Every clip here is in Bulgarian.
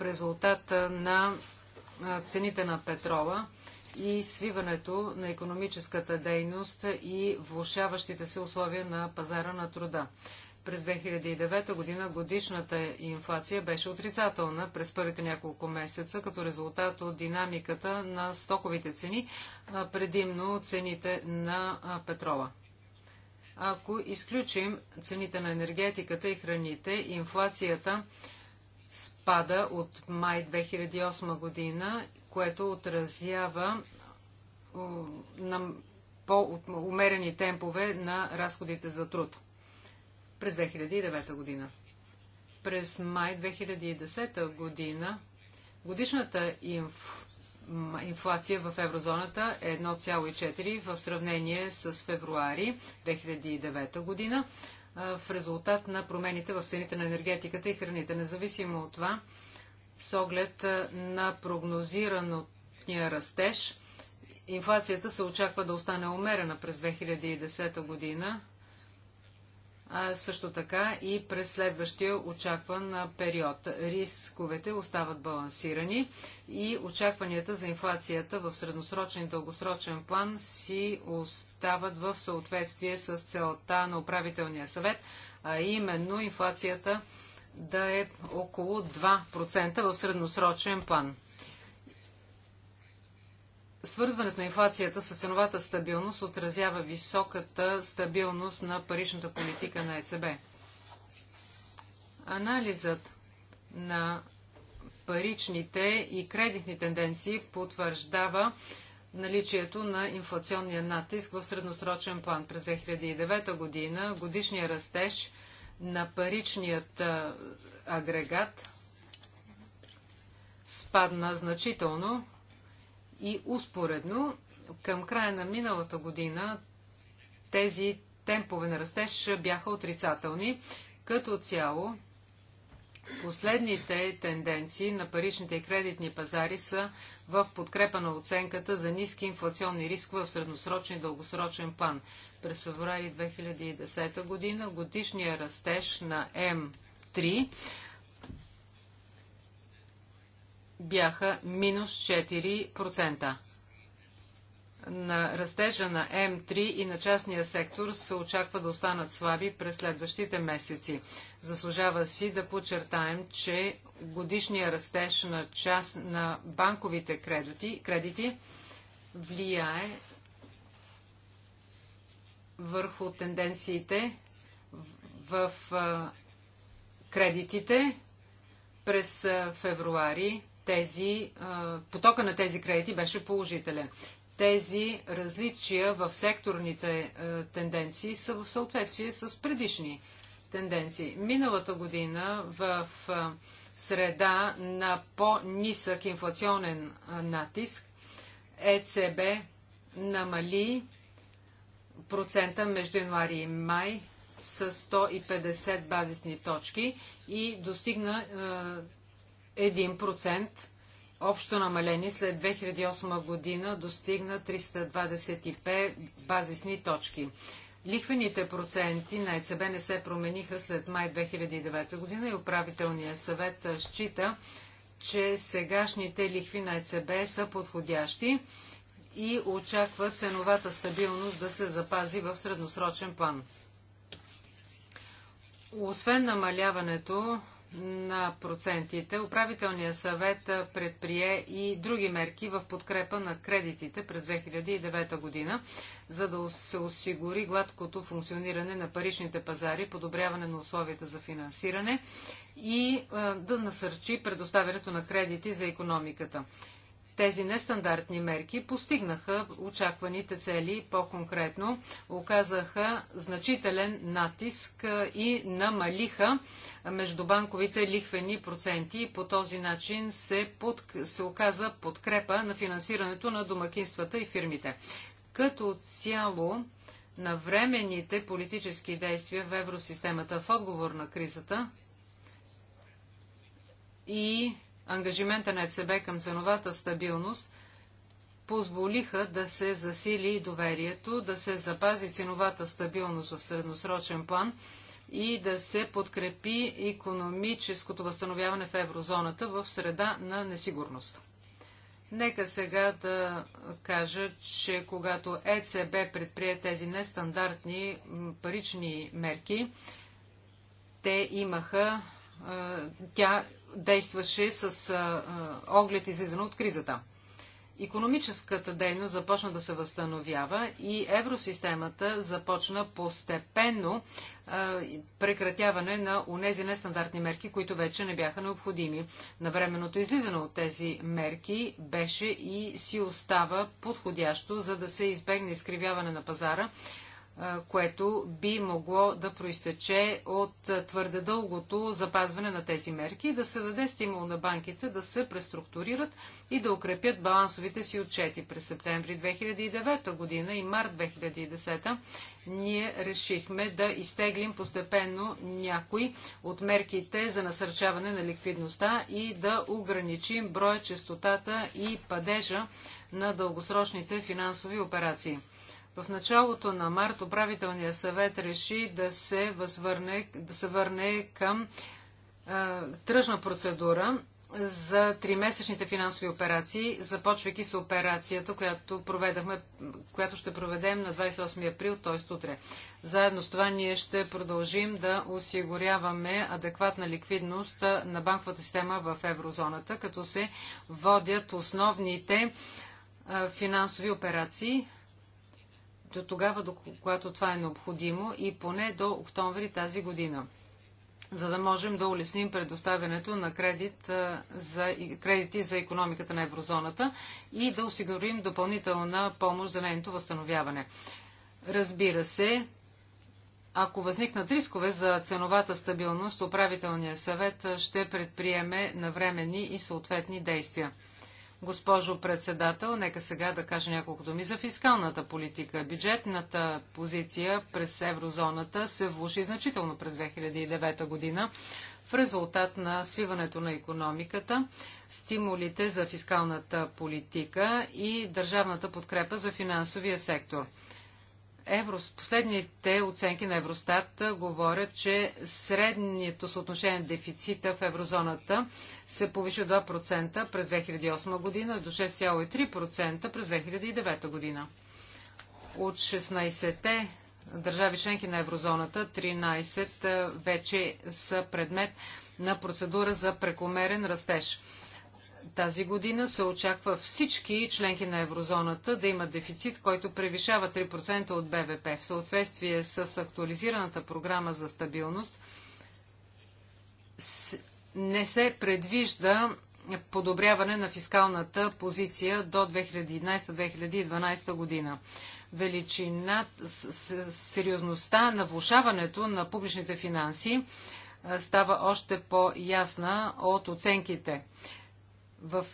в резултат на цените на петрола и свиването на економическата дейност и влушаващите се условия на пазара на труда. През 2009 година годишната инфлация беше отрицателна през първите няколко месеца, като резултат от динамиката на стоковите цени, предимно цените на петрола. Ако изключим цените на енергетиката и храните, инфлацията спада от май 2008 година, което отразява на по-умерени темпове на разходите за труд през 2009 година. През май 2010 година годишната инф... инфлация в еврозоната е 1,4 в сравнение с февруари 2009 година, в резултат на промените в цените на енергетиката и храните. Независимо от това, с оглед на прогнозирания растеж, инфлацията се очаква да остане умерена през 2010 година също така и през следващия очакван период. Рисковете остават балансирани и очакванията за инфлацията в средносрочен и дългосрочен план си остават в съответствие с целта на управителния съвет, а именно инфлацията да е около 2% в средносрочен план. Свързването на инфлацията с ценовата стабилност отразява високата стабилност на паричната политика на ЕЦБ. Анализът на паричните и кредитни тенденции потвърждава наличието на инфлационния натиск в средносрочен план. През 2009 година годишния растеж на паричният агрегат спадна значително и успоредно. Към края на миналата година тези темпове на растеж бяха отрицателни. Като цяло, последните тенденции на паричните и кредитни пазари са в подкрепа на оценката за ниски инфлационни рискове в средносрочен и дългосрочен план. През феврари 2010 година годишния растеж на М3 бяха минус 4%. На растежа на М3 и на частния сектор се очаква да останат слаби през следващите месеци. Заслужава си да подчертаем, че годишния растеж на част на банковите кредити, кредити влияе върху тенденциите в кредитите през февруари тези, потока на тези кредити беше положителен. Тези различия в секторните тенденции са в съответствие с предишни тенденции. Миналата година в среда на по-нисък инфлационен натиск ЕЦБ намали процента между януари и май с 150 базисни точки и достигна 1%. Общо намаление след 2008 година достигна 325 базисни точки. Лихвените проценти на ЕЦБ не се промениха след май 2009 година и управителният съвет счита, че сегашните лихви на ЕЦБ са подходящи и очаква ценовата стабилност да се запази в средносрочен план. Освен намаляването на процентите, управителният съвет предприе и други мерки в подкрепа на кредитите през 2009 година, за да се осигури гладкото функциониране на паричните пазари, подобряване на условията за финансиране и да насърчи предоставянето на кредити за економиката. Тези нестандартни мерки постигнаха очакваните цели по-конкретно, оказаха значителен натиск и намалиха междубанковите лихвени проценти и по този начин се, под... се оказа подкрепа на финансирането на домакинствата и фирмите. Като цяло, на временните политически действия в евросистемата в отговор на кризата и ангажимента на ЕЦБ към ценовата стабилност позволиха да се засили доверието, да се запази ценовата стабилност в средносрочен план и да се подкрепи економическото възстановяване в еврозоната в среда на несигурност. Нека сега да кажа, че когато ЕЦБ предприе тези нестандартни парични мерки, те имаха, тя действаше с оглед излизане от кризата. Економическата дейност започна да се възстановява и евросистемата започна постепенно а, прекратяване на унези нестандартни мерки, които вече не бяха необходими. Навременното излизане от тези мерки беше и си остава подходящо, за да се избегне изкривяване на пазара което би могло да проистече от твърде дългото запазване на тези мерки и да се даде стимул на банките да се преструктурират и да укрепят балансовите си отчети. През септември 2009 година и март 2010 ние решихме да изтеглим постепенно някои от мерките за насърчаване на ликвидността и да ограничим броя, частотата и падежа на дългосрочните финансови операции. В началото на март управителният съвет реши да се, възвърне, да се върне към а, тръжна процедура за тримесечните финансови операции, започвайки с операцията, която, проведахме, която ще проведем на 28 април, т.е. утре. Заедно с това ние ще продължим да осигуряваме адекватна ликвидност на банковата система в еврозоната, като се водят основните финансови операции, до тогава, до когато това е необходимо и поне до октомври тази година, за да можем да улесним предоставянето на кредит за, кредити за економиката на еврозоната и да осигурим допълнителна помощ за нейното възстановяване. Разбира се, ако възникнат рискове за ценовата стабилност, управителният съвет ще предприеме навремени и съответни действия. Госпожо председател, нека сега да кажа няколко думи за фискалната политика. Бюджетната позиция през еврозоната се влуши значително през 2009 година в резултат на свиването на економиката, стимулите за фискалната политика и държавната подкрепа за финансовия сектор. Еврос, Последните оценки на Евростат говорят, че средното съотношение на дефицита в еврозоната се повиши до 2% през 2008 година до 6,3% през 2009 година. От 16-те държави членки на еврозоната, 13 вече са предмет на процедура за прекомерен растеж тази година се очаква всички членки на еврозоната да имат дефицит, който превишава 3% от БВП. В съответствие с актуализираната програма за стабилност не се предвижда подобряване на фискалната позиция до 2011-2012 година. Величина, сериозността на влушаването на публичните финанси става още по-ясна от оценките в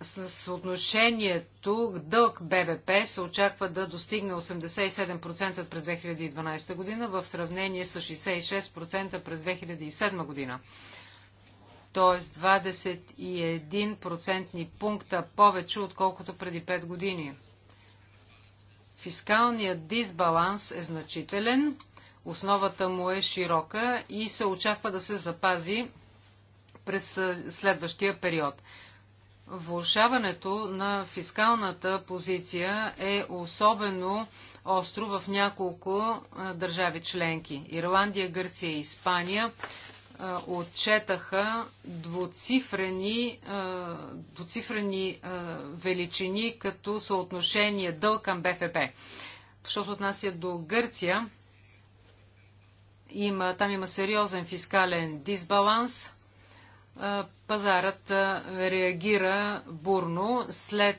съотношението дълг БВП се очаква да достигне 87% през 2012 година в сравнение с 66% през 2007 година. Тоест 21 процентни пункта повече, отколкото преди 5 години. Фискалният дисбаланс е значителен, основата му е широка и се очаква да се запази през следващия период. Влушаването на фискалната позиция е особено остро в няколко държави членки. Ирландия, Гърция и Испания отчетаха двуцифрени, двуцифрени величини като съотношение дълг към БФП. Що се отнася до Гърция, има, там има сериозен фискален дисбаланс – пазарът реагира бурно след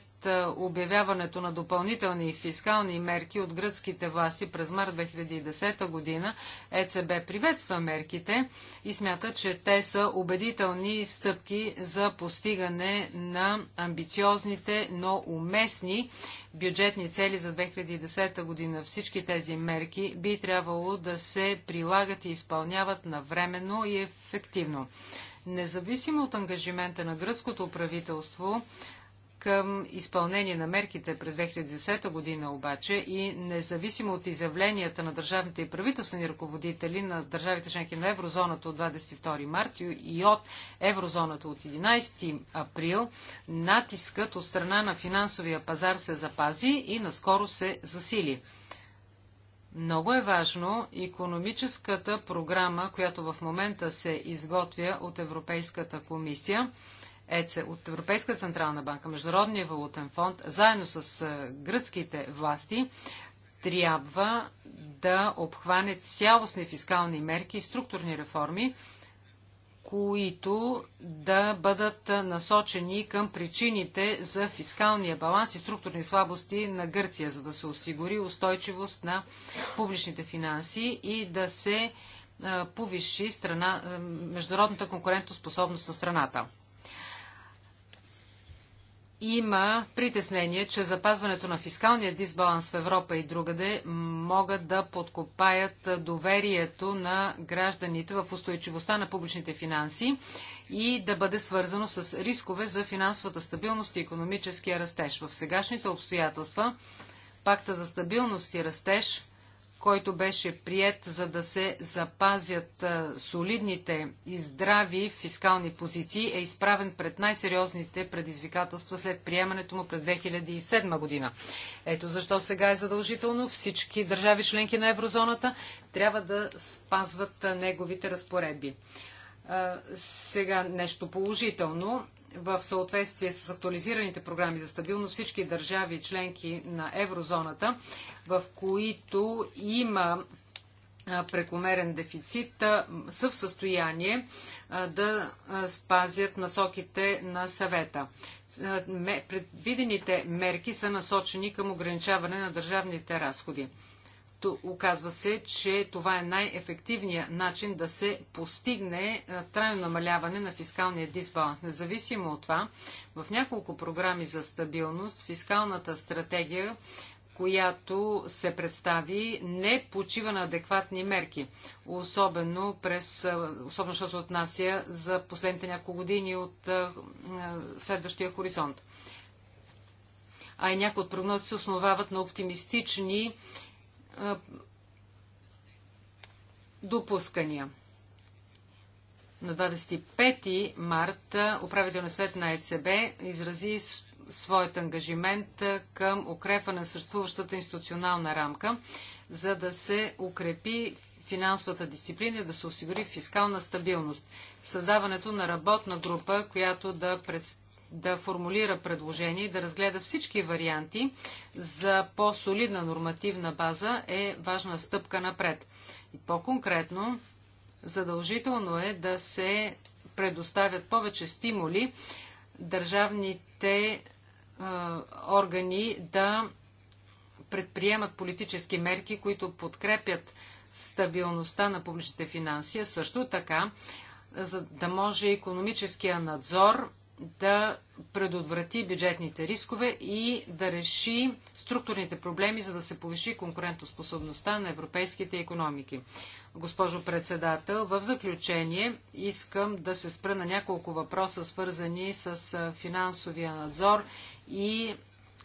обявяването на допълнителни фискални мерки от гръцките власти през март 2010 година, ЕЦБ приветства мерките и смята, че те са убедителни стъпки за постигане на амбициозните, но уместни бюджетни цели за 2010 година. Всички тези мерки би трябвало да се прилагат и изпълняват навременно и ефективно. Независимо от ангажимента на гръцкото правителство към изпълнение на мерките през 2010 година обаче и независимо от изявленията на държавните и правителствени ръководители на държавите членки на еврозоната от 22 март и от еврозоната от 11 април, натискът от страна на финансовия пазар се запази и наскоро се засили. Много е важно економическата програма, която в момента се изготвя от Европейската комисия, ЕЦЕ, от Европейска централна банка, Международния валутен фонд, заедно с е, гръцките власти, трябва да обхване цялостни фискални мерки и структурни реформи, които да бъдат насочени към причините за фискалния баланс и структурни слабости на Гърция, за да се осигури устойчивост на публичните финанси и да се повиши страна, международната конкурентоспособност на страната има притеснение, че запазването на фискалния дисбаланс в Европа и другаде могат да подкопаят доверието на гражданите в устойчивостта на публичните финанси и да бъде свързано с рискове за финансовата стабилност и економическия растеж. В сегашните обстоятелства пакта за стабилност и растеж който беше прият, за да се запазят солидните и здрави фискални позиции, е изправен пред най-сериозните предизвикателства след приемането му през 2007 година. Ето защо сега е задължително всички държави членки на еврозоната трябва да спазват неговите разпоредби. Сега нещо положително в съответствие с актуализираните програми за стабилност всички държави членки на еврозоната, в които има прекомерен дефицит, са в състояние да спазят насоките на съвета. Предвидените мерки са насочени към ограничаване на държавните разходи оказва се, че това е най-ефективният начин да се постигне трайно намаляване на фискалния дисбаланс. Независимо от това, в няколко програми за стабилност фискалната стратегия която се представи, не почива на адекватни мерки. Особено, през, особено що се отнася за последните няколко години от следващия хоризонт. А и някои от прогнози се основават на оптимистични допускания. На 25 март управителният свет на ЕЦБ изрази своят ангажимент към укрепване на съществуващата институционална рамка, за да се укрепи финансовата дисциплина и да се осигури фискална стабилност. Създаването на работна група, която да представи да формулира предложение и да разгледа всички варианти за по-солидна нормативна база е важна стъпка напред. И по-конкретно, задължително е да се предоставят повече стимули държавните е, органи да предприемат политически мерки, които подкрепят стабилността на публичните финанси, а също така, за да може економическия надзор да предотврати бюджетните рискове и да реши структурните проблеми, за да се повиши конкурентоспособността на европейските економики. Госпожо председател, в заключение искам да се спра на няколко въпроса, свързани с финансовия надзор и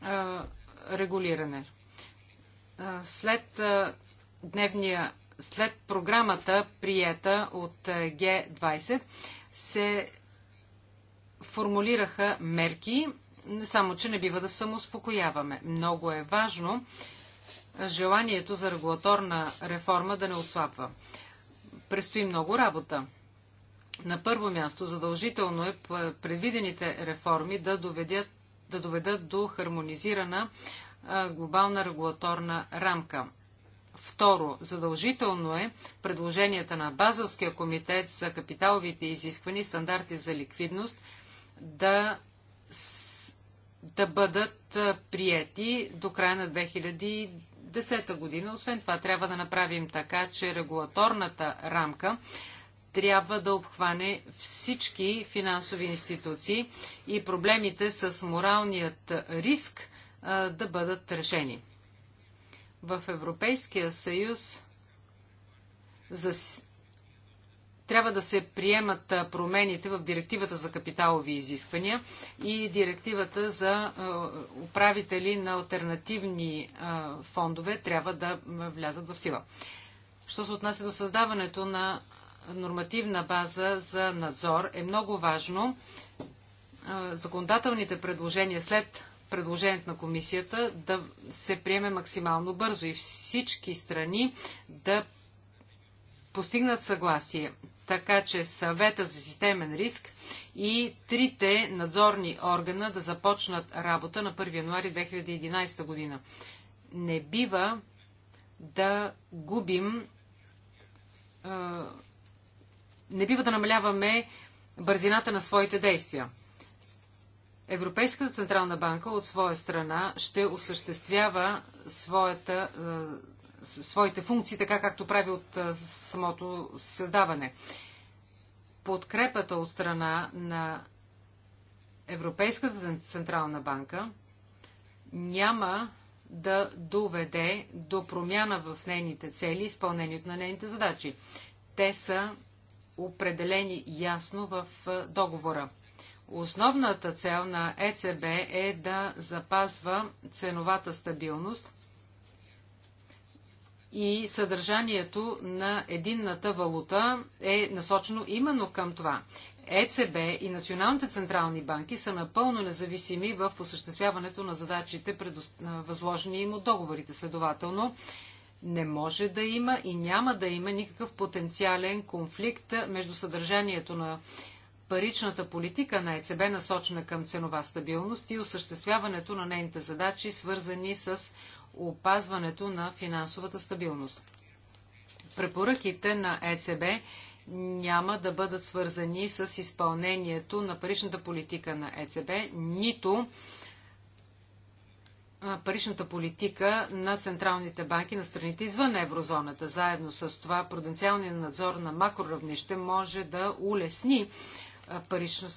а, регулиране. след а, дневния след програмата, приета от Г20, се формулираха мерки, само че не бива да самоуспокояваме. Много е важно желанието за регулаторна реформа да не отслабва. Престои много работа. На първо място задължително е предвидените реформи да доведят, да доведат до хармонизирана глобална регулаторна рамка. Второ, задължително е предложенията на Базелския комитет за капиталовите изисквани стандарти за ликвидност – да, да бъдат прияти до края на 2010 година. Освен това, трябва да направим така, че регулаторната рамка трябва да обхване всички финансови институции и проблемите с моралният риск да бъдат решени. В Европейския съюз трябва да се приемат промените в директивата за капиталови изисквания и директивата за управители на альтернативни фондове трябва да влязат в сила. Що се отнася до създаването на нормативна база за надзор, е много важно законодателните предложения след предложението на комисията да се приеме максимално бързо и всички страни да постигнат съгласие. Така че съвета за системен риск и трите надзорни органа да започнат работа на 1 януари 2011 година. Не бива да губим, не бива да намаляваме бързината на своите действия. Европейската централна банка от своя страна ще осъществява своята своите функции, така както прави от самото създаване. Подкрепата от страна на Европейската централна банка няма да доведе до промяна в нейните цели и изпълнението на нейните задачи. Те са определени ясно в договора. Основната цел на ЕЦБ е да запазва ценовата стабилност и съдържанието на единната валута е насочено именно към това. ЕЦБ и националните централни банки са напълно независими в осъществяването на задачите, възложени им от договорите. Следователно, не може да има и няма да има никакъв потенциален конфликт между съдържанието на паричната политика на ЕЦБ, насочена към ценова стабилност и осъществяването на нейните задачи, свързани с опазването на финансовата стабилност. Препоръките на ЕЦБ няма да бъдат свързани с изпълнението на паричната политика на ЕЦБ, нито паричната политика на централните банки на страните извън еврозоната. Заедно с това, пруденциалният надзор на макроравнище може да улесни парично,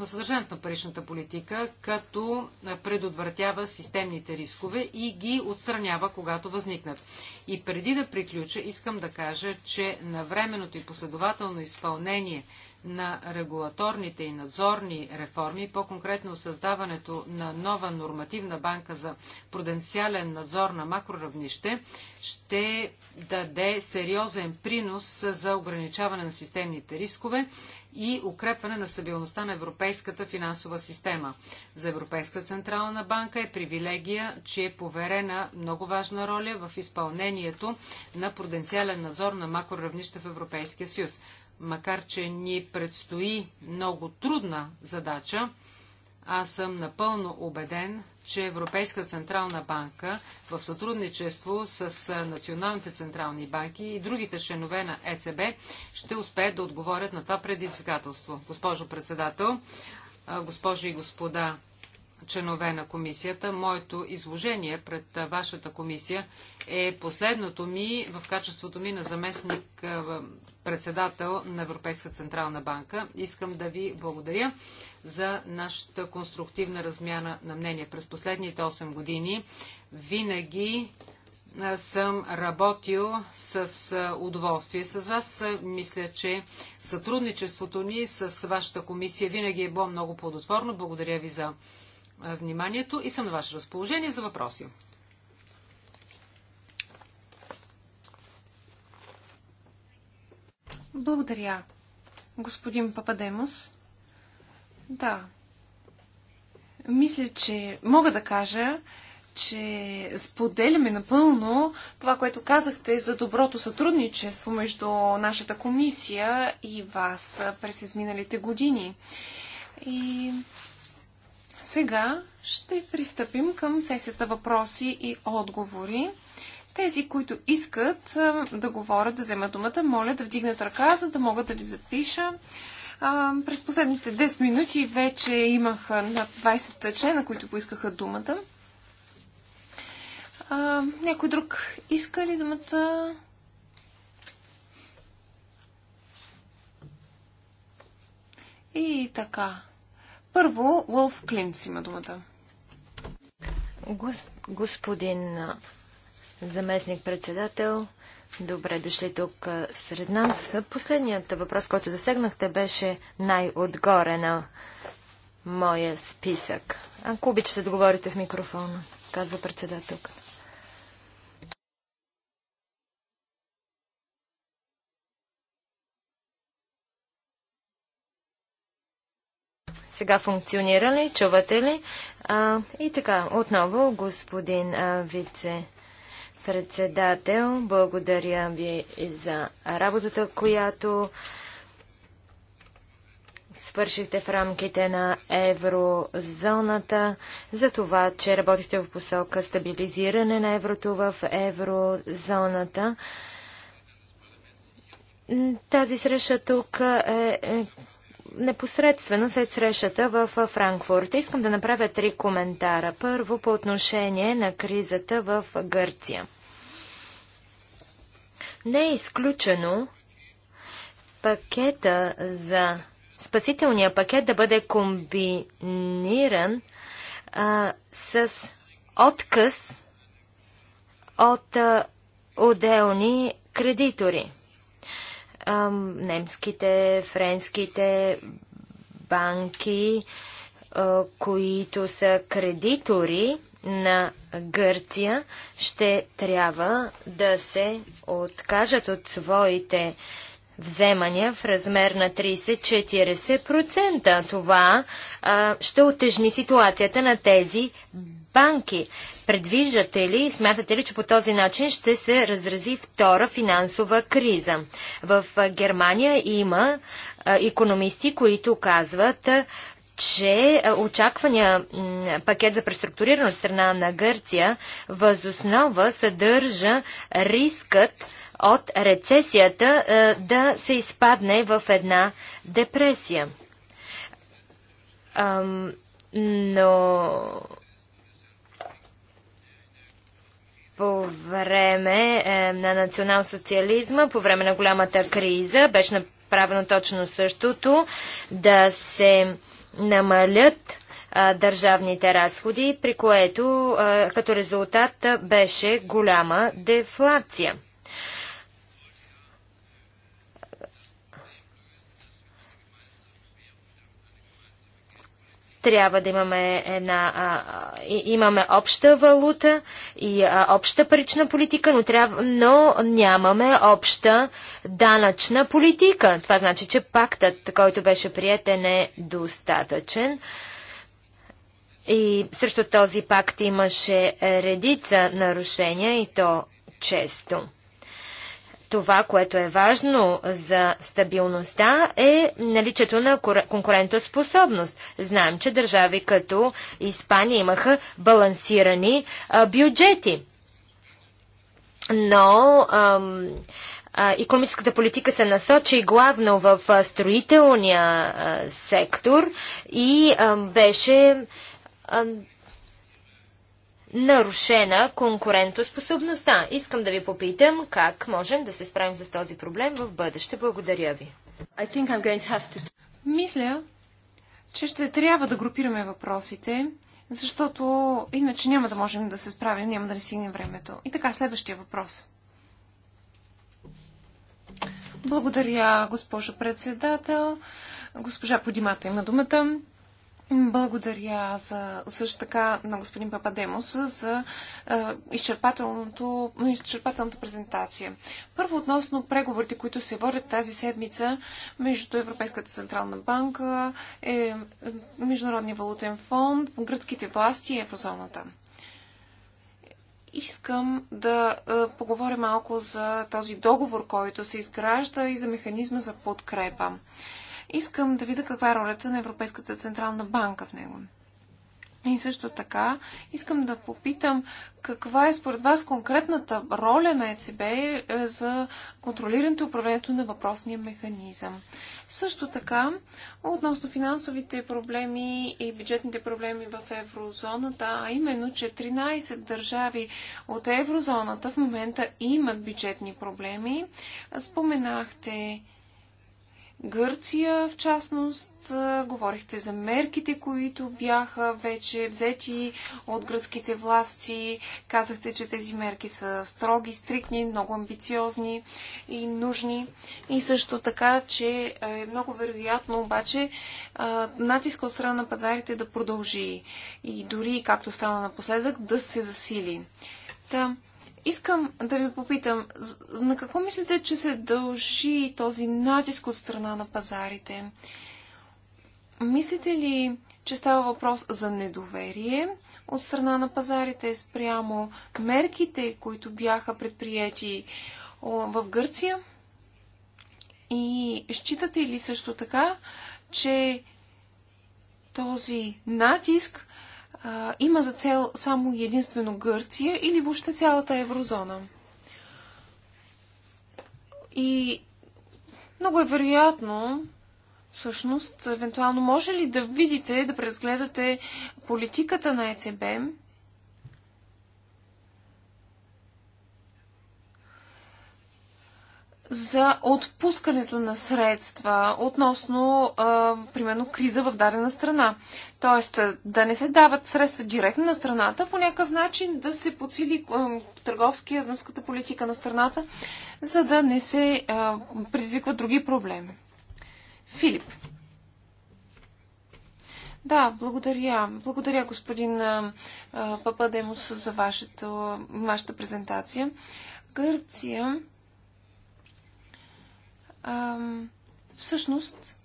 на съдържанието на паричната политика, като предотвратява системните рискове и ги отстранява, когато възникнат. И преди да приключа, искам да кажа, че навременното и последователно изпълнение на регулаторните и надзорни реформи, по-конкретно създаването на нова нормативна банка за пруденциален надзор на макроравнище, ще даде сериозен принос за ограничаване на системните рискове и укрепване на стабилността на европейската финансова система. За Европейска централна банка е привилегия, че е поверена много важна роля в изпълнението на пруденциален назор на макроравнища в Европейския съюз. Макар, че ни предстои много трудна задача, аз съм напълно убеден, че Европейска централна банка в сътрудничество с националните централни банки и другите членове на ЕЦБ ще успеят да отговорят на това предизвикателство. Госпожо председател, госпожи и господа членове на комисията. Моето изложение пред вашата комисия е последното ми в качеството ми на заместник председател на Европейска централна банка. Искам да ви благодаря за нашата конструктивна размяна на мнение. През последните 8 години винаги съм работил с удоволствие с вас. Мисля, че сътрудничеството ни с вашата комисия винаги е било много плодотворно. Благодаря ви за вниманието и съм на ваше разположение за въпроси. Благодаря, господин Пападемос. Да. Мисля, че мога да кажа, че споделяме напълно това, което казахте за доброто сътрудничество между нашата комисия и вас през изминалите години. И сега ще пристъпим към сесията въпроси и отговори. Тези, които искат да говорят, да вземат думата, моля да вдигнат ръка, за да могат да ви запиша. през последните 10 минути вече имах над 20 члена, които поискаха думата. някой друг иска ли думата? И така. Първо, Уолф Клинц има думата. Гос, господин заместник-председател, добре дошли тук сред нас. Последният въпрос, който засегнахте, беше най-отгоре на моя списък. Ако обичате да говорите в микрофона, каза председателката. Сега функционира ли? Чувате ли? А, и така, отново господин а, вице председател, благодаря ви за работата, която свършихте в рамките на еврозоната, за това, че работихте в посока стабилизиране на еврото в еврозоната. Тази среща тук е, е непосредствено след срещата в Франкфурт. Искам да направя три коментара. Първо по отношение на кризата в Гърция. Не е изключено пакета за спасителния пакет да бъде комбиниран а, с отказ от а, отделни кредитори ам, немските, френските банки, а, които са кредитори на Гърция, ще трябва да се откажат от своите вземания в размер на 30-40%. Това а, ще отежни ситуацията на тези банки. Предвиждате ли, смятате ли, че по този начин ще се разрази втора финансова криза? В Германия има економисти, които казват, че очаквания пакет за преструктуриране от страна на Гърция възоснова съдържа рискът от рецесията да се изпадне в една депресия. Но по време е, на национал-социализма, по време на голямата криза, беше направено точно същото, да се намалят държавните разходи, при което като резултат беше голяма дефлация. Трябва да имаме една, а, имаме обща валута и а, обща парична политика, но, трябва, но нямаме обща данъчна политика. Това значи, че пактът, който беше прият, е недостатъчен. И срещу този пакт имаше редица нарушения и то често. Това, което е важно за стабилността е наличието на конкурентоспособност. Знаем, че държави като Испания имаха балансирани а, бюджети. Но ам, а, економическата политика се насочи главно в а, строителния сектор и беше нарушена конкурентоспособността. Искам да ви попитам как можем да се справим с този проблем в бъдеще. Благодаря ви. To... Мисля, че ще трябва да групираме въпросите, защото иначе няма да можем да се справим, няма да не стигнем времето. И така, следващия въпрос. Благодаря, госпожо председател. Госпожа Подимата има думата. Благодаря за, също така на господин Пападемос за е, изчерпателната презентация. Първо относно преговорите, които се водят тази седмица между Европейската Централна банка, е, Международния валутен фонд, гръцките власти и еврозоната. Искам да е, поговоря малко за този договор, който се изгражда и за механизма за подкрепа. Е, Искам да видя каква е ролята на Европейската Централна банка в него. И също така искам да попитам каква е според вас конкретната роля на ЕЦБ е, за контролирането и управлението на въпросния механизъм. Също така, относно финансовите проблеми и бюджетните проблеми в еврозоната, а именно, че 13 държави от еврозоната в момента имат бюджетни проблеми, споменахте Гърция, в частност, говорихте за мерките, които бяха вече взети от гръцките власти. Казахте, че тези мерки са строги, стрикни, много амбициозни и нужни. И също така, че е много вероятно обаче натиска от страна на пазарите да продължи и дори, както стана напоследък, да се засили. Та, да. Искам да ви попитам, на какво мислите, че се дължи този натиск от страна на пазарите? Мислите ли, че става въпрос за недоверие от страна на пазарите спрямо мерките, които бяха предприяти в Гърция? И считате ли също така, че този натиск а, има за цел само единствено Гърция или въобще цялата еврозона. И много е вероятно, всъщност, евентуално може ли да видите, да презгледате политиката на ЕЦБ за отпускането на средства относно, а, примерно, криза в дадена страна. Тоест да не се дават средства директно на страната, по някакъв начин да се подсили търговския, дънската политика на страната, за да не се предизвикват други проблеми. Филип. Да, благодаря. Благодаря, господин Пападемос, за вашето, вашата презентация. Гърция. всъщност,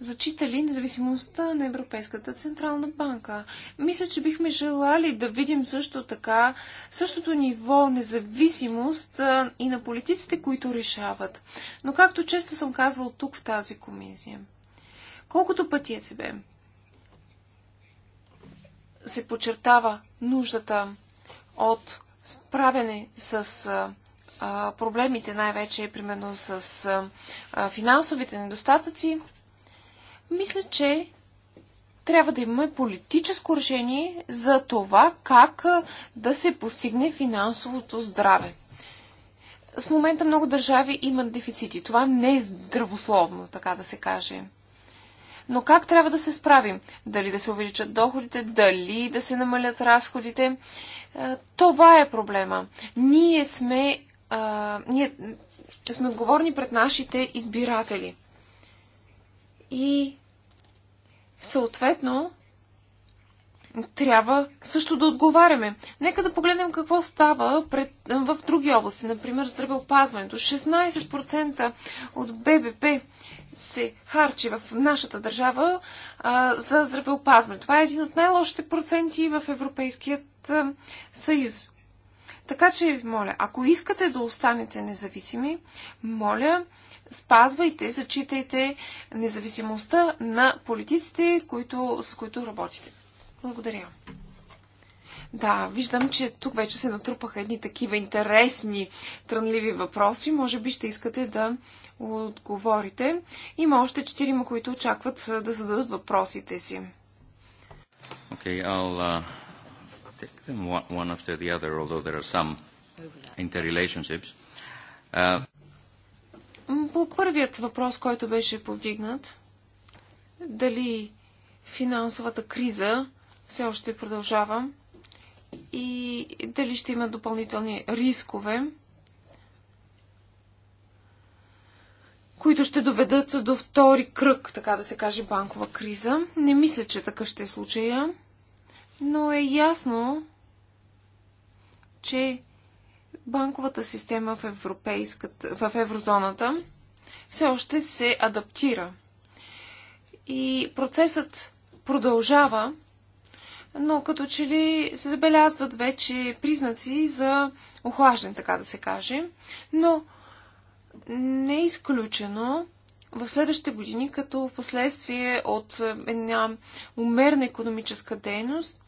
зачитали независимостта на Европейската Централна банка. Мисля, че бихме желали да видим също така същото ниво независимост и на политиците, които решават. Но както често съм казвал тук в тази комисия, колкото пъти е себе се подчертава нуждата от справяне с а, проблемите, най-вече примерно с финансовите недостатъци, мисля, че трябва да имаме политическо решение за това как да се постигне финансовото здраве. С момента много държави имат дефицити. Това не е здравословно, така да се каже. Но как трябва да се справим? Дали да се увеличат доходите, дали да се намалят разходите? Това е проблема. Ние сме, а, ние сме отговорни пред нашите избиратели. И съответно трябва също да отговаряме. Нека да погледнем какво става пред, в други области, например здравеопазването. 16% от ББП се харчи в нашата държава а, за здравеопазване. Това е един от най-лошите проценти в Европейският а, съюз. Така че моля, ако искате да останете независими, моля, спазвайте, зачитайте независимостта на политиците, които, с които работите. Благодаря. Да, виждам, че тук вече се натрупаха едни такива интересни, трънливи въпроси. Може би ще искате да отговорите. Има още четирима, които очакват да зададат въпросите си. Okay, I'll uh, take them one after the other, although there are some interrelationships. Uh, по първият въпрос, който беше повдигнат, дали финансовата криза все още продължава и дали ще има допълнителни рискове, които ще доведат до втори кръг, така да се каже, банкова криза. Не мисля, че такъв ще е случая, но е ясно, че банковата система в, в еврозоната все още се адаптира. И процесът продължава, но като че ли се забелязват вече признаци за охлаждане, така да се каже. Но не е изключено в следващите години, като в последствие от една умерна економическа дейност,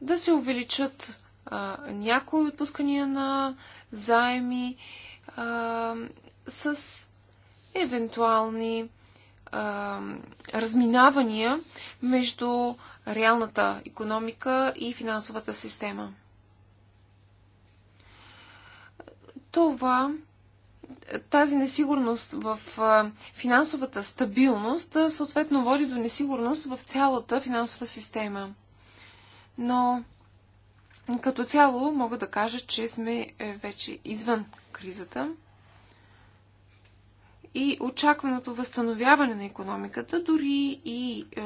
да се увеличат а, някои отпускания на заеми а, с евентуални а, разминавания между реалната економика и финансовата система. Това, тази несигурност в финансовата стабилност съответно води до несигурност в цялата финансова система. Но като цяло мога да кажа, че сме е, вече извън кризата и очакваното възстановяване на економиката, дори и е,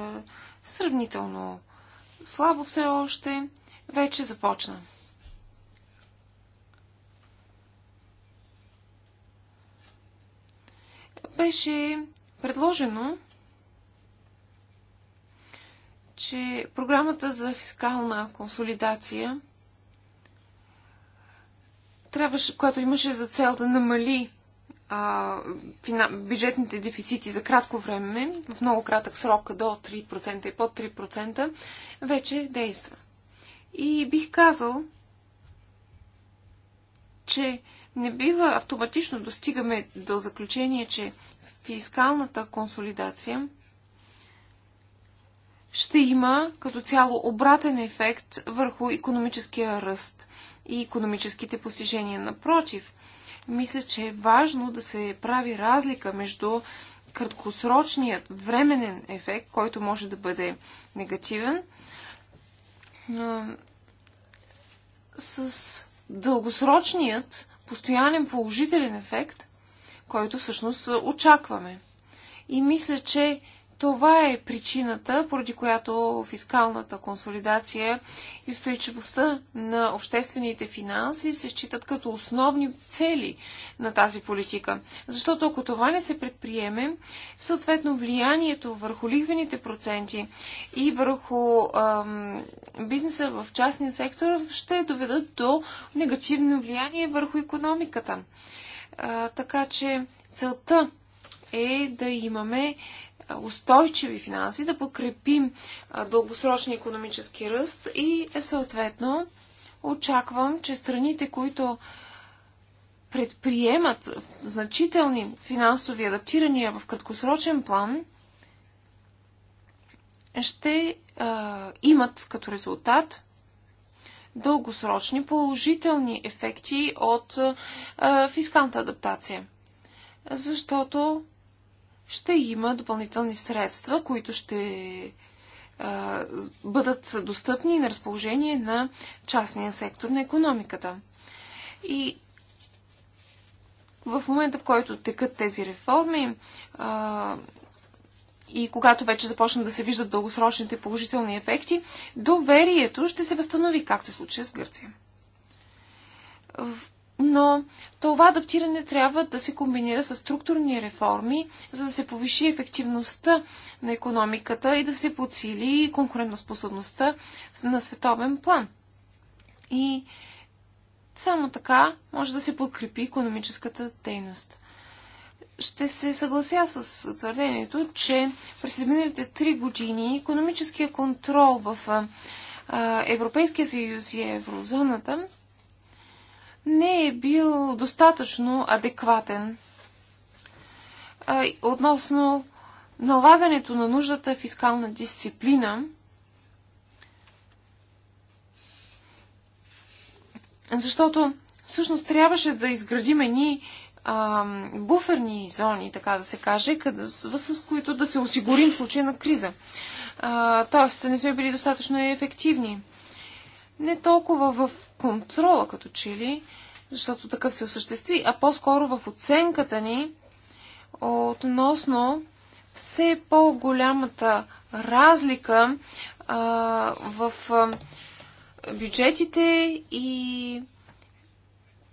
сравнително слабо все още, вече започна. Беше предложено, че програмата за фискална консолидация – трябваше, която имаше за цел да намали а, фина, бюджетните дефицити за кратко време, в много кратък срок до 3% и под 3%, вече действа. И бих казал, че не бива автоматично достигаме до заключение, че фискалната консолидация ще има като цяло обратен ефект върху економическия ръст и економическите постижения. Напротив, мисля, че е важно да се прави разлика между краткосрочният временен ефект, който може да бъде негативен, с дългосрочният постоянен положителен ефект, който всъщност очакваме. И мисля, че това е причината, поради която фискалната консолидация и устойчивостта на обществените финанси се считат като основни цели на тази политика. Защото ако това не се предприеме, съответно влиянието върху лихвените проценти и върху ам, бизнеса в частния сектор ще доведат до негативно влияние върху економиката. А, така че целта е да имаме устойчиви финанси, да подкрепим дългосрочни економически ръст и е, съответно очаквам, че страните, които предприемат значителни финансови адаптирания в краткосрочен план, ще а, имат като резултат дългосрочни положителни ефекти от а, фискалната адаптация. Защото ще има допълнителни средства, които ще а, бъдат достъпни на разположение на частния сектор на економиката. И в момента, в който текат тези реформи а, и когато вече започнат да се виждат дългосрочните положителни ефекти, доверието ще се възстанови, както е случая с Гърция. В но това адаптиране трябва да се комбинира с структурни реформи, за да се повиши ефективността на економиката и да се подсили конкурентоспособността на световен план. И само така може да се подкрепи економическата дейност. Ще се съглася с твърдението, че през изминалите три години економическия контрол в Европейския съюз и еврозоната не е бил достатъчно адекватен а, относно налагането на нуждата фискална дисциплина, защото всъщност трябваше да изградим едни а, буферни зони, така да се каже, къде, с, които да се осигурим в случай на криза. тоест, не сме били достатъчно ефективни не толкова в контрола като че ли, защото такъв се осъществи, а по-скоро в оценката ни относно все по-голямата разлика а, в а, бюджетите и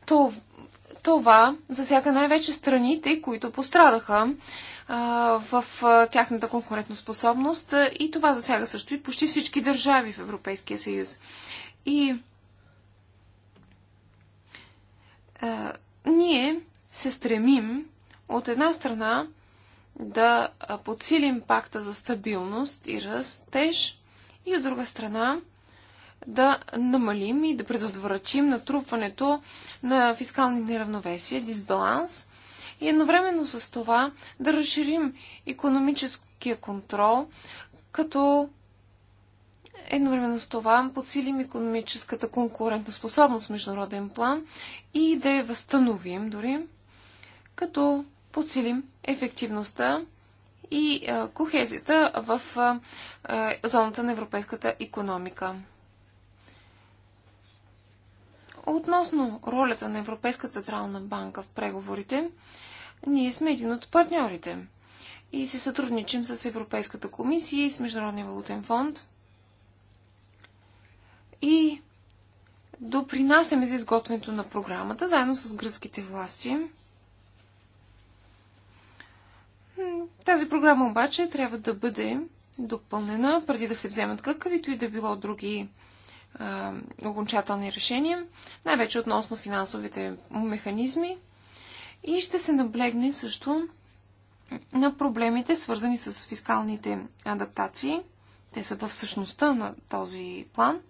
това, това засяга най-вече страните, които пострадаха в тяхната конкурентоспособност и това засяга също и почти всички държави в Европейския съюз. И а, ние се стремим от една страна да подсилим пакта за стабилност и растеж и от друга страна да намалим и да предотвратим натрупването на фискални неравновесия, дисбаланс и едновременно с това да разширим економическия контрол, като едновременно с това подсилим економическата конкурентоспособност в международен план и да я възстановим дори, като подсилим ефективността и кохезията в зоната на европейската економика. Относно ролята на Европейската централна банка в преговорите, ние сме един от партньорите и се сътрудничим с Европейската комисия и с Международния валутен фонд – и допринасяме за изготвянето на програмата, заедно с гръцките власти. Тази програма обаче трябва да бъде допълнена, преди да се вземат какъвито и да било други а, окончателни решения, най-вече относно финансовите механизми. И ще се наблегне също на проблемите, свързани с фискалните адаптации. Те са в същността на този план –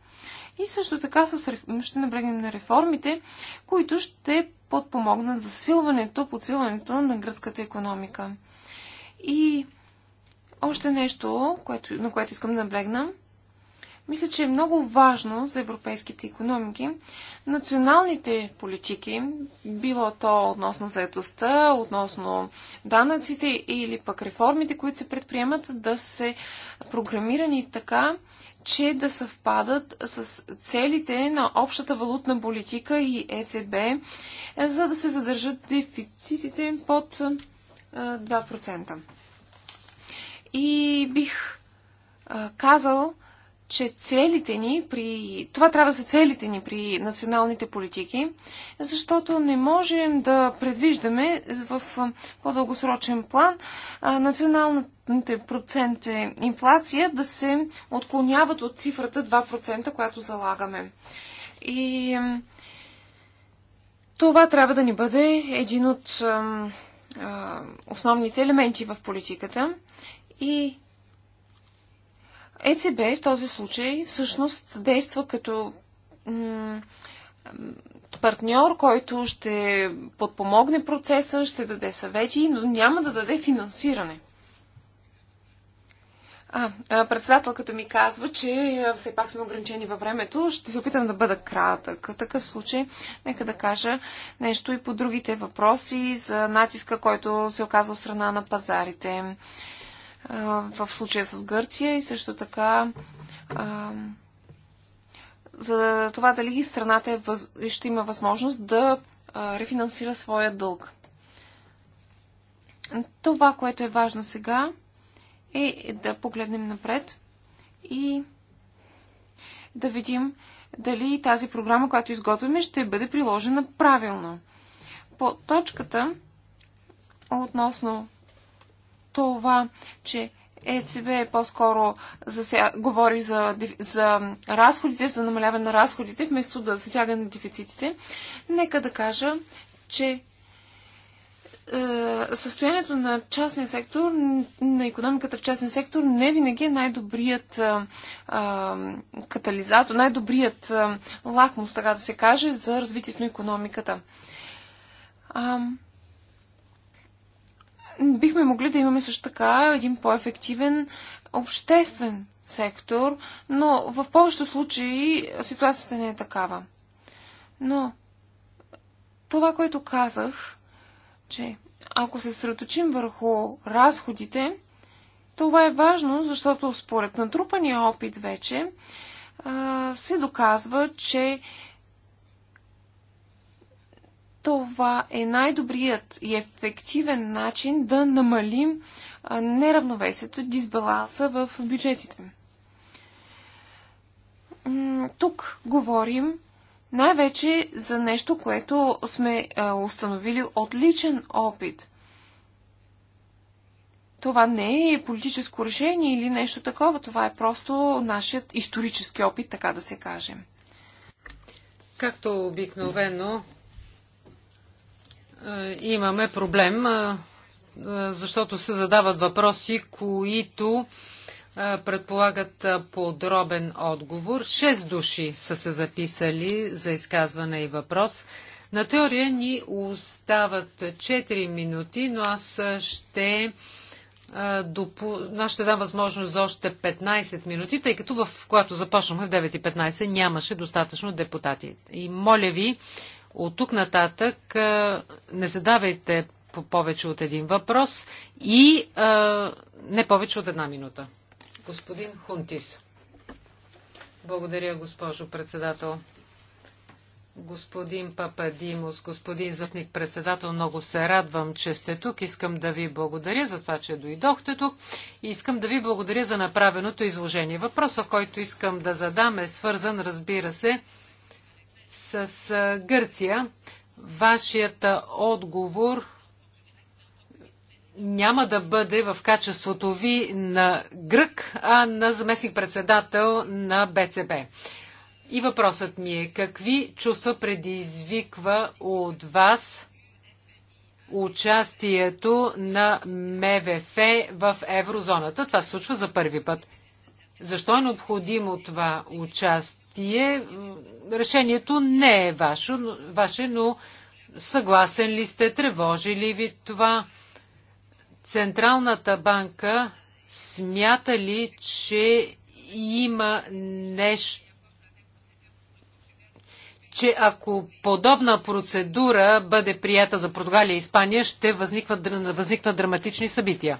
и също така с, ще наблегнем на реформите, които ще подпомогнат засилването, подсилването на гръцката економика. И още нещо, което, на което искам да наблегна. Мисля, че е много важно за европейските економики националните политики, било то относно заедостта, относно данъците или пък реформите, които се предприемат, да се програмирани така, че да съвпадат с целите на общата валутна политика и ЕЦБ, е, за да се задържат дефицитите под 2%. Е, и бих е, казал, че целите ни при... Това трябва да са целите ни при националните политики, защото не можем да предвиждаме в по-дългосрочен план националните проценти инфлация да се отклоняват от цифрата 2%, която залагаме. И това трябва да ни бъде един от основните елементи в политиката. И ЕЦБ в този случай всъщност действа като партньор, който ще подпомогне процеса, ще даде съвети, но няма да даде финансиране. А, председателката ми казва, че все пак сме ограничени във времето. Ще се опитам да бъда кратък. В такъв случай, нека да кажа нещо и по другите въпроси за натиска, който се оказва от страна на пазарите в случая с Гърция и също така за това дали страната е ще има възможност да рефинансира своя дълг. Това, което е важно сега, е да погледнем напред и да видим дали тази програма, която изготвяме, ще бъде приложена правилно. По точката относно това, че ЕЦБ е по-скоро говори за, за разходите, за намаляване на разходите, вместо да затяга на дефицитите. Нека да кажа, че е, състоянието на частния сектор, на економиката в частния сектор не винаги е най-добрият е, е, катализатор, най-добрият е, лакмус, така да се каже, за развитието на економиката бихме могли да имаме също така един по-ефективен обществен сектор, но в повечето случаи ситуацията не е такава. Но това, което казах, че ако се средочим върху разходите, това е важно, защото според натрупания опит вече се доказва, че това е най-добрият и ефективен начин да намалим неравновесието, дисбаланса в бюджетите. Тук говорим най-вече за нещо, което сме установили от личен опит. Това не е политическо решение или нещо такова, това е просто нашият исторически опит, така да се каже. Както обикновено, е, имаме проблем, е, е, защото се задават въпроси, които предполагат подробен отговор. Шест души са се записали за изказване и въпрос. На теория ни остават 4 минути, но аз ще, допу... аз ще дам възможност за още 15 минути, тъй като в... когато започнахме в 9.15 нямаше достатъчно депутати. И моля ви, от тук нататък не задавайте повече от един въпрос и а, не повече от една минута. Господин Хунтис. Благодаря, госпожо председател. Господин Пападимус, господин Засник председател, много се радвам, че сте тук. Искам да ви благодаря за това, че дойдохте тук. Искам да ви благодаря за направеното изложение. Въпросът, който искам да задам е свързан, разбира се, с Гърция. Вашият отговор няма да бъде в качеството ви на грък, а на заместник-председател на БЦБ. И въпросът ми е, какви чувства предизвиква от вас участието на МВФ в еврозоната? Това се случва за първи път. Защо е необходимо това участие? вие, решението не е ваше, ваше, но съгласен ли сте, тревожи ли ви това? Централната банка смята ли, че има нещо, че ако подобна процедура бъде прията за Португалия и Испания, ще възникнат, възникнат драматични събития?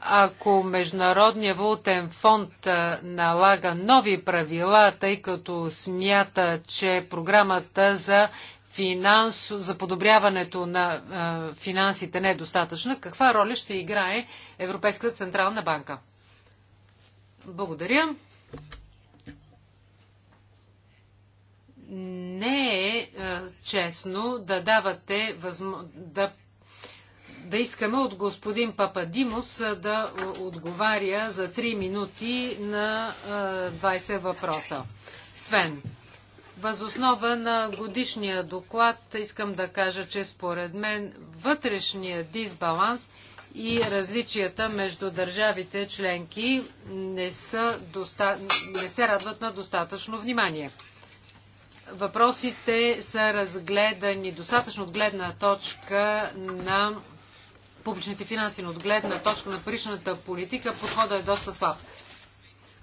ако Международния валутен фонд налага нови правила, тъй като смята, че програмата за, финанс, за подобряването на а, финансите не е достатъчна, каква роля ще играе Европейската Централна банка? Благодаря. Не е, е честно да давате възм... да да искаме от господин Пападимус да отговаря за 3 минути на 20 въпроса. Свен, възоснова на годишния доклад искам да кажа, че според мен вътрешния дисбаланс и различията между държавите членки не, са доста... не се радват на достатъчно внимание въпросите са разгледани достатъчно от гледна точка на публичните финанси, но от гледна точка на паричната политика подходът е доста слаб.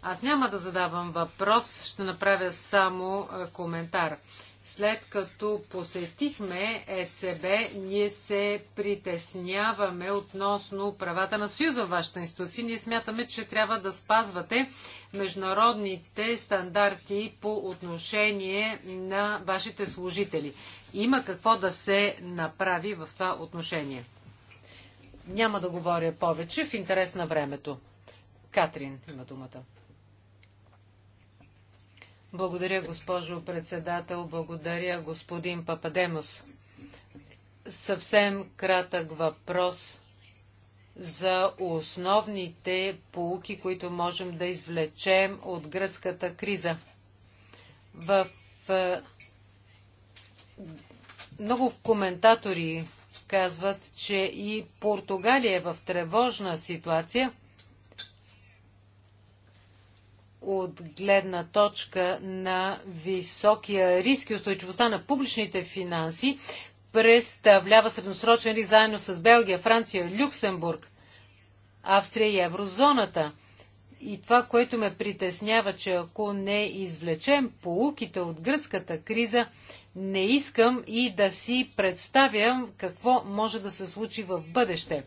Аз няма да задавам въпрос, ще направя само коментар. След като посетихме ЕЦБ, ние се притесняваме относно правата на Съюза в вашата институция. Ние смятаме, че трябва да спазвате международните стандарти по отношение на вашите служители. Има какво да се направи в това отношение. Няма да говоря повече в интерес на времето. Катрин има думата. Благодаря, госпожо председател. Благодаря, господин Пападемос. Съвсем кратък въпрос за основните полуки, които можем да извлечем от гръцката криза. В е, много коментатори казват, че и Португалия е в тревожна ситуация от гледна точка на високия риск и устойчивостта на публичните финанси, представлява средносрочен риск заедно с Белгия, Франция, Люксембург, Австрия и еврозоната. И това, което ме притеснява, че ако не извлечем полуките от гръцката криза, не искам и да си представям какво може да се случи в бъдеще.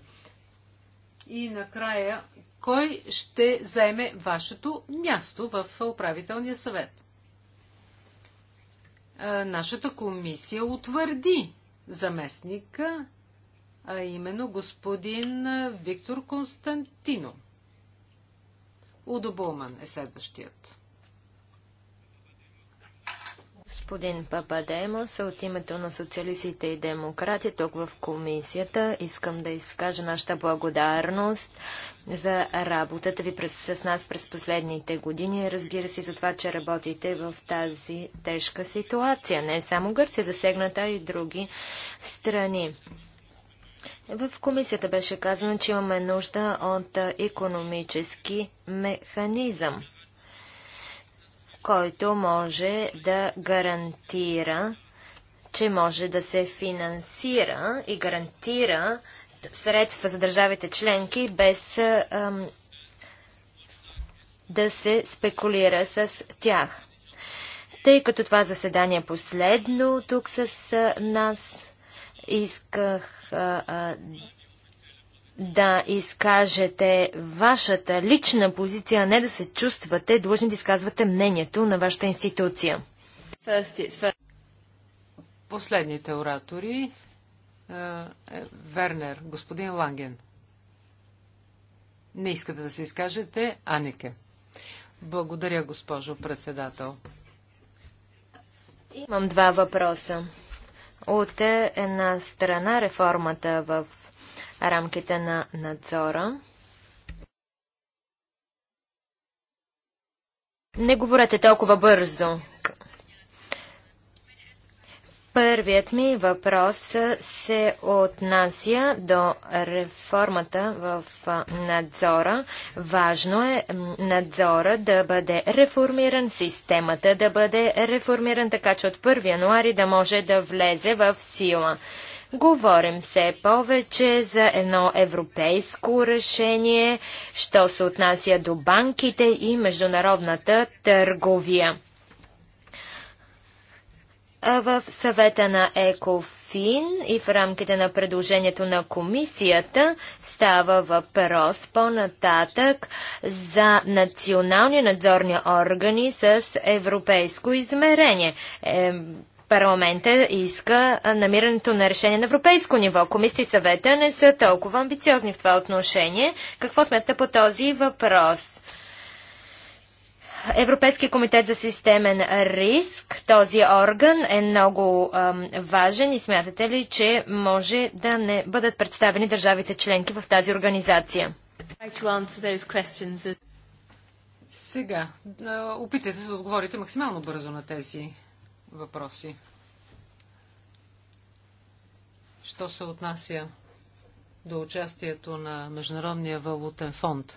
И накрая, кой ще заеме вашето място в управителния съвет? Нашата комисия утвърди заместника, а именно господин Виктор Константино. Удобулман е следващият. господин Пападемос от името на социалистите и демократи тук в комисията. Искам да изкажа нашата благодарност за работата ви през, с нас през последните години. Разбира се за това, че работите в тази тежка ситуация. Не само Гърция засегната, а и други страни. В комисията беше казано, че имаме нужда от економически механизъм който може да гарантира, че може да се финансира и гарантира средства за държавите членки без ам, да се спекулира с тях. Тъй като това заседание е последно тук с нас, исках а, а, да изкажете вашата лична позиция, а не да се чувствате длъжни да изказвате мнението на вашата институция. Последните оратори е, е Вернер, господин Ланген. Не искате да се изкажете, Анике. Благодаря, госпожо председател. Имам два въпроса. От е, една страна реформата в рамките на надзора. Не говорете толкова бързо. Първият ми въпрос се отнася до реформата в надзора. Важно е надзора да бъде реформиран, системата да бъде реформиран, така че от 1 януари да може да влезе в сила. Говорим все повече за едно европейско решение, що се отнася до банките и международната търговия. В съвета на ЕКОФИН и в рамките на предложението на комисията става въпрос по-нататък за национални надзорни органи с европейско измерение. Е, Парламента иска намирането на решение на европейско ниво. Комисията и съвета не са толкова амбициозни в това отношение. Какво смята по този въпрос? Европейския комитет за системен риск, този орган е много ам, важен и смятате ли, че може да не бъдат представени държавите членки в тази организация? Сега, опитайте се да отговорите максимално бързо на тези въпроси. Що се отнася до участието на Международния валутен фонд?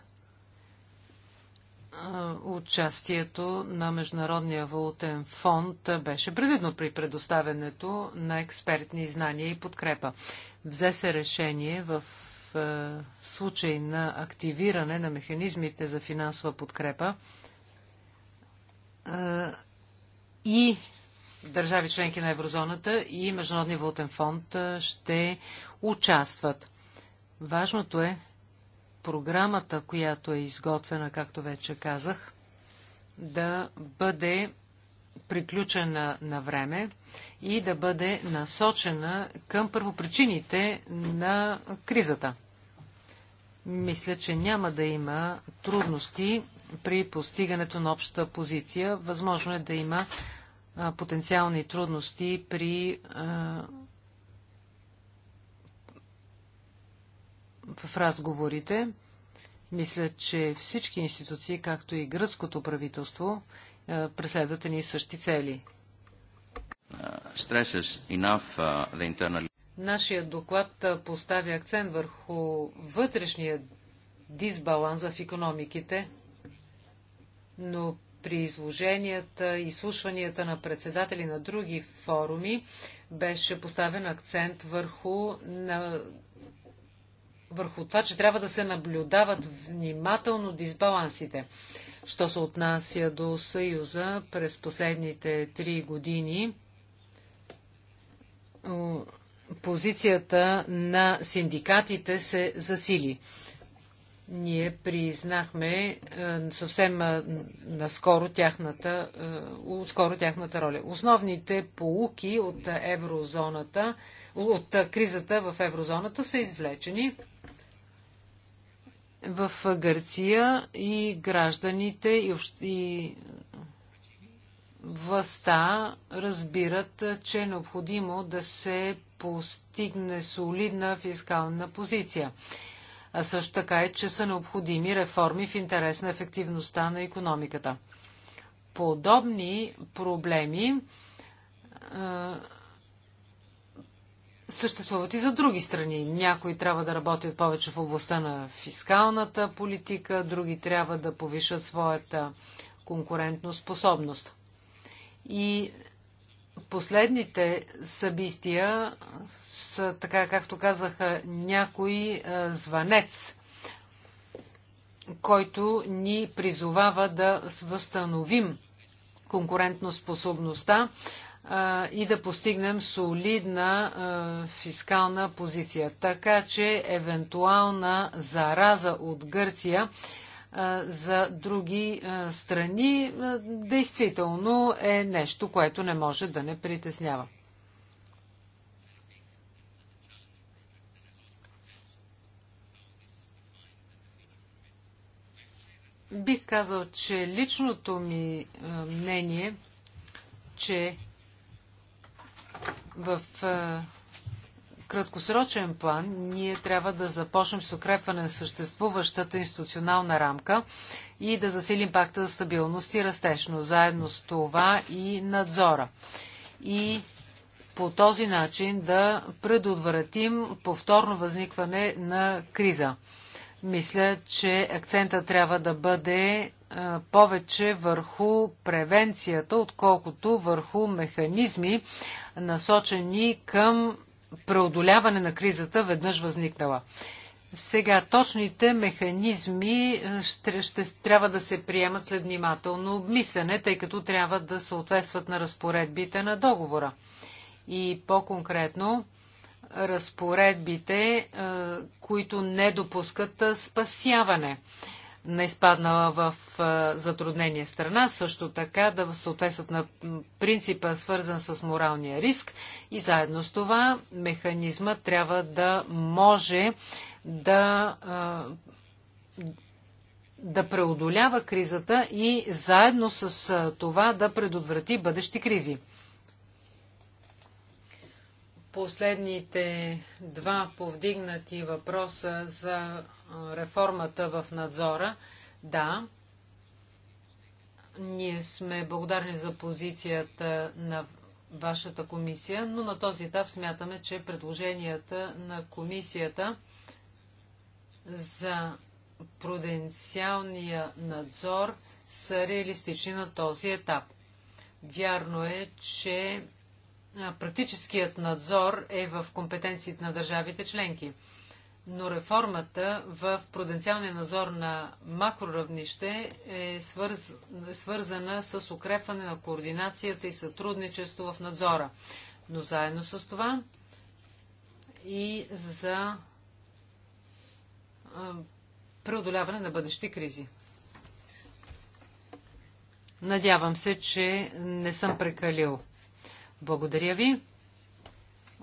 Участието на Международния валутен фонд беше предвидно при предоставянето на експертни знания и подкрепа. Взе се решение в случай на активиране на механизмите за финансова подкрепа и държави членки на еврозоната и Международния валутен фонд ще участват. Важното е програмата, която е изготвена, както вече казах, да бъде приключена на време и да бъде насочена към първопричините на кризата. Мисля, че няма да има трудности при постигането на обща позиция. Възможно е да има потенциални трудности при в разговорите. Мисля, че всички институции, както и гръцкото правителство, преследват ни същи цели. Uh, internal... Нашият доклад поставя акцент върху вътрешния дисбаланс в економиките, но при изложенията, и слушванията на председатели на други форуми беше поставен акцент върху, на, върху това, че трябва да се наблюдават внимателно дисбалансите. Що се отнася до Съюза през последните три години, позицията на синдикатите се засили. Ние признахме е, съвсем е, наскоро тяхната, е, скоро тяхната роля. Основните полуки от еврозоната, от кризата в еврозоната са извлечени в Гърция и гражданите и, общ... и властта разбират, че е необходимо да се постигне солидна фискална позиция а също така и, че са необходими реформи в интерес на ефективността на економиката. Подобни проблеми съществуват и за други страни. Някои трябва да работят повече в областта на фискалната политика, други трябва да повишат своята конкурентно способност. И последните събития така както казаха някой звънец, който ни призовава да възстановим конкурентоспособността и да постигнем солидна фискална позиция. Така че евентуална зараза от Гърция за други страни действително е нещо, което не може да не притеснява. Бих казал, че личното ми мнение, че в краткосрочен план ние трябва да започнем с укрепване на съществуващата институционална рамка и да засилим пакта за стабилност и растежно, заедно с това и надзора. И по този начин да предотвратим повторно възникване на криза. Мисля, че акцента трябва да бъде повече върху превенцията, отколкото върху механизми, насочени към преодоляване на кризата веднъж възникнала. Сега, точните механизми ще, ще трябва да се приемат след внимателно обмислене, тъй като трябва да съответстват на разпоредбите на договора. И по-конкретно, разпоредбите, е, които не допускат е, спасяване на изпаднала в е, затруднение страна, също така да съответстват на принципа, свързан с моралния риск и заедно с това механизма трябва да може да да преодолява кризата и заедно с това да предотврати бъдещи кризи последните два повдигнати въпроса за реформата в надзора, да, ние сме благодарни за позицията на вашата комисия, но на този етап смятаме, че предложенията на комисията за пруденциалния надзор са реалистични на този етап. Вярно е, че практическият надзор е в компетенциите на държавите членки. Но реформата в пруденциалния надзор на макроравнище е, е свързана с укрепване на координацията и сътрудничество в надзора. Но заедно с това и за преодоляване на бъдещи кризи. Надявам се, че не съм прекалил. Благодаря ви.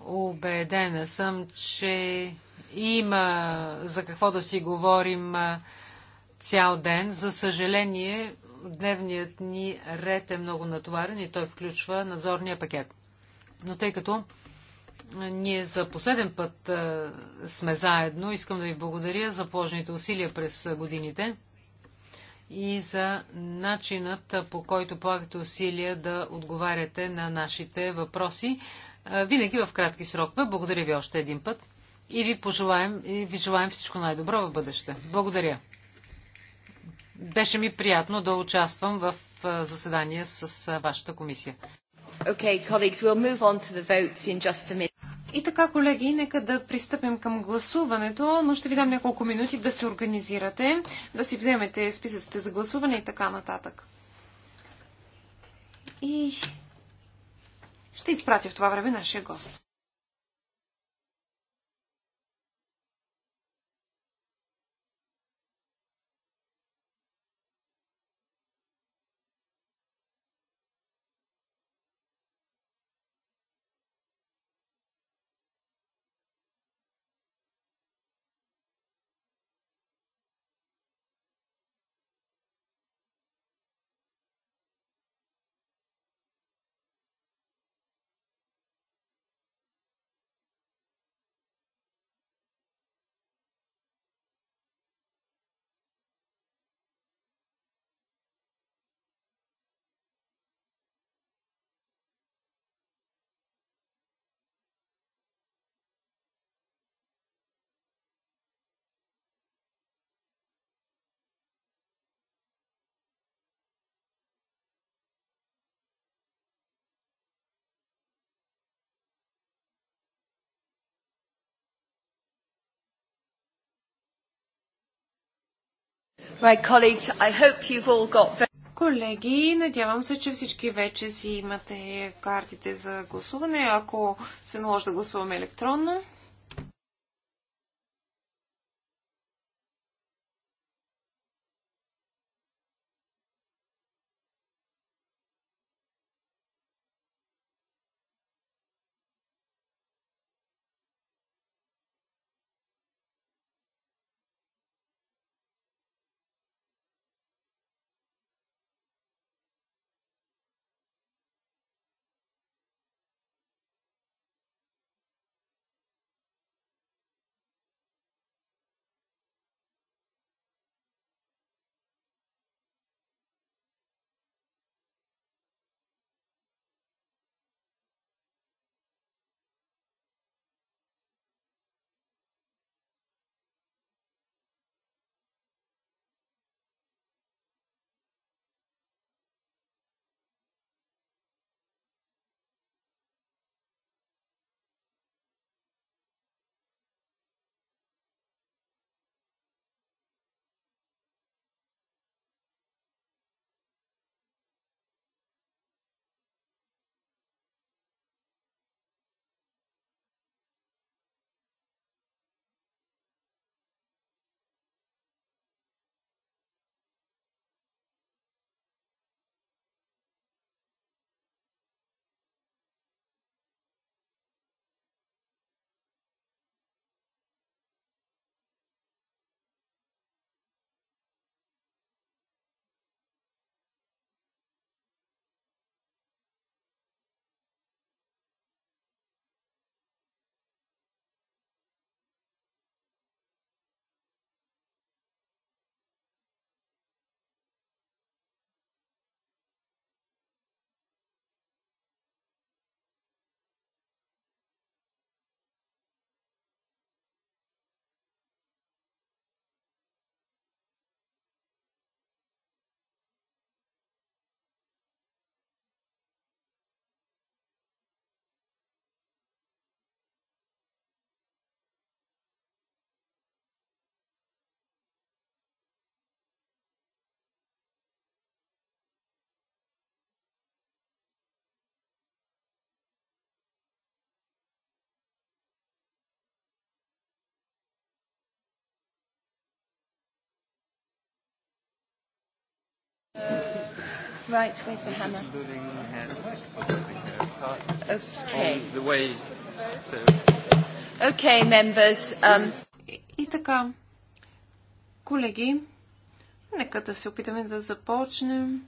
Убедена съм, че има за какво да си говорим цял ден. За съжаление, дневният ни ред е много натоварен и той включва надзорния пакет. Но тъй като ние за последен път сме заедно, искам да ви благодаря за положените усилия през годините и за начинът по който полагате усилия да отговаряте на нашите въпроси, винаги в кратки срокове. Благодаря ви още един път и ви пожелаем и ви желаем всичко най-добро в бъдеще. Благодаря. Беше ми приятно да участвам в заседание с вашата комисия. Okay, colleagues, we'll move on to the votes in just a minute. И така, колеги, нека да пристъпим към гласуването, но ще ви дам няколко минути да се организирате, да си вземете списъците за гласуване и така нататък. И ще изпратя в това време нашия гост. Колеги, надявам се, че всички вече си имате картите за гласуване. Ако се наложи да гласуваме електронно. Right, where's the hammer? Okay. The way, Okay, members. Um... и така, колеги, нека да се опитаме да започнем.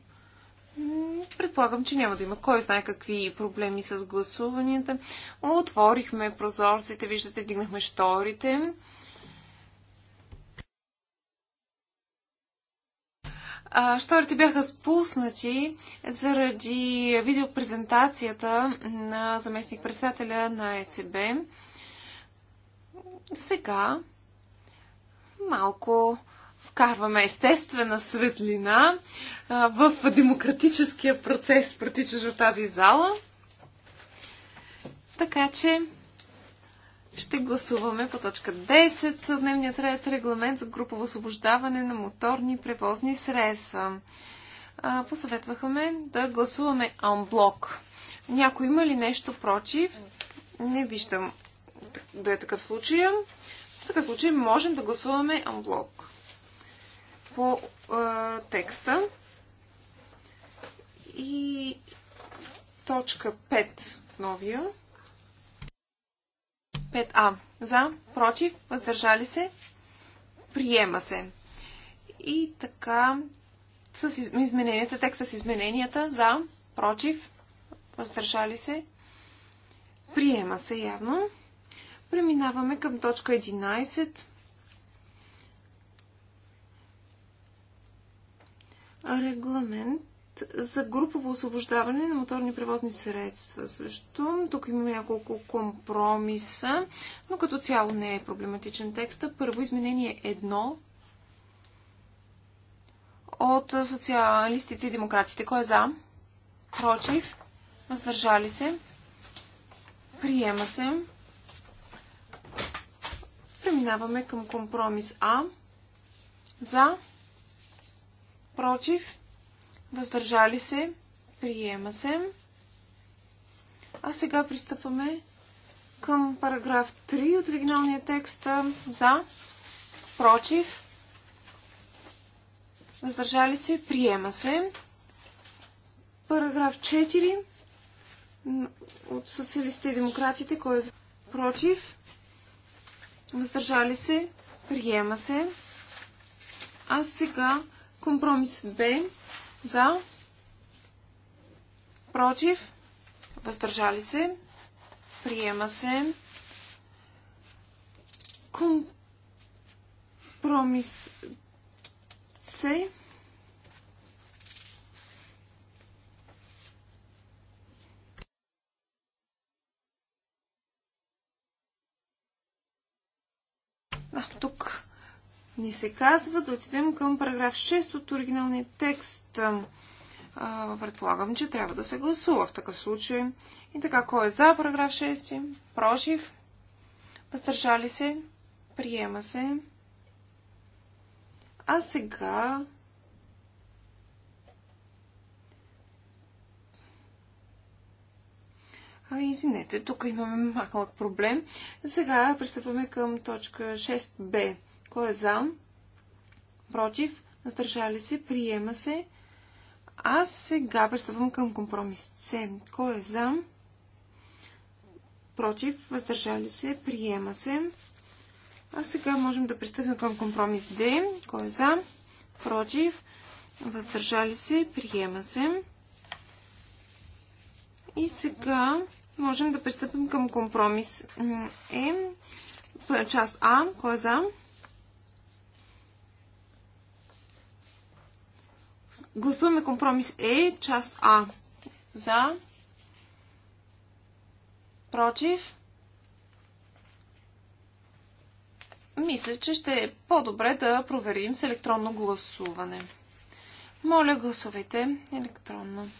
Предполагам, че няма да има кой знае какви проблеми с гласуванията. Отворихме прозорците, виждате, дигнахме шторите. шторите бяха спуснати заради видеопрезентацията на заместник-председателя на ЕЦБ. Сега малко вкарваме естествена светлина в демократическия процес, протичащ в тази зала. Така че ще гласуваме по точка 10 от дневният ред регламент за групово освобождаване на моторни превозни средства. посъветвахме да гласуваме анблок. Някой има ли нещо против? Не виждам да е такъв случай. В такъв случай можем да гласуваме анблок по е, текста. И точка 5 новия. 5А. За, против, въздържали се, приема се. И така, с измененията, текста с измененията, за, против, въздържали се, приема се явно. Преминаваме към точка 11. Регламент за групово освобождаване на моторни превозни средства. Също тук има няколко компромиса, но като цяло не е проблематичен текста. Първо изменение едно от социалистите и демократите. Кой е за? Против? Въздържали се? Приема се. Преминаваме към компромис А. За? Против? Въздържали се. Приема се. А сега пристъпваме към параграф 3 от оригиналния текст за, против, въздържали се, приема се. Параграф 4 от социалистите и демократите, кой е за, против, въздържали се, приема се. А сега компромис Б за. Против. Въздържали се. Приема се. Компромис се. тук ни се казва да отидем към параграф 6 от оригиналния текст. предполагам, че трябва да се гласува в такъв случай. И така, кой е за параграф 6? Прожив? Въздържали се? Приема се. А сега А, извинете, тук имаме малък проблем. Сега пристъпваме към точка 6b. Кой е за? Против? Въздържали се? Приема се. А сега пристъпвам към компромис С. Кой е за? Против? Въздържали се? Приема се. А сега можем да пристъпим към компромис Д. Кой е за? Против? Въздържали се? Приема се. И сега можем да пристъпим към компромис Е. Част А. Кой е за? Гласуваме компромис Е, част А. За. Против. Мисля, че ще е по-добре да проверим с електронно гласуване. Моля, гласувайте електронно.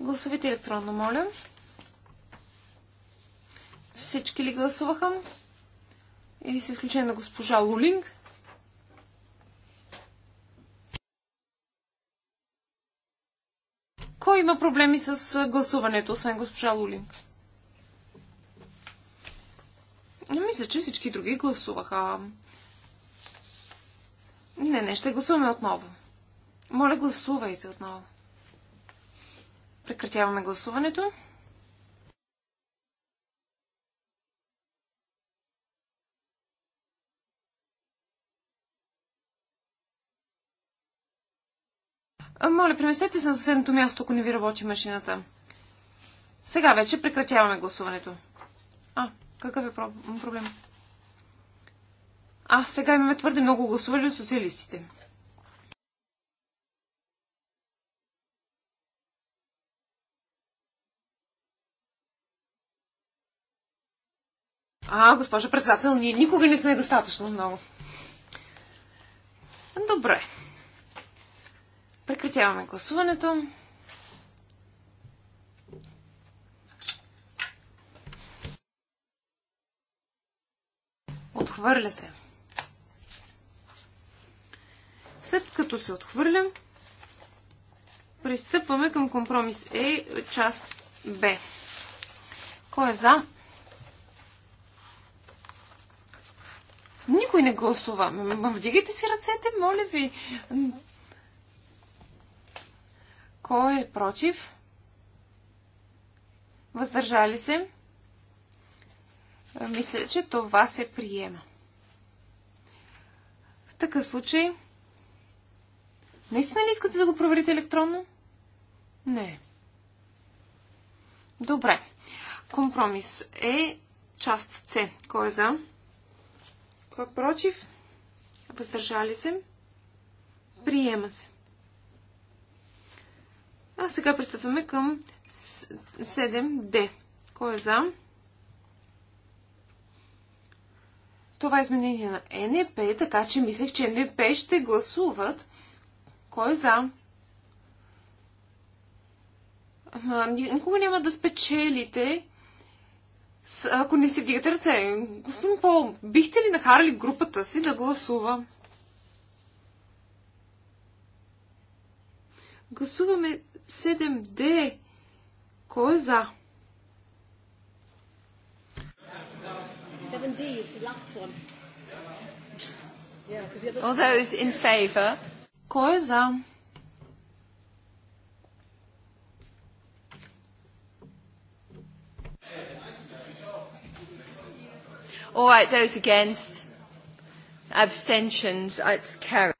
Гласувайте електронно, моля. Всички ли гласуваха? Или с изключение на госпожа Лулинг? Кой има проблеми с гласуването, освен госпожа Лулин? Не мисля, че всички други гласуваха. Не, не, ще гласуваме отново. Моля, гласувайте отново. Прекратяваме гласуването. Моля, преместете се на съседното място, ако не ви работи машината. Сега вече прекратяваме гласуването. А, какъв е проблем? А, сега имаме твърде много гласували от социалистите. А, госпожа председател, ние никога не сме достатъчно много. Добре. Прекратяваме гласуването. Отхвърля се. След като се отхвърлям, пристъпваме към компромис Е, част Б. Кой е за? Никой не гласува. Вдигайте си ръцете, моля ви. Кой е против? Въздържали се? Мисля, че това се приема. В такъв случай, наистина ли искате да го проверите електронно? Не. Добре. Компромис е част С. Кой е за? Кой е против? Въздържали се? Приема се. А сега пристъпваме към 7D. Кой е за? Това е изменение на НП, е така че мислех, че НП е ще гласуват. Кой е за? Ама, никога няма да спечелите, ако не си вдигате ръце. Господин Пол, бихте ли нахарали групата си да гласува? Гласуваме 7D. Кой е за? 7D, it's the last one. Yeah, All in favor. Кой е за? All right, those against. Abstentions, it's carried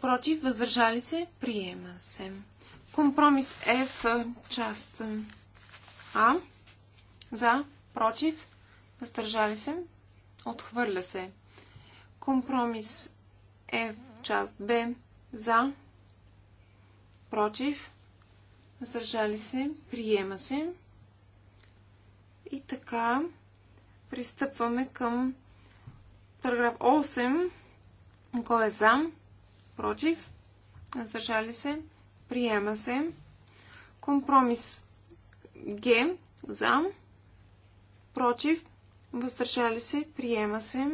против, въздържали се, приема се. Компромис в част А, за, против, въздържали се, отхвърля се. Компромис в част Б, за, против, въздържали се, приема се. И така, пристъпваме към параграф 8, кой е за, против, въздържали се, приема се. Компромис Г за, против, въздържали се, приема се.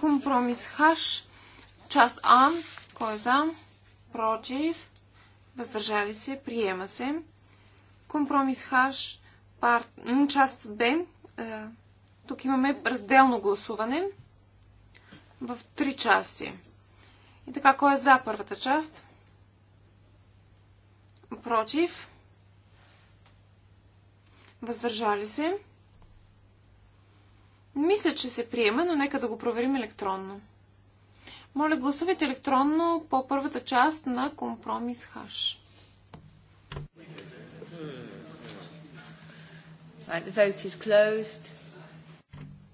Компромис Х, част А, кой е за, против, въздържали се, приема се. Компромис Х, част Б, е, тук имаме разделно гласуване в три части. И така, кой е за първата част? Против? Въздържали се? Мисля, че се приема, но нека да го проверим електронно. Моля, гласувайте електронно по първата част на компромис ХАШ.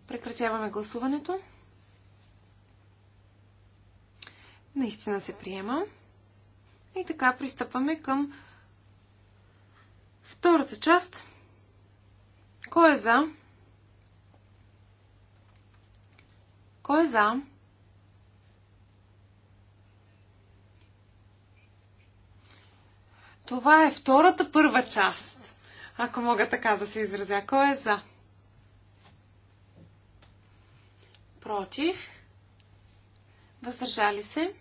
Прекратяваме гласуването. Наистина се приема. И така пристъпваме към втората част. Кой е за? Кой е за? Това е втората първа част. Ако мога така да се изразя. Кой е за? Против? Въздържали се?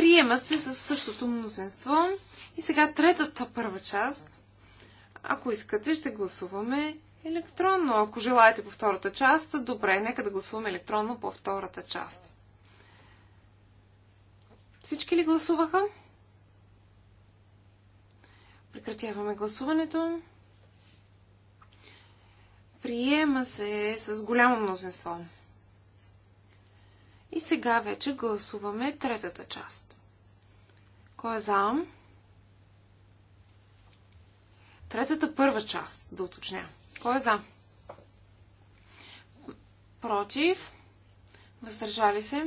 Приема се със същото мнозинство. И сега третата първа част. Ако искате, ще гласуваме електронно. Ако желаете по втората част, добре, нека да гласуваме електронно по втората част. Всички ли гласуваха? Прекратяваме гласуването. Приема се с голямо мнозинство. И сега вече гласуваме третата част. Кой е за? Третата първа част, да уточня. Кой е за? Против? Въздържали се?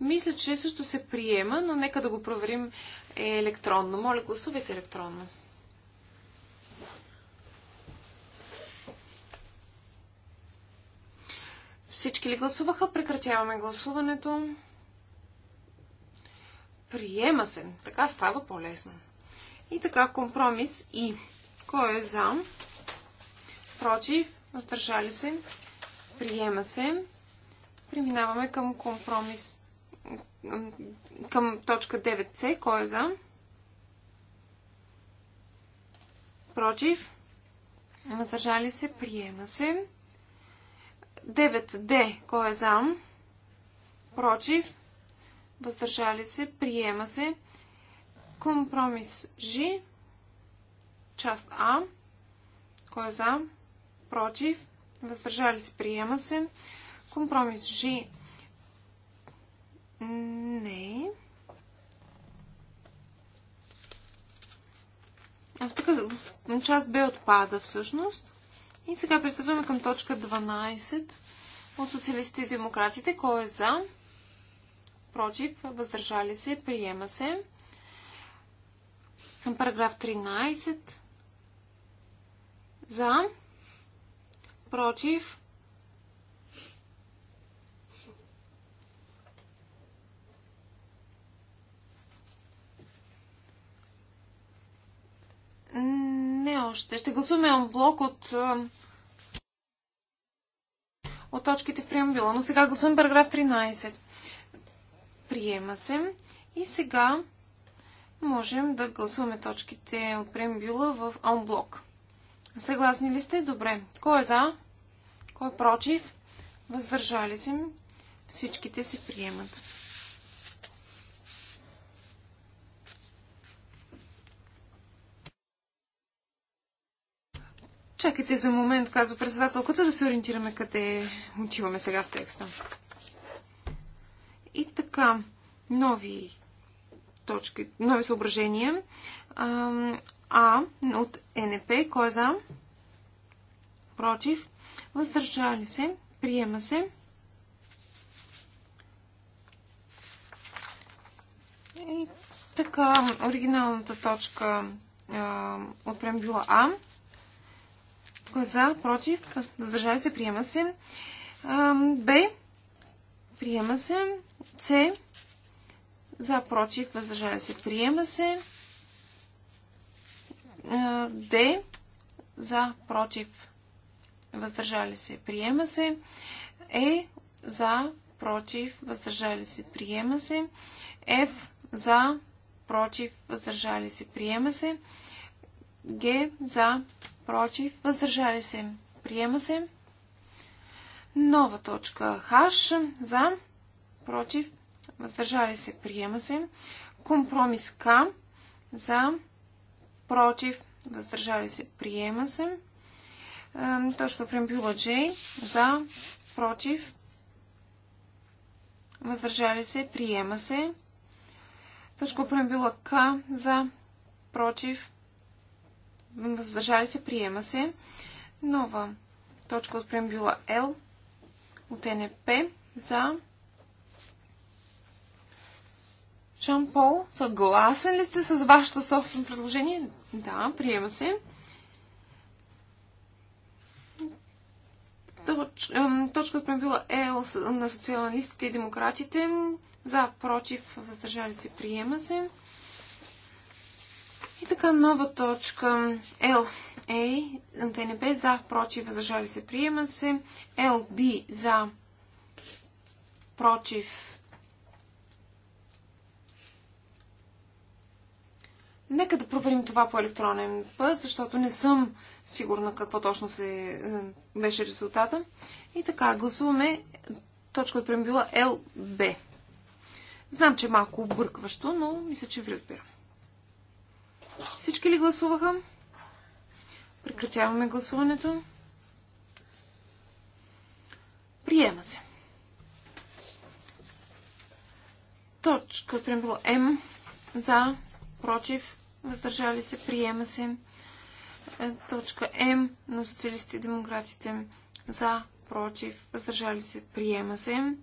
Мисля, че също се приема, но нека да го проверим електронно. Моля, гласувайте електронно. Всички ли гласуваха? Прекратяваме гласуването. Приема се. Така става по-лесно. И така, компромис и. Кой е за? Против? Въздържали се? Приема се. Преминаваме към компромис към точка 9c. Кой е за? Против? Въздържали се? Приема се. 9D. Кой е за? Против. Въздържали се. Приема се. Компромис Ж. Част А. Кой е за? Против. Въздържали се. Приема се. Компромис Ж. Не. А в така част Б отпада всъщност. И сега пристъпваме към точка 12 от социалистите и демократите. Кой е за? Против? Въздържали се? Приема се. Параграф 13. За? Против? Не още. Ще гласуваме блок от, е, от точките в преамбила. Но сега гласуваме параграф 13. Приема се. И сега можем да гласуваме точките от преамбила в онблок. Съгласни ли сте? Добре. Кой е за? Кой е против? Въздържали се? Всичките се приемат. Чакайте за момент, казва председателката, да се ориентираме къде отиваме сега в текста. И така, нови точки, нови съображения. А от НП, кой е за? Против. Въздържали се. Приема се. И така, оригиналната точка а, от преамбюла А. Е за? Против? Въздържали се? Приема се. Б. Приема се. С. За, против, въздържали се. Приема се. Д. За, против, въздържали се. Приема се. Е. За, против, въздържали се. Приема се. Ф. За, против, въздържали се. Приема се. Г. За, против, въздържали се, приема се. Нова точка Х, за, против, въздържали се, приема се. Компромис К за, против, въздържали се, приема се. Точка преамбюла Дж, за, против, въздържали се, приема се. Точка преамбюла К за, против, въздържали се, приема се. Нова точка от преамбюла L от НП за Шон Пол. Съгласен ли сте с вашето собствено предложение? Да, приема се. Точ, точка от правила L на социалистите и демократите. За, против, въздържали се, приема се. И така, нова точка. L. A. ТНБ за, против, въздържали се, приема се. L. B. За, против. Нека да проверим това по електронен път, защото не съм сигурна какво точно се, е, беше резултата. И така, гласуваме точка от преамбюла LB. Знам, че е малко объркващо, но мисля, че ви разбирам. Всички ли гласуваха? Прекратяваме гласуването. Приема се. Точка от било М. За, против, въздържали се, приема се. Е, точка М на социалистите и демократите. За, против, въздържали се, приема се.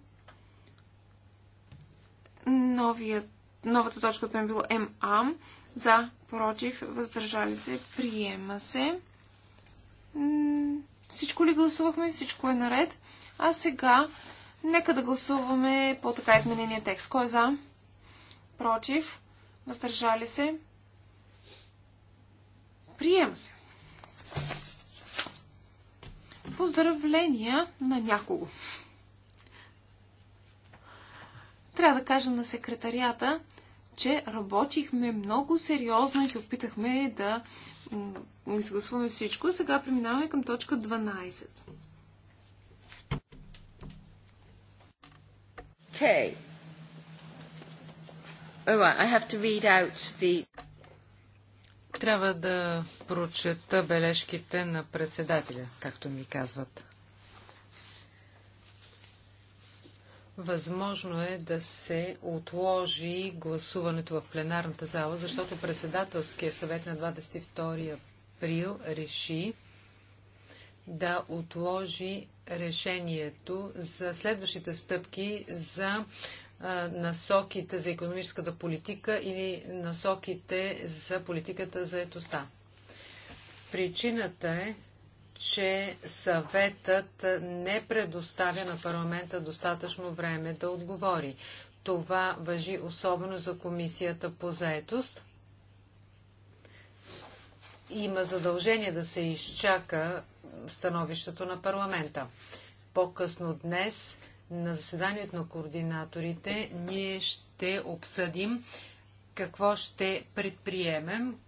новата точка от преамбюла МА за, против, въздържали се, приема се. Всичко ли гласувахме? Всичко е наред. А сега, нека да гласуваме по така изменения текст. Кой е за? Против, въздържали се, приема се. Поздравления на някого. Трябва да кажа на секретарията, че работихме много сериозно и се опитахме да изгласуваме всичко. Сега преминаваме към точка 12. Okay. Right, I have to read out the... Трябва да прочета бележките на председателя, както ми казват. Възможно е да се отложи гласуването в пленарната зала, защото председателския съвет на 22 април реши да отложи решението за следващите стъпки за а, насоките за економическата политика или насоките за политиката за етоста. Причината е, че съветът не предоставя на парламента достатъчно време да отговори. Това въжи особено за комисията по заетост. Има задължение да се изчака становището на парламента. По-късно днес на заседанието на координаторите ние ще обсъдим какво ще предприемем,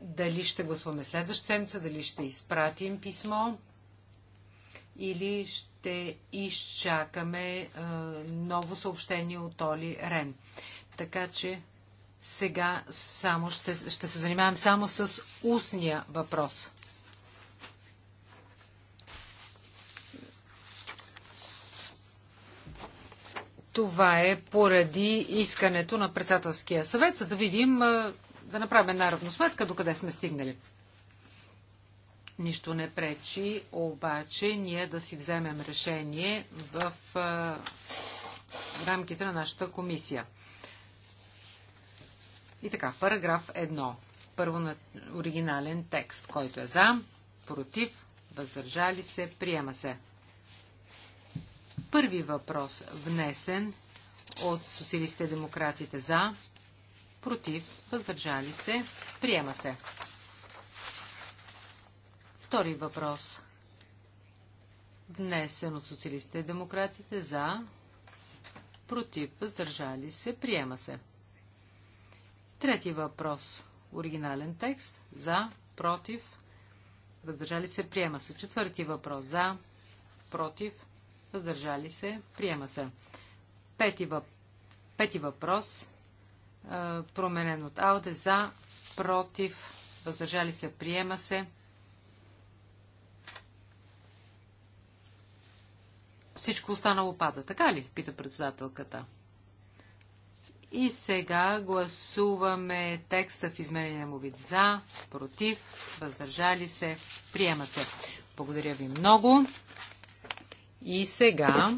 дали ще гласуваме следващ седмица, дали ще изпратим писмо или ще изчакаме а, ново съобщение от Оли Рен. Така че сега само ще, ще се занимавам само с устния въпрос. Това е поради искането на председателския съвет, за да видим да направим една равносметка, докъде сме стигнали. Нищо не пречи, обаче ние да си вземем решение в, в рамките на нашата комисия. И така, параграф 1. Първо на оригинален текст, който е за, против, въздържали се, приема се. Първи въпрос, внесен от социалистите демократите за, против, въздържали се, приема се. Втори въпрос. Внесен от социалистите и демократите за, против, въздържали се, приема се. Трети въпрос. Оригинален текст. За, против, въздържали се, приема се. Четвърти въпрос. За, против, въздържали се, приема се. Пети, въп... Пети въпрос променен от Ауде за, против, въздържали се, приема се. Всичко останало пада, така ли? Пита председателката. И сега гласуваме текста в изменения му вид за, против, въздържали се, приема се. Благодаря ви много. И сега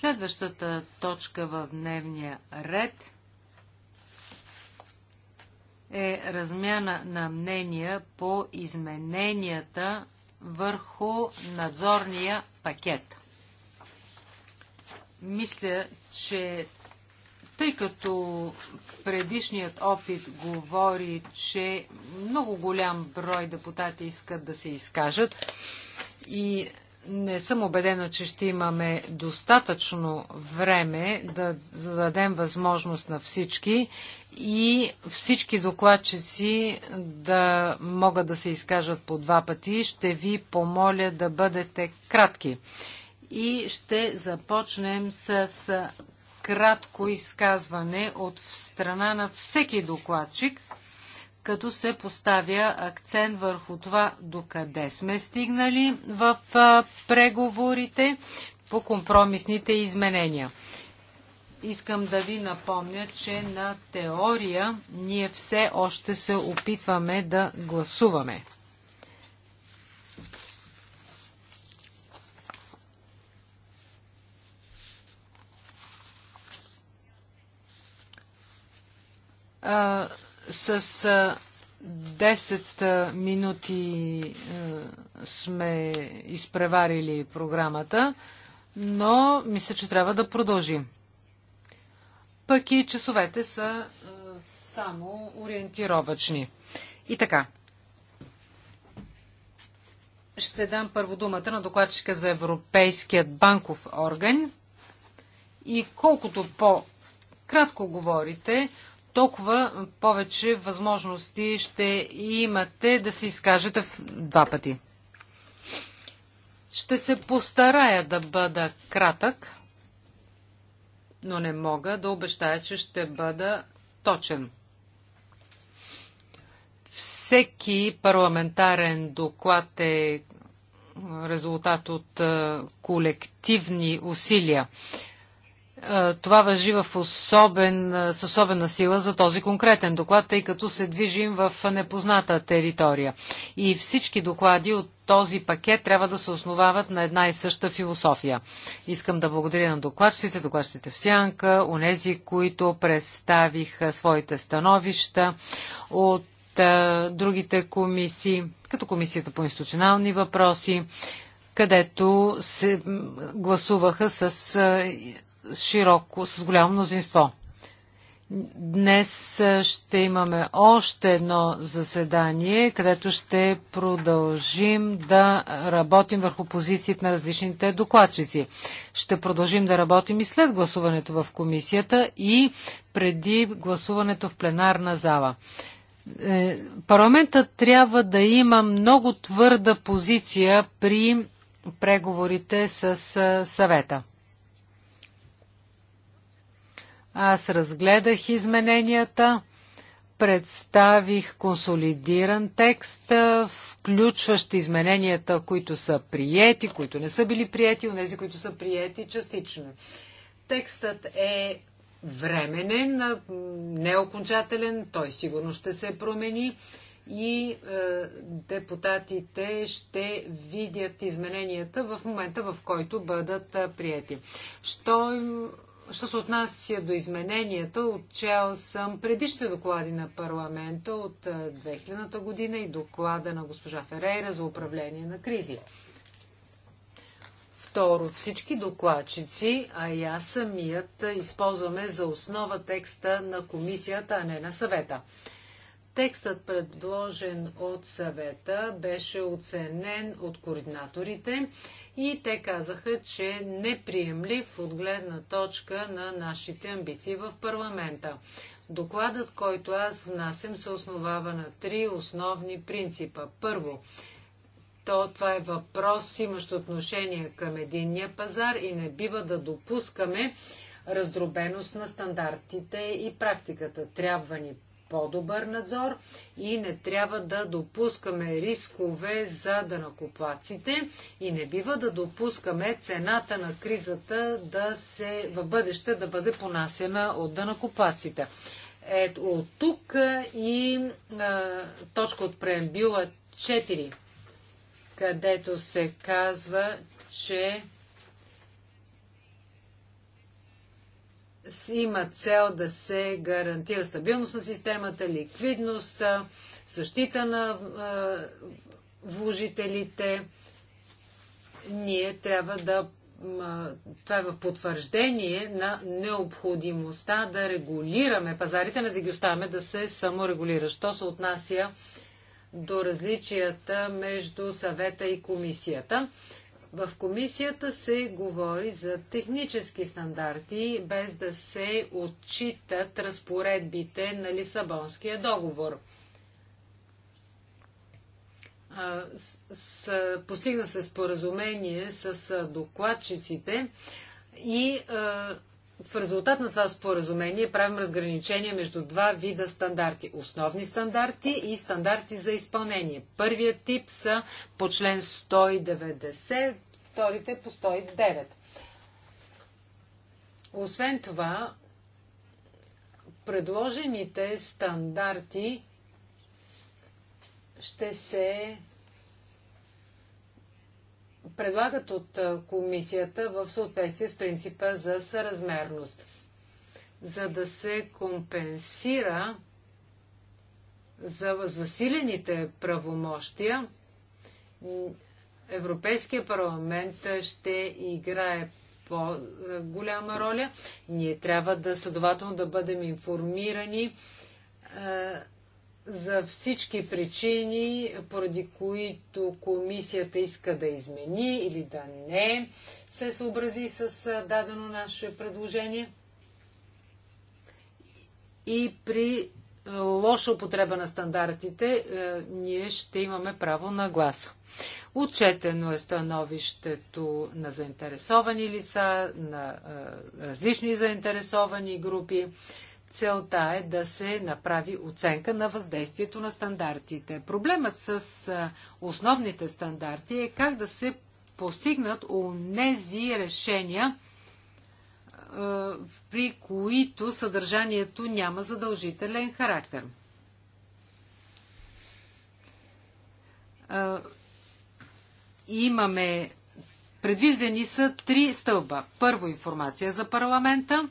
Следващата точка в дневния ред е размяна на мнения по измененията върху надзорния пакет. Мисля, че тъй като предишният опит говори, че много голям брой депутати искат да се изкажат и не съм убедена, че ще имаме достатъчно време да зададем възможност на всички и всички докладчици да могат да се изкажат по два пъти. Ще ви помоля да бъдете кратки. И ще започнем с кратко изказване от страна на всеки докладчик като се поставя акцент върху това докъде сме стигнали в преговорите по компромисните изменения. Искам да ви напомня, че на теория ние все още се опитваме да гласуваме. Uh с 10 минути сме изпреварили програмата, но мисля, че трябва да продължим. Пък и часовете са само ориентировачни. И така. Ще дам първо думата на докладчика за Европейският банков орган. И колкото по-кратко говорите, толкова повече възможности ще имате да се изкажете в два пъти. Ще се постарая да бъда кратък, но не мога да обещая, че ще бъда точен. Всеки парламентарен доклад е резултат от е, колективни усилия. Е, това въжи в особен, е, с особена сила за този конкретен доклад, тъй като се движим в непозната територия. И всички доклади от този пакет трябва да се основават на една и съща философия. Искам да благодаря на докладчиците, докладчиците в Сянка, онези, които представиха своите становища от а, е, другите комисии, като Комисията по институционални въпроси, където се гласуваха с а, широко, с голямо мнозинство. Днес ще имаме още едно заседание, където ще продължим да работим върху позициите на различните докладчици. Ще продължим да работим и след гласуването в комисията и преди гласуването в пленарна зала. Е, парламентът трябва да има много твърда позиция при преговорите с съвета. Аз разгледах измененията, представих консолидиран текст, включващ измененията, които са приети, които не са били приети, нези, които са приети частично. Текстът е временен, неокончателен, той сигурно ще се промени и е, депутатите ще видят измененията в момента, в който бъдат е, прияти. Що Що се отнася до измененията, отчел съм предишните доклади на парламента от 2000 година и доклада на госпожа Ферейра за управление на кризи. Второ, всички докладчици, а и аз самият, използваме за основа текста на комисията, а не на съвета. Текстът, предложен от съвета, беше оценен от координаторите и те казаха, че е неприемлив от гледна точка на нашите амбиции в парламента. Докладът, който аз внасям, се основава на три основни принципа. Първо, то това е въпрос, имащ отношение към единния пазар и не бива да допускаме раздробеност на стандартите и практиката. Трябва ни по-добър надзор и не трябва да допускаме рискове за дънакоплаците и не бива да допускаме цената на кризата да се в бъдеще да бъде понасена от дънакоплаците. Ето от тук и а, точка от преембила 4, където се казва, че има цел да се гарантира стабилност на системата, ликвидност, защита на вложителите. Ние трябва да. Това е в потвърждение на необходимостта да регулираме пазарите, не да ги оставяме да се саморегулира. Що се отнася до различията между съвета и комисията. В комисията се говори за технически стандарти, без да се отчитат разпоредбите на Лисабонския договор. Постигна се споразумение с докладчиците и а, в резултат на това споразумение правим разграничение между два вида стандарти. Основни стандарти и стандарти за изпълнение. Първият тип са по член 190, вторите по 109. Освен това, предложените стандарти ще се предлагат от комисията в съответствие с принципа за съразмерност. За да се компенсира за засилените правомощия, Европейския парламент ще играе по-голяма роля. Ние трябва да следователно да бъдем информирани за всички причини, поради които комисията иска да измени или да не се съобрази с дадено наше предложение. И при лоша употреба на стандартите, ние ще имаме право на гласа. Отчетено е становището на заинтересовани лица, на различни заинтересовани групи. Целта е да се направи оценка на въздействието на стандартите. Проблемът с основните стандарти е как да се постигнат онези решения, при които съдържанието няма задължителен характер. Имаме Предвидени са три стълба. Първо информация за парламента,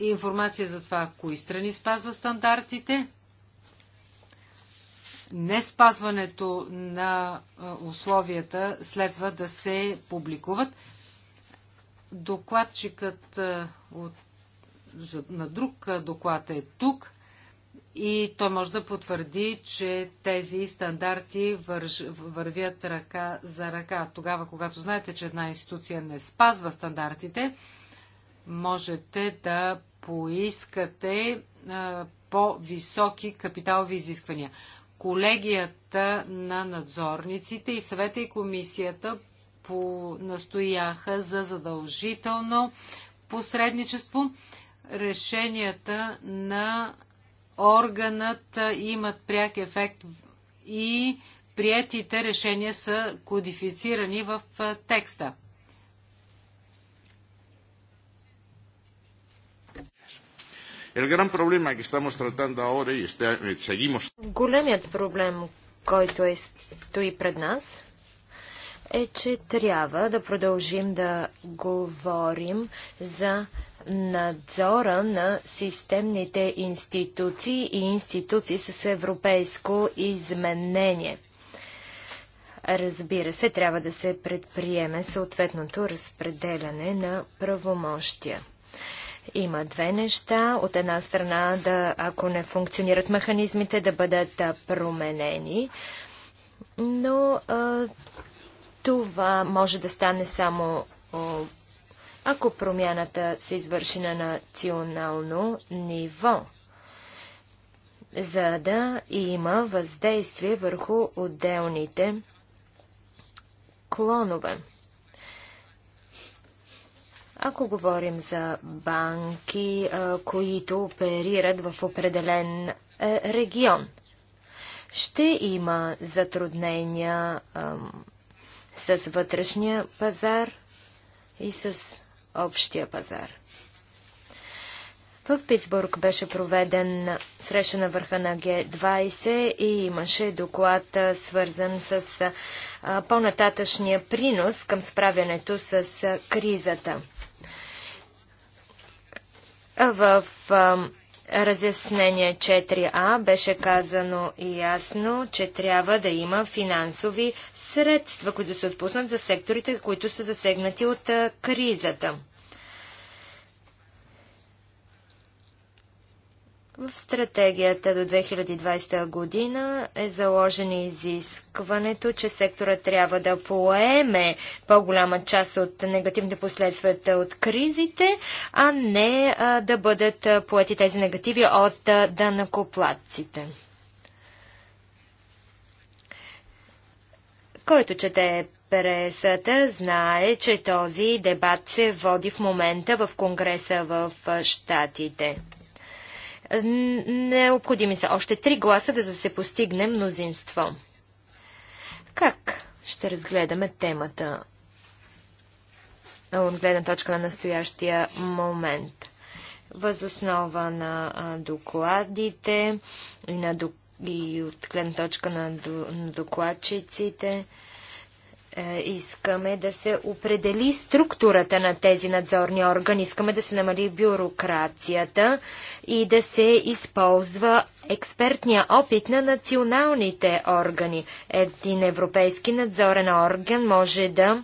и информация за това, кои страни спазва стандартите. Не спазването на условията следва да се публикуват. Докладчикът от, на друг доклад е тук и той може да потвърди, че тези стандарти върж, вървят ръка за ръка. Тогава, когато знаете, че една институция не спазва стандартите, можете да поискате по-високи капиталови изисквания. Колегията на надзорниците и съвета и комисията по настояха за задължително посредничество. Решенията на органът имат пряк ефект и приетите решения са кодифицирани в текста. Eh, Големият проблем, който е стои пред нас, е, че трябва да продължим да говорим за надзора на системните институции и институции с европейско изменение. Разбира се, трябва да се предприеме съответното разпределяне на правомощия. Има две неща. От една страна, да, ако не функционират механизмите, да бъдат променени. Но а, това може да стане само ако промяната се извърши на национално ниво, за да има въздействие върху отделните клонове. Ако говорим за банки, които оперират в определен регион, ще има затруднения с вътрешния пазар и с общия пазар. В Питсбург беше проведен среща на върха на Г-20 и имаше доклад, свързан с по-нататъчния принос към справянето с кризата. В разяснение 4А беше казано и ясно, че трябва да има финансови средства, които се отпуснат за секторите, които са засегнати от кризата. В стратегията до 2020 година е заложено изискването, че сектора трябва да поеме по-голяма част от негативните последствия от кризите, а не а, да бъдат поети тези негативи от а, данакоплатците. Който чете пресата знае, че този дебат се води в момента в Конгреса в Штатите. Необходими са още три гласа, да за се постигне мнозинство. Как ще разгледаме темата от гледна точка на настоящия момент? Възоснова на докладите и, на, и от гледна точка на, на докладчиците – е, искаме да се определи структурата на тези надзорни органи, искаме да се намали бюрокрацията и да се използва експертния опит на националните органи. Един европейски надзорен орган може да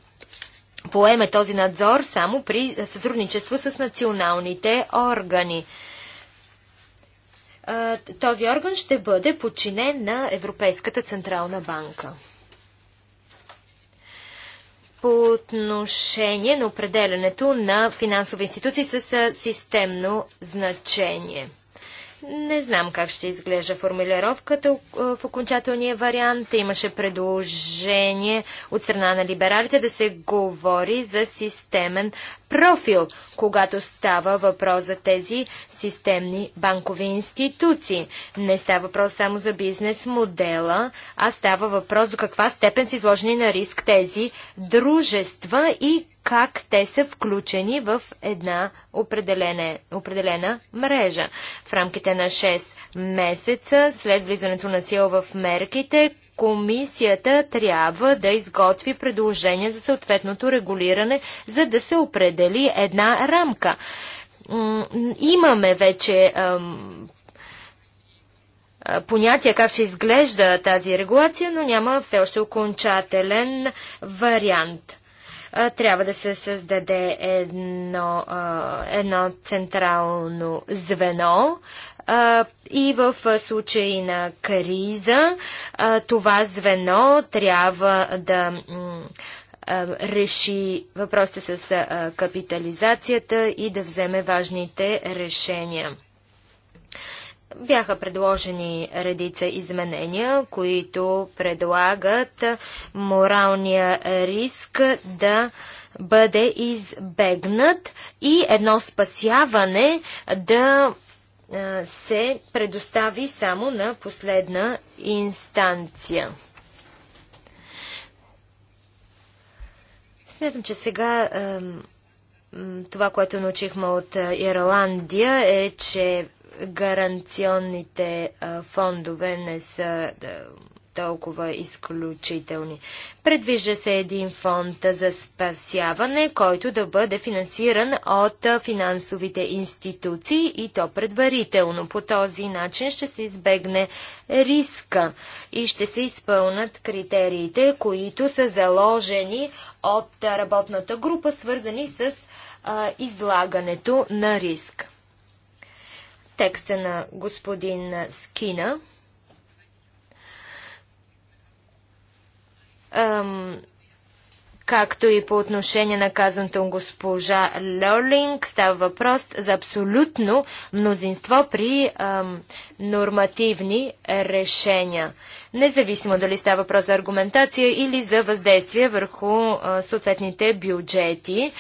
поеме този надзор само при сътрудничество с националните органи. Е, този орган ще бъде подчинен на Европейската централна банка по отношение на определенето на финансови институции с системно значение. Не знам как ще изглежда формулировката е, в окончателния вариант. Имаше предложение от страна на либералите да се говори за системен профил, когато става въпрос за тези системни банкови институции. Не става въпрос само за бизнес модела, а става въпрос до каква степен са изложени на риск тези дружества и как те са включени в една определена, определена мрежа. В рамките на 6 месеца след влизането на сила в мерките, комисията трябва да изготви предложение за съответното регулиране, за да се определи една рамка. Имаме вече понятие как ще изглежда тази регулация, но няма все още окончателен вариант трябва да се създаде едно, едно централно звено и в случай на криза това звено трябва да реши въпросите с капитализацията и да вземе важните решения. Бяха предложени редица изменения, които предлагат моралния риск да бъде избегнат и едно спасяване да се предостави само на последна инстанция. Смятам, че сега това, което научихме от Ирландия е, че гаранционните фондове не са толкова изключителни. Предвижда се един фонд за спасяване, който да бъде финансиран от финансовите институции и то предварително. По този начин ще се избегне риска и ще се изпълнат критериите, които са заложени от работната група, свързани с излагането на риск текста на господин Скина. Ам, както и по отношение на казаното госпожа Лолинг, става въпрос за абсолютно мнозинство при ам, нормативни решения. Независимо дали става въпрос за аргументация или за въздействие върху а, съответните бюджети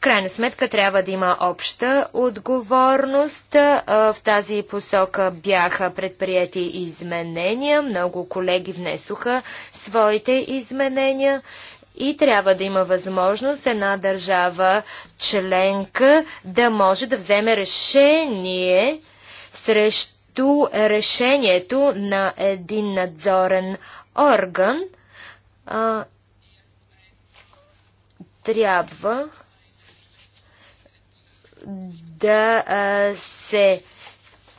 крайна сметка трябва да има обща отговорност. В тази посока бяха предприяти изменения. Много колеги внесоха своите изменения и трябва да има възможност една държава членка да може да вземе решение срещу решението на един надзорен орган. А, трябва да а, се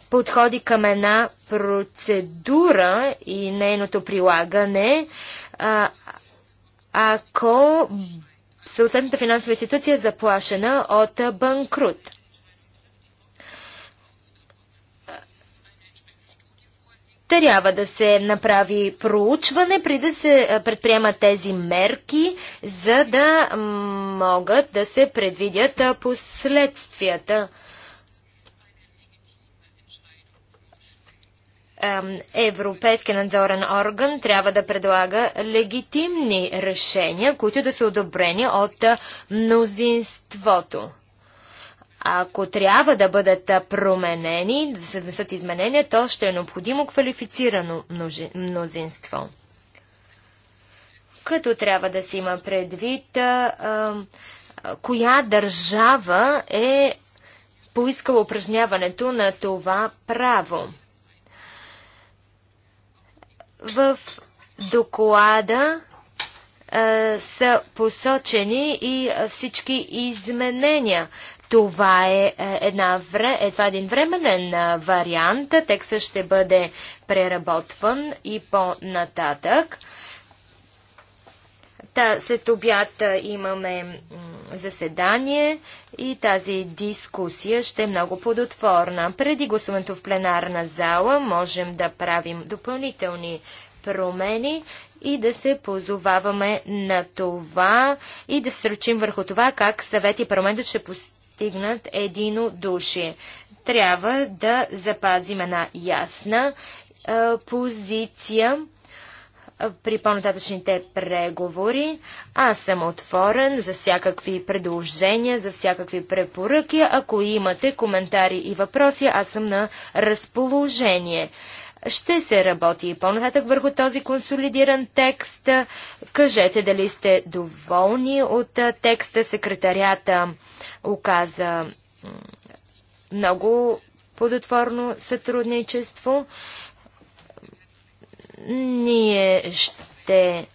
подходи към една процедура и нейното прилагане, а, ако съответната финансова институция е заплашена от банкрут. Трябва да се направи проучване, при да се предприемат тези мерки, за да могат да се предвидят последствията. Европейския надзорен орган трябва да предлага легитимни решения, които да са одобрени от мнозинството. Ако трябва да бъдат променени, да се внесат изменения, то ще е необходимо квалифицирано мнозинство. Като трябва да се има предвид а, а, коя държава е поискала упражняването на това право. В доклада са посочени и всички изменения. Това е, една вре, е един временен вариант. Текстът ще бъде преработван и по-нататък. Та, след обяд имаме заседание и тази дискусия ще е много плодотворна. Преди гласуването в пленарна зала можем да правим допълнителни промени и да се позоваваме на това и да се сръчим върху това как съвет и парламентът ще постигнат души. Трябва да запазим една ясна е, позиция при по-нататъчните преговори. Аз съм отворен за всякакви предложения, за всякакви препоръки. Ако имате коментари и въпроси, аз съм на разположение. Ще се работи и по-нататък върху този консолидиран текст. Кажете дали сте доволни от текста. Секретарята оказа много плодотворно сътрудничество. Ние ще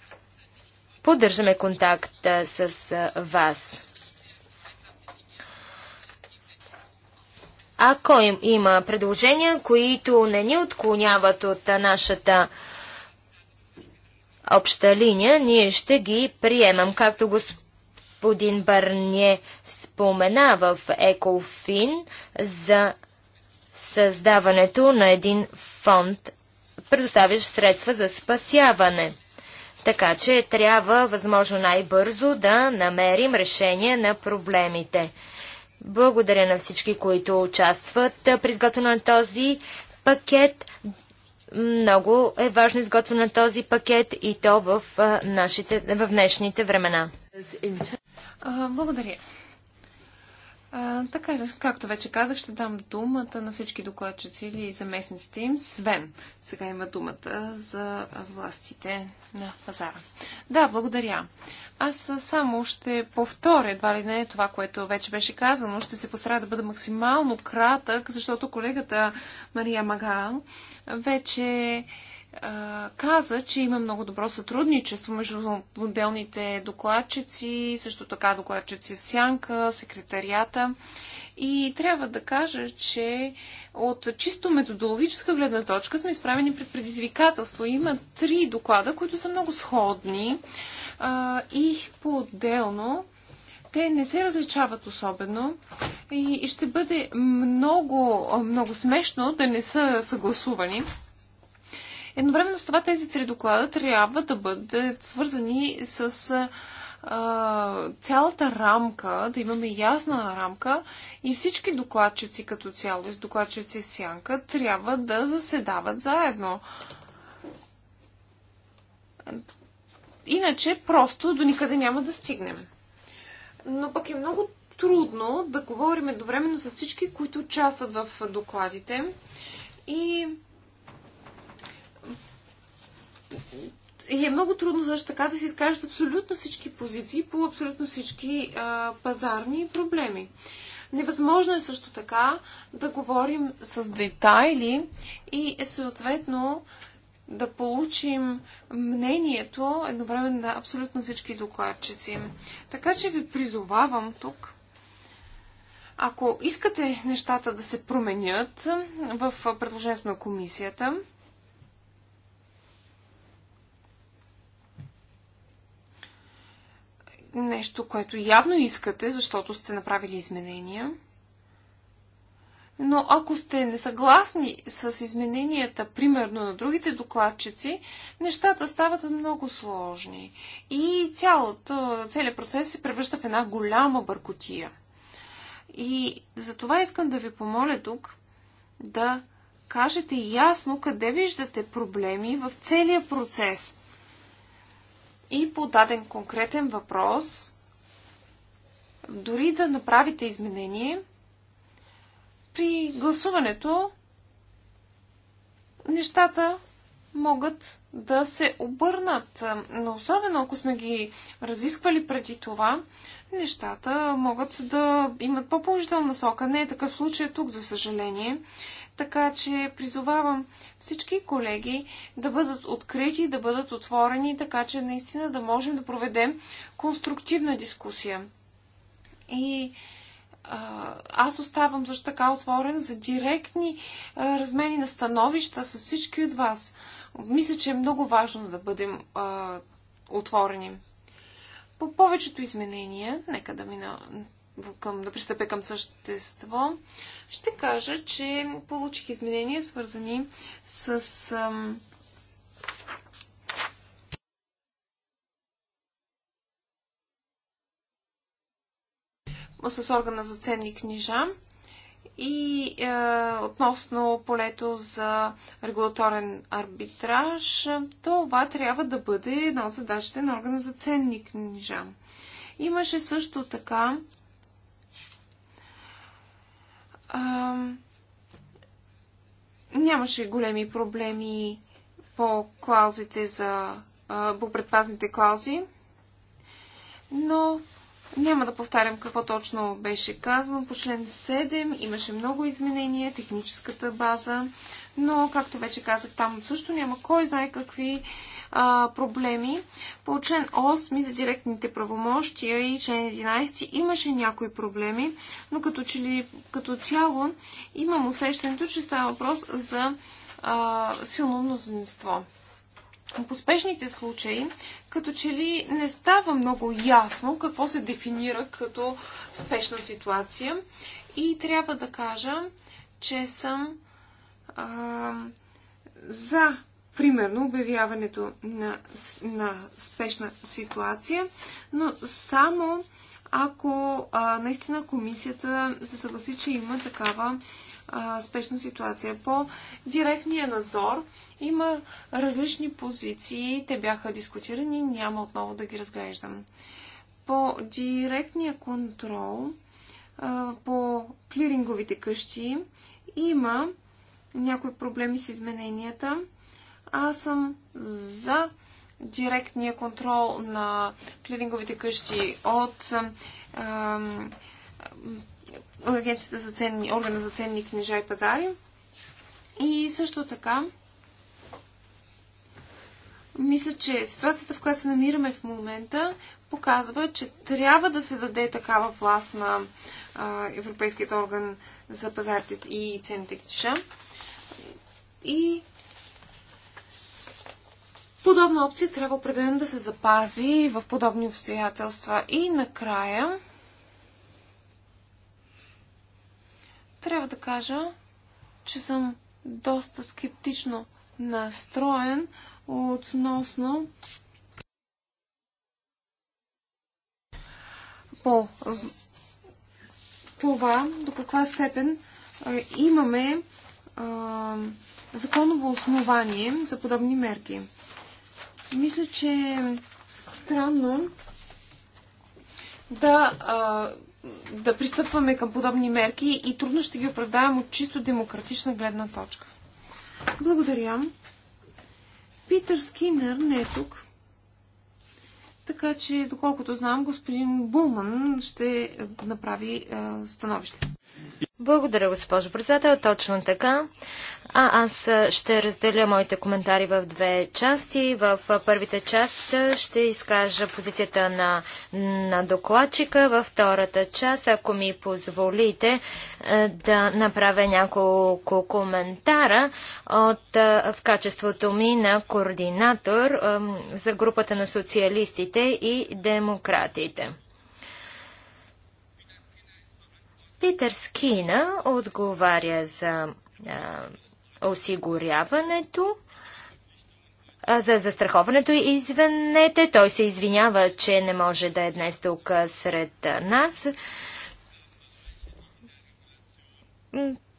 поддържаме контакт с вас. Ако им, има предложения, които не ни отклоняват от нашата обща линия, ние ще ги приемам. Както господин Барние спомена в Екофин за създаването на един фонд, предоставящ средства за спасяване. Така че трябва възможно най-бързо да намерим решение на проблемите. Благодаря на всички, които участват при изготвяне на този пакет. Много е важно изготвяне на този пакет и то в, нашите, в днешните времена. Благодаря. А, така, както вече казах, ще дам думата на всички докладчици или заместниците им. Свен сега има думата за властите на пазара. Да, благодаря. Аз само ще повторя, едва ли не е това, което вече беше казано. Ще се постарая да бъда максимално кратък, защото колегата Мария Магал вече а, каза, че има много добро сътрудничество между отделните докладчици, също така докладчици в Сянка, секретарията. И трябва да кажа, че от чисто методологическа гледна точка сме изправени пред предизвикателство. Има три доклада, които са много сходни а, и по-отделно те не се различават особено и, ще бъде много, много смешно да не са съгласувани. Едновременно с това тези три доклада трябва да бъдат свързани с цялата рамка, да имаме ясна рамка и всички докладчици като цяло, с докладчици в сянка, трябва да заседават заедно. Иначе просто до никъде няма да стигнем. Но пък е много трудно да говорим едновременно с всички, които участват в докладите. И е много трудно също така да си изкажат абсолютно всички позиции по абсолютно всички а, пазарни проблеми. Невъзможно е също така да говорим с детайли и е, съответно да получим мнението едновременно на абсолютно всички докладчици. Така че ви призовавам тук, ако искате нещата да се променят в предложението на комисията, нещо, което явно искате, защото сте направили изменения. Но ако сте несъгласни с измененията, примерно на другите докладчици, нещата стават много сложни. И цялата, целият процес се превръща в една голяма бъркотия. И за това искам да ви помоля тук да кажете ясно къде виждате проблеми в целия процес и по даден конкретен въпрос, дори да направите изменение, при гласуването нещата могат да се обърнат. Но особено ако сме ги разисквали преди това, нещата могат да имат по-положителна сока. Не е такъв случай тук, за съжаление. Така че призовавам всички колеги да бъдат открити, да бъдат отворени, така че наистина да можем да проведем конструктивна дискусия. И аз оставам също така отворен за директни а, размени на становища с всички от вас. Мисля, че е много важно да бъдем а, отворени. По повечето изменения, нека да мина към, да пристъпя към същество, ще кажа, че получих изменения, свързани с ам, с органа за ценни книжа и е, относно полето за регулаторен арбитраж, това трябва да бъде една от задачите на органа за ценни книжа. Имаше също така а, нямаше големи проблеми по клаузите за а, по предпазните клаузи, но няма да повтарям какво точно беше казано. По член 7 имаше много изменения, техническата база, но, както вече казах, там също няма кой знае какви а, проблеми. По член 8 за директните правомощия и член 11 имаше някои проблеми, но като, че ли, като цяло имам усещането, че става въпрос за а, силно мнозинство. По спешните случаи, като че ли не става много ясно какво се дефинира като спешна ситуация. И трябва да кажа, че съм а, за примерно обявяването на, на спешна ситуация, но само ако а, наистина комисията се съгласи, че има такава а, спешна ситуация. По директния надзор има различни позиции, те бяха дискутирани, няма отново да ги разглеждам. По директния контрол, а, по клиринговите къщи има някои проблеми с измененията аз съм за директния контрол на клиринговите къщи от а, Агенцията за ценни, органа за ценни книжа и пазари. И също така, мисля, че ситуацията, в която се намираме в момента, показва, че трябва да се даде такава власт на а, Европейският орган за пазарите и ценните книжа. И Подобна опция трябва определено да се запази в подобни обстоятелства. И накрая трябва да кажа, че съм доста скептично настроен относно по това до каква степен имаме законово основание за подобни мерки. Мисля, че е странно да, а, да пристъпваме към подобни мерки и трудно ще ги оправдаем от чисто демократична гледна точка. Благодаря. Питър Скинер не е тук. Така че, доколкото знам, господин Булман ще направи а, становище. Благодаря, госпожо председател. Точно така. А аз ще разделя моите коментари в две части. В първите част ще изкажа позицията на, на докладчика. Във втората част, ако ми позволите, да направя няколко коментара от, в качеството ми на координатор за групата на социалистите и демократите. Питър Скина отговаря за а, осигуряването, а, за застраховането и извинете. Той се извинява, че не може да е днес тук сред нас.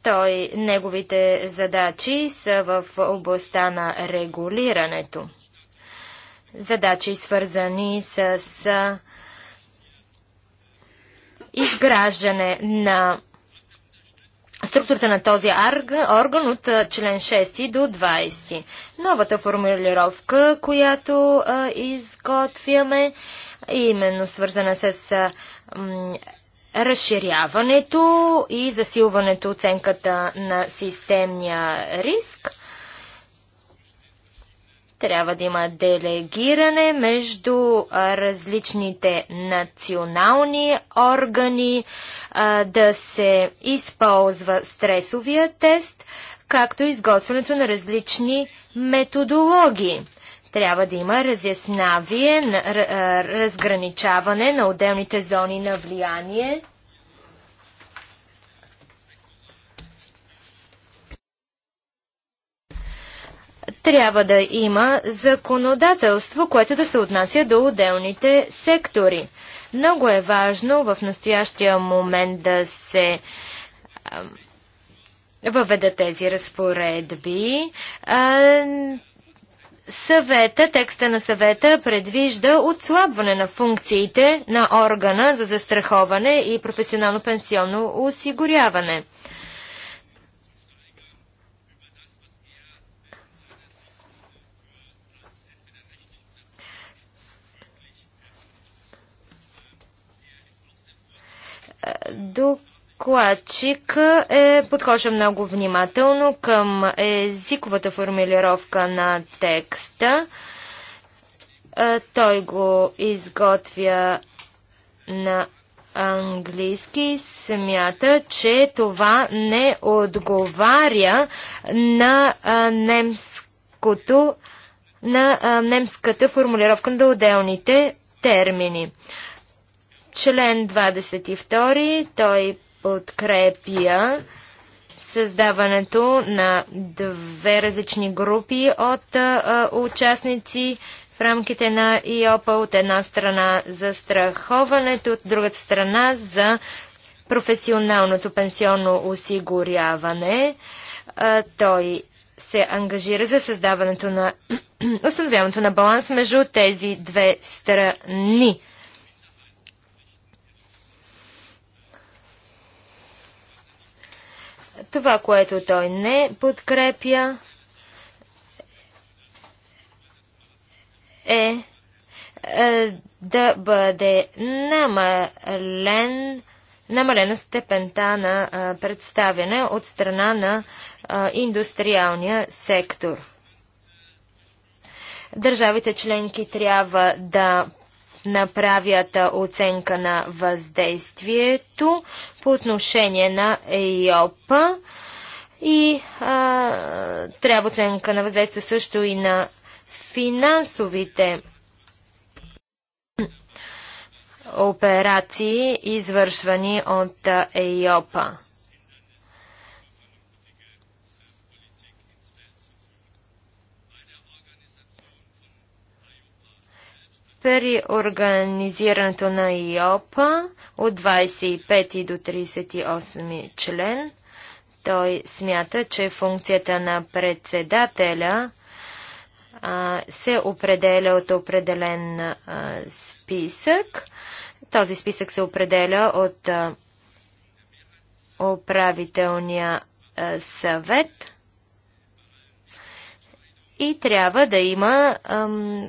Той, неговите задачи са в областта на регулирането. Задачи свързани с изграждане на структурата на този орган от член 6 до 20. Новата формулировка, която изготвяме, именно свързана с разширяването и засилването оценката на системния риск. Трябва да има делегиране между различните национални органи, да се използва стресовия тест, както изготвянето на различни методологии. Трябва да има разяснавие, разграничаване на отделните зони на влияние трябва да има законодателство, което да се отнася до отделните сектори. Много е важно в настоящия момент да се въведат тези разпоредби. съвета, текста на съвета предвижда отслабване на функциите на органа за застраховане и професионално пенсионно осигуряване. Докладчик е подхожда много внимателно към езиковата формулировка на текста. Той го изготвя на английски смята, че това не отговаря на немското на немската формулировка на отделните термини. Член 22, той подкрепя създаването на две различни групи от а, участници в рамките на ИОПА. От една страна за страховането, от другата страна за професионалното пенсионно осигуряване. А, той се ангажира за създаването на установяването на баланс между тези две страни. Това, което той не подкрепя, е, е, да бъде намален, намалена степента на представяне от страна на индустриалния сектор. Държавите членки трябва да направят оценка на въздействието по отношение на ЕИОП и а, трябва оценка на въздействие също и на финансовите операции, извършвани от ЕИОПа. при организирането на ИОПа от 25 до 38 член. Той смята, че функцията на председателя а, се определя от определен а, списък. Този списък се определя от а, управителния съвет и трябва да има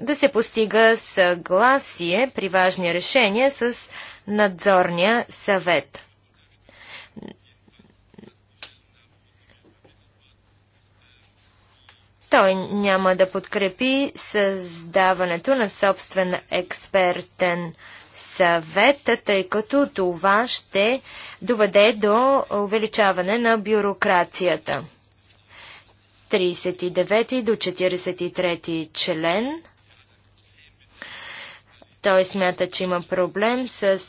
да се постига съгласие при важни решения с надзорния съвет. Той няма да подкрепи създаването на собствен експертен съвет, тъй като това ще доведе до увеличаване на бюрокрацията. 39 до 43 член. Той смята, че има проблем с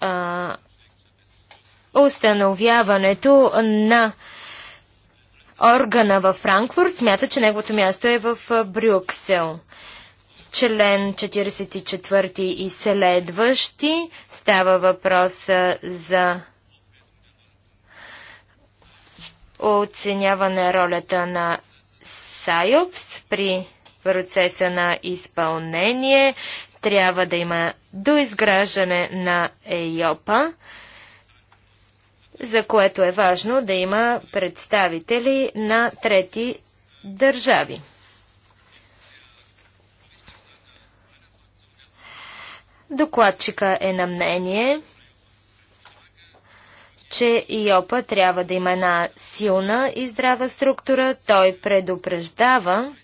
а, установяването на органа във Франкфурт. Смята, че неговото място е в Брюксел. Член 44 и следващи става въпрос за оценяване ролята на САЙОПС при процеса на изпълнение. Трябва да има доизграждане на ЕЙОПА, за което е важно да има представители на трети държави. Докладчика е на мнение, че ИОПА трябва да има една силна и здрава структура. Той предупреждава,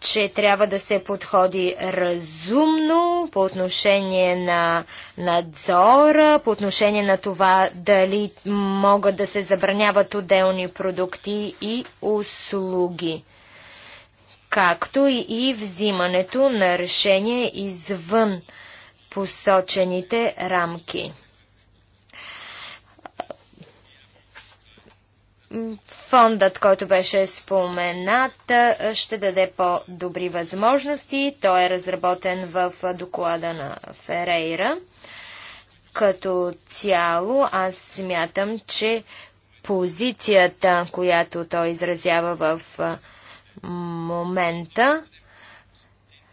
че трябва да се подходи разумно по отношение на надзора, по отношение на това дали могат да се забраняват отделни продукти и услуги, както и взимането на решение извън посочените рамки. Фондът, който беше споменат, ще даде по-добри възможности. Той е разработен в доклада на Ферейра. Като цяло, аз смятам, че позицията, която той изразява в момента,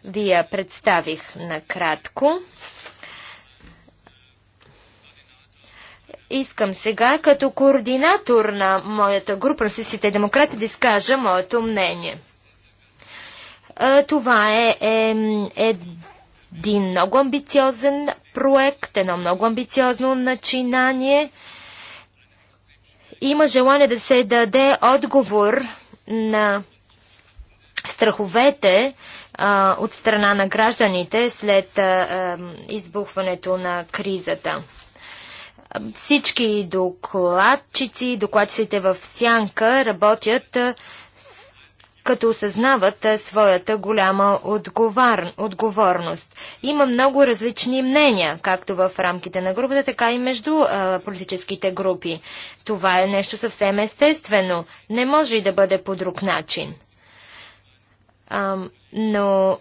ви я представих накратко. Искам сега като координатор на моята група на Сисите демократи да изкажа моето мнение. Това е, е, е един много амбициозен проект, едно много амбициозно начинание. Има желание да се даде отговор на страховете а, от страна на гражданите след а, избухването на кризата. Всички докладчици, докладчиците в Сянка работят като осъзнават своята голяма отговор... отговорност. Има много различни мнения, както в рамките на групата, така и между политическите групи. Това е нещо съвсем естествено. Не може и да бъде по друг начин. Ам, но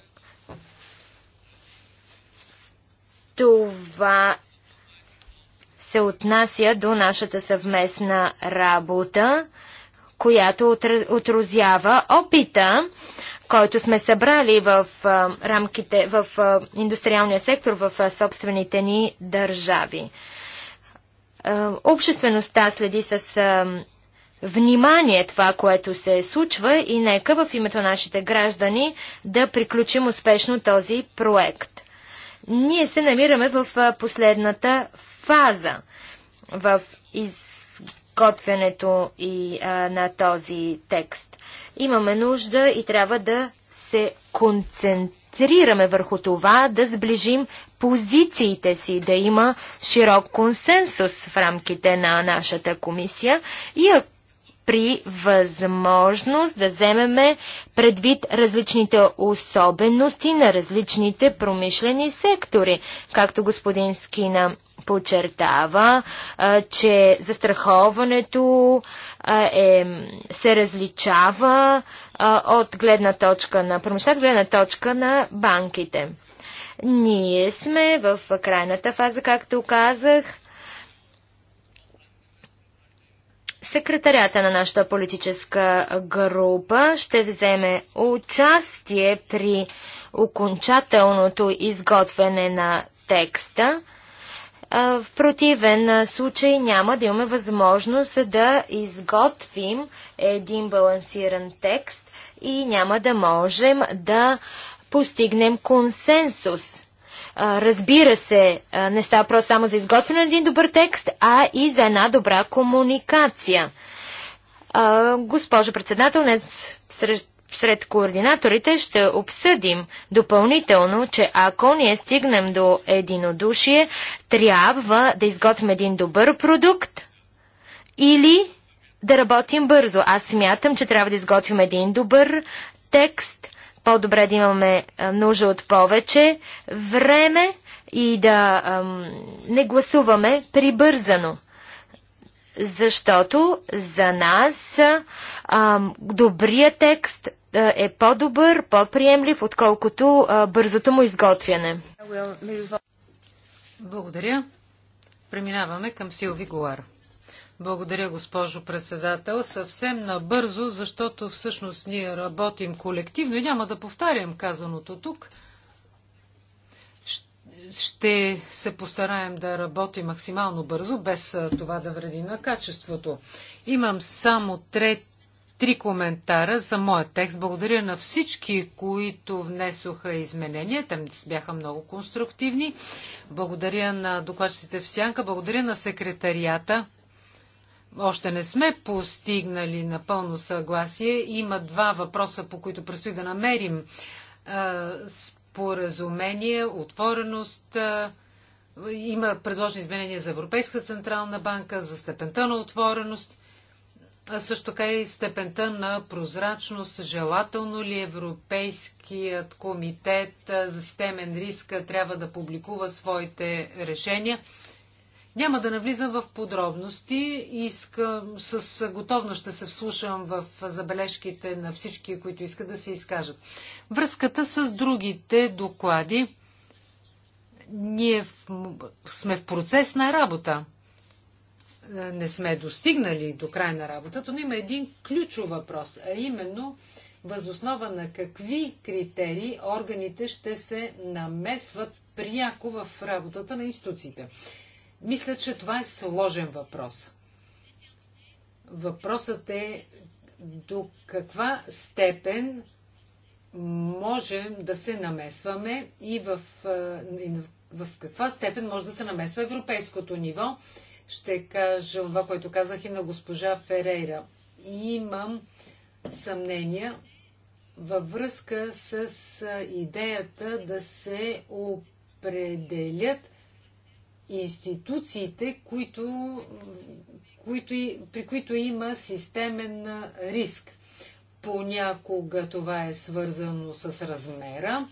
това се отнася до нашата съвместна работа, която отрозява опита, който сме събрали в рамките, в индустриалния сектор, в собствените ни държави. Обществеността следи с внимание това, което се случва и нека в името на нашите граждани да приключим успешно този проект. Ние се намираме в последната фаза в изготвянето и а, на този текст. Имаме нужда и трябва да се концентрираме върху това, да сближим позициите си, да има широк консенсус в рамките на нашата комисия и ако при възможност да вземеме предвид различните особености на различните промишлени сектори. Както господин Скина подчертава, че застраховането е, се различава от гледна точка на промишлената, гледна точка на банките. Ние сме в крайната фаза, както казах, Секретарята на нашата политическа група ще вземе участие при окончателното изготвяне на текста. В противен случай няма да имаме възможност да изготвим един балансиран текст и няма да можем да постигнем консенсус Разбира се, не става просто само за изготвяне на един добър текст, а и за една добра комуникация. Госпожо председател, днес сред, сред координаторите ще обсъдим допълнително, че ако ние стигнем до единодушие, трябва да изготвим един добър продукт или да работим бързо. Аз смятам, че трябва да изготвим един добър текст по-добре да имаме нужда от повече време и да не гласуваме прибързано. Защото за нас добрият текст е по-добър, по-приемлив, отколкото бързото му изготвяне. Благодаря. Преминаваме към Силви Голар. Благодаря, госпожо председател. Съвсем набързо, защото всъщност ние работим колективно и няма да повтарям казаното тук. Ще се постараем да работи максимално бързо, без това да вреди на качеството. Имам само трети три коментара за моят текст. Благодаря на всички, които внесоха изменения. Те бяха много конструктивни. Благодаря на докладчиците в Сянка. Благодаря на секретарията още не сме постигнали напълно съгласие. Има два въпроса, по които предстои да намерим споразумение, отвореност. Има предложени изменения за Европейска централна банка, за степента на отвореност, а също така и степента на прозрачност. Желателно ли Европейският комитет за системен риск трябва да публикува своите решения? Няма да навлизам в подробности. Искам, с готовност ще се вслушам в забележките на всички, които искат да се изкажат. Връзката с другите доклади. Ние в, сме в процес на работа. Не сме достигнали до край на работата, но има един ключов въпрос, а именно възоснова на какви критерии органите ще се намесват пряко в работата на институциите. Мисля, че това е сложен въпрос. Въпросът е до каква степен можем да се намесваме и в, и в каква степен може да се намесва европейското ниво. Ще кажа това, което казах и на госпожа Ферейра. И имам съмнения във връзка с идеята да се определят институциите, които, които, при които има системен риск. Понякога това е свързано с размера.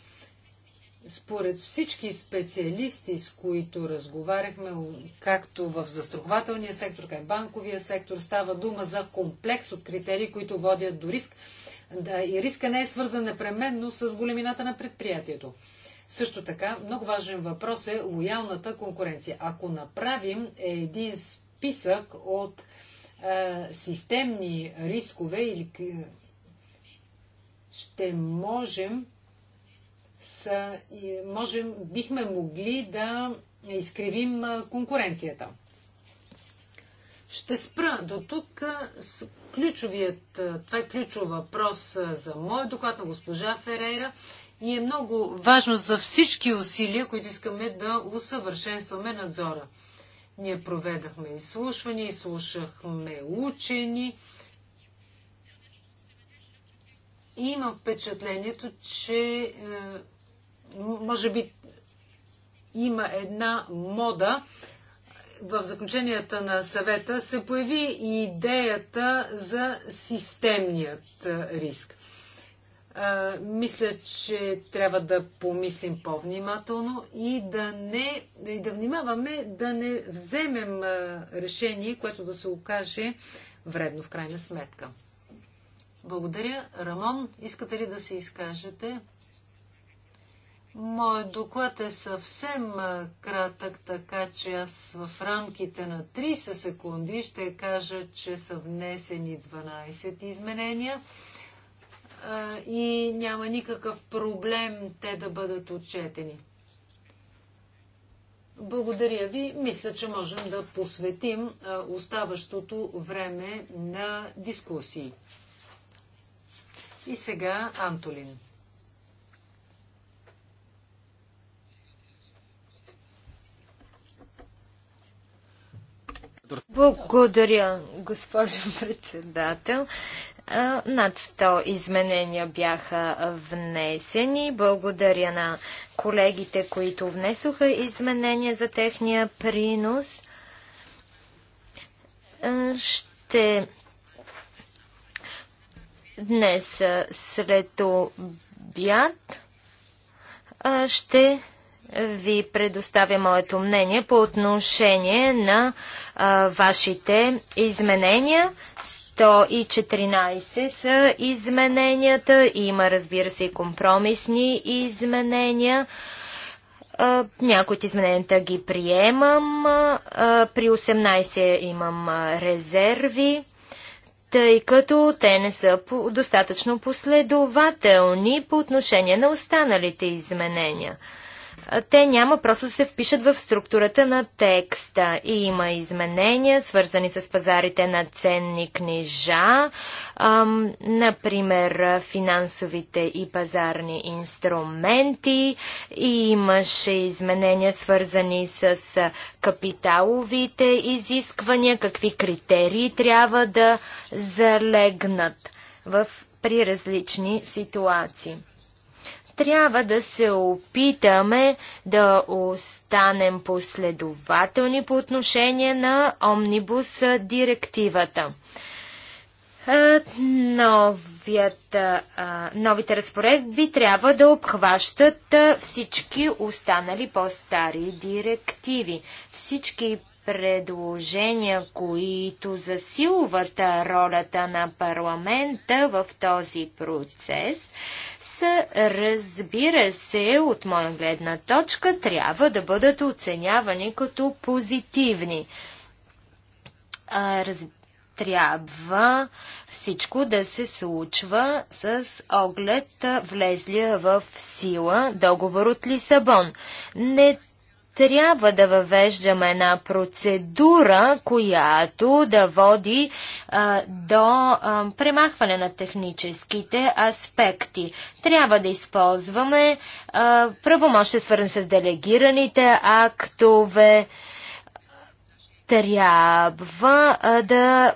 Според всички специалисти, с които разговаряхме, както в застрахователния сектор, така и банковия сектор, става дума за комплекс от критерии, които водят до риск. Да, и риска не е свързан непременно с големината на предприятието. Също така, много важен въпрос е лоялната конкуренция. Ако направим един списък от е, системни рискове или ще можем с, можем, бихме могли да изкривим е, конкуренцията. Ще спра до тук с ключовият, е, това е ключов въпрос е, за мой доклад на госпожа Ферейра и е много важно за всички усилия, които искаме да усъвършенстваме надзора. Ние проведахме изслушвания, изслушахме учени. И има впечатлението, че е, може би има една мода. В заключенията на съвета се появи и идеята за системният е, риск мисля, че трябва да помислим по-внимателно и да не и да внимаваме да не вземем а, решение, което да се окаже вредно в крайна сметка. Благодаря. Рамон, искате ли да се изкажете? Моят доклад е съвсем кратък, така че аз в рамките на 30 секунди ще кажа, че са внесени 12 изменения и няма никакъв проблем те да бъдат отчетени. Благодаря ви. Мисля, че можем да посветим оставащото време на дискусии. И сега Антолин. Благодаря, госпожо председател. Е, над 100 изменения бяха внесени. Благодаря на колегите, които внесоха изменения за техния принос. Е, ще днес е, след обяд ще ви предоставя моето мнение по отношение на а, вашите изменения. 114 са измененията. Има, разбира се, и компромисни изменения. Някои от измененията ги приемам. При 18 имам резерви тъй като те не са достатъчно последователни по отношение на останалите изменения те няма просто да се впишат в структурата на текста. И има изменения, свързани с пазарите на ценни книжа, ам, например финансовите и пазарни инструменти. И имаше изменения, свързани с капиталовите изисквания, какви критерии трябва да залегнат в при различни ситуации трябва да се опитаме да останем последователни по отношение на омнибус директивата. Новият, новите разпоредби трябва да обхващат всички останали по-стари директиви. Всички предложения, които засилват ролята на парламента в този процес, разбира се, от моя гледна точка, трябва да бъдат оценявани като позитивни. Раз... Трябва всичко да се случва с оглед влезлия в сила договор от Лисабон. Не трябва да въвеждаме една процедура, която да води а, до а, премахване на техническите аспекти. Трябва да използваме правомощ, свързан с делегираните актове. Трябва а, да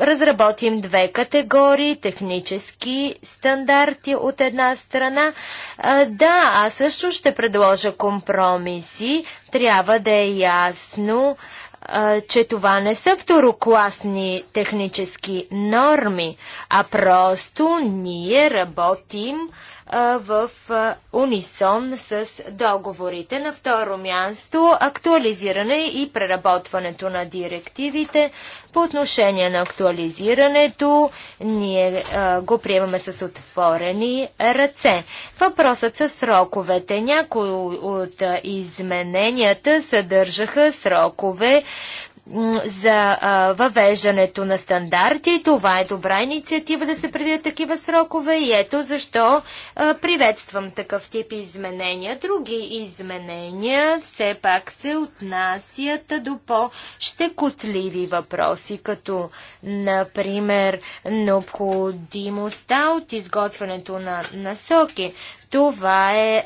разработим две категории, технически стандарти от една страна. А, да, аз също ще предложа компромиси. Трябва да е ясно, а, че това не са второкласни технически норми, а просто ние работим в унисон с договорите. На второ място актуализиране и преработването на директивите. По отношение на актуализирането ние го приемаме с отворени ръце. Въпросът с сроковете. Някои от измененията съдържаха срокове, за а, въвеждането на стандарти. Това е добра инициатива да се предвидят такива срокове и ето защо а, приветствам такъв тип изменения. Други изменения все пак се отнасят до по-щекотливи въпроси, като например необходимостта от изготвянето на насоки. Това е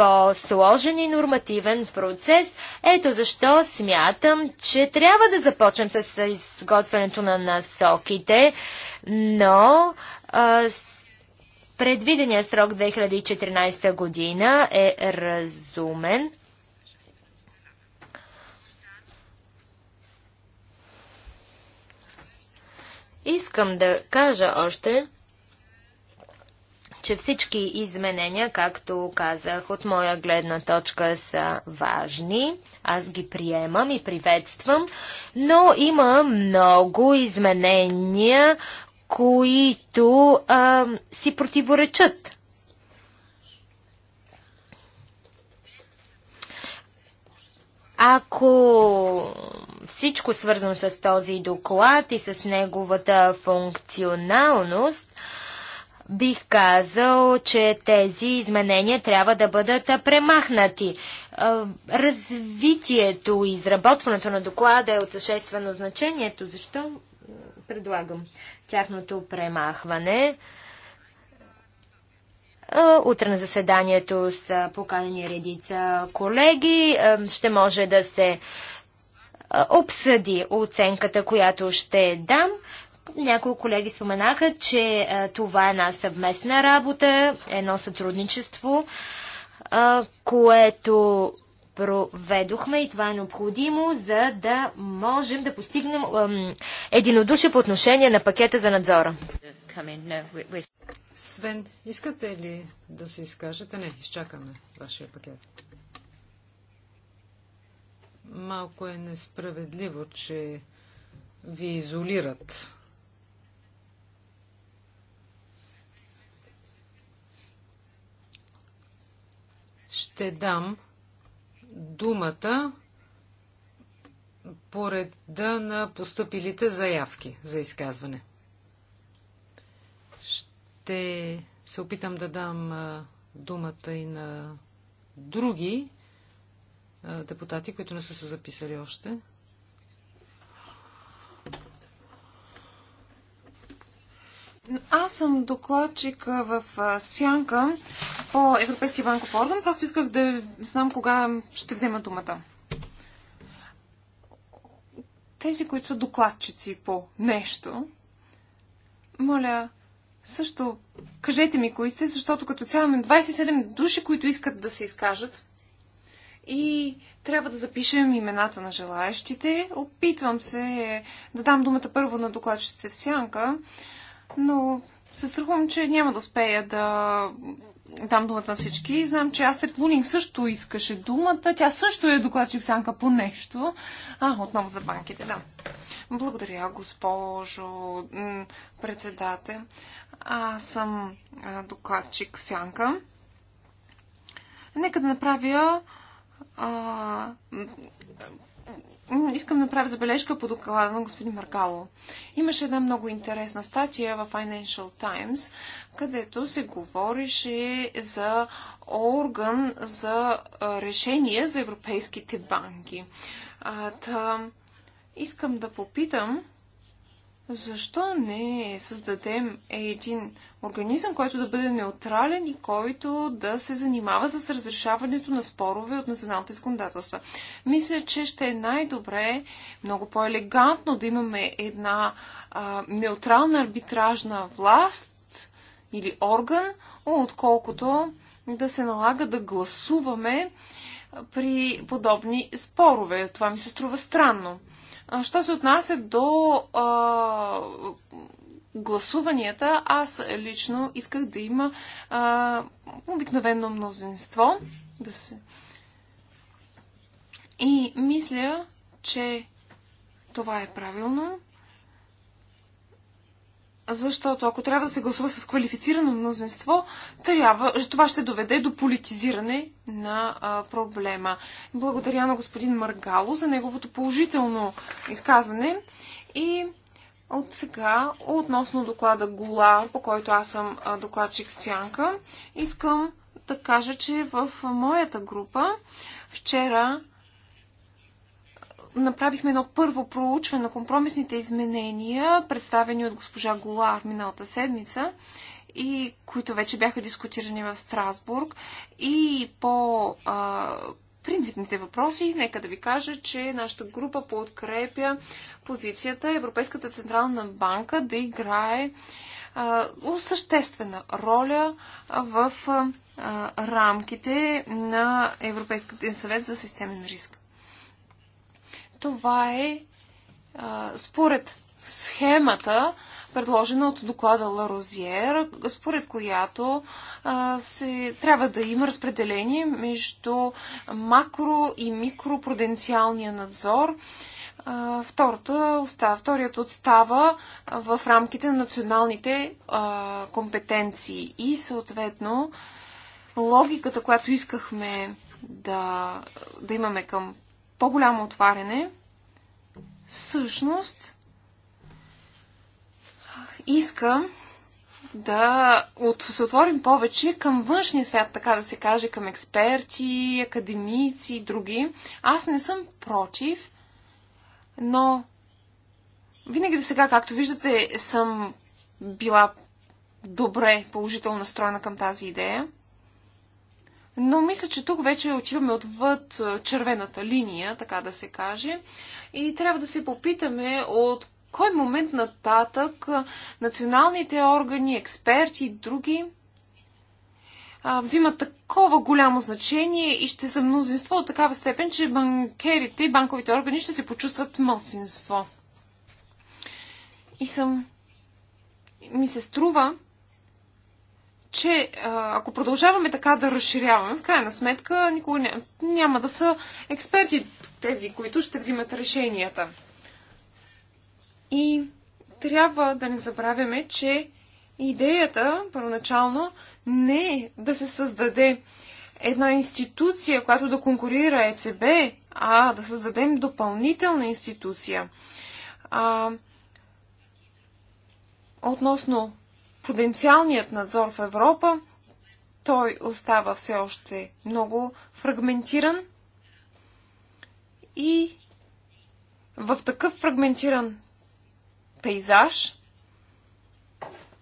по-сложен и нормативен процес. Ето защо смятам, че трябва да започнем с изготвянето на насоките, но а, предвидения срок 2014 година е разумен. Искам да кажа още, че всички изменения, както казах, от моя гледна точка са важни. Аз ги приемам и приветствам, но има много изменения, които а, си противоречат. Ако всичко свързано с този доклад и с неговата функционалност, бих казал, че тези изменения трябва да бъдат премахнати. Е, развитието и изработването на доклада е от съществено значението, защо предлагам тяхното премахване. Е, утре на заседанието са поканени редица колеги. Е, ще може да се обсъди оценката, която ще дам. Някои колеги споменаха, че това е една съвместна работа, едно сътрудничество, което проведохме и това е необходимо, за да можем да постигнем единодушие по отношение на пакета за надзора. Свен, искате ли да се изкажете? Не, изчакаме вашия пакет. Малко е несправедливо, че ви изолират ще дам думата поред да на поступилите заявки за изказване. Ще се опитам да дам думата и на други депутати, които не са се записали още. Аз съм докладчик в Сянка по Европейския банков орган. Просто исках да знам кога ще взема думата. Тези, които са докладчици по нещо, моля, също кажете ми кои сте, защото като цяло имам 27 души, които искат да се изкажат. И трябва да запишем имената на желаящите. Опитвам се да дам думата първо на докладчите в Сянка но се страхувам, че няма да успея да дам думата на всички. Знам, че Астрид Лунинг също искаше думата. Тя също е докладчик Санка по нещо. А, отново за банките, да. Благодаря, госпожо председател. Аз съм докладчик в Сянка. Нека да направя а, искам да направя забележка по доклада на господин Маркало. Имаше една много интересна статия в Financial Times, където се говорише за орган за решение за европейските банки. А, та, искам да попитам защо не създадем един организъм, който да бъде неутрален и който да се занимава с разрешаването на спорове от националните законодателства? Мисля, че ще е най-добре, много по-елегантно да имаме една а, неутрална арбитражна власт или орган, отколкото да се налага да гласуваме при подобни спорове. Това ми се струва странно. Що се отнася до а, гласуванията, аз лично исках да има а, обикновено мнозинство. Да се... И мисля, че това е правилно. Защото ако трябва да се гласува с квалифицирано мнозинство, трябва, това ще доведе до политизиране на а, проблема. Благодаря на господин Маргало за неговото положително изказване и от сега, относно доклада Гола, по който аз съм докладчик Сянка, искам да кажа, че в моята група вчера направихме едно първо проучване на компромисните изменения, представени от госпожа Голар миналата седмица и които вече бяха дискутирани в Страсбург. И по а, принципните въпроси, нека да ви кажа, че нашата група подкрепя позицията Европейската Централна банка да играе а, съществена роля в а, рамките на Европейската съвет за системен риск. Това е а, според схемата, предложена от доклада Ларозиер, според която а, се, трябва да има разпределение между макро и микропруденциалния надзор. А, вторият отстава в рамките на националните а, компетенции и съответно логиката, която искахме да, да имаме към по-голямо отваряне, всъщност иска да от, се отворим повече към външния свят, така да се каже, към експерти, академици и други. Аз не съм против, но винаги до сега, както виждате, съм била добре положително настроена към тази идея. Но мисля, че тук вече отиваме отвъд червената линия, така да се каже. И трябва да се попитаме от кой момент нататък националните органи, експерти и други взимат такова голямо значение и ще са мнозинство от такава степен, че банкерите и банковите органи ще се почувстват мълцинство. И съм... Ми се струва, че ако продължаваме така да разширяваме, в крайна сметка никога няма да са експерти тези, които ще взимат решенията. И трябва да не забравяме, че идеята първоначално не е да се създаде една институция, която да конкурира ЕЦБ, а да създадем допълнителна институция. А, относно потенциалният надзор в Европа, той остава все още много фрагментиран и в такъв фрагментиран пейзаж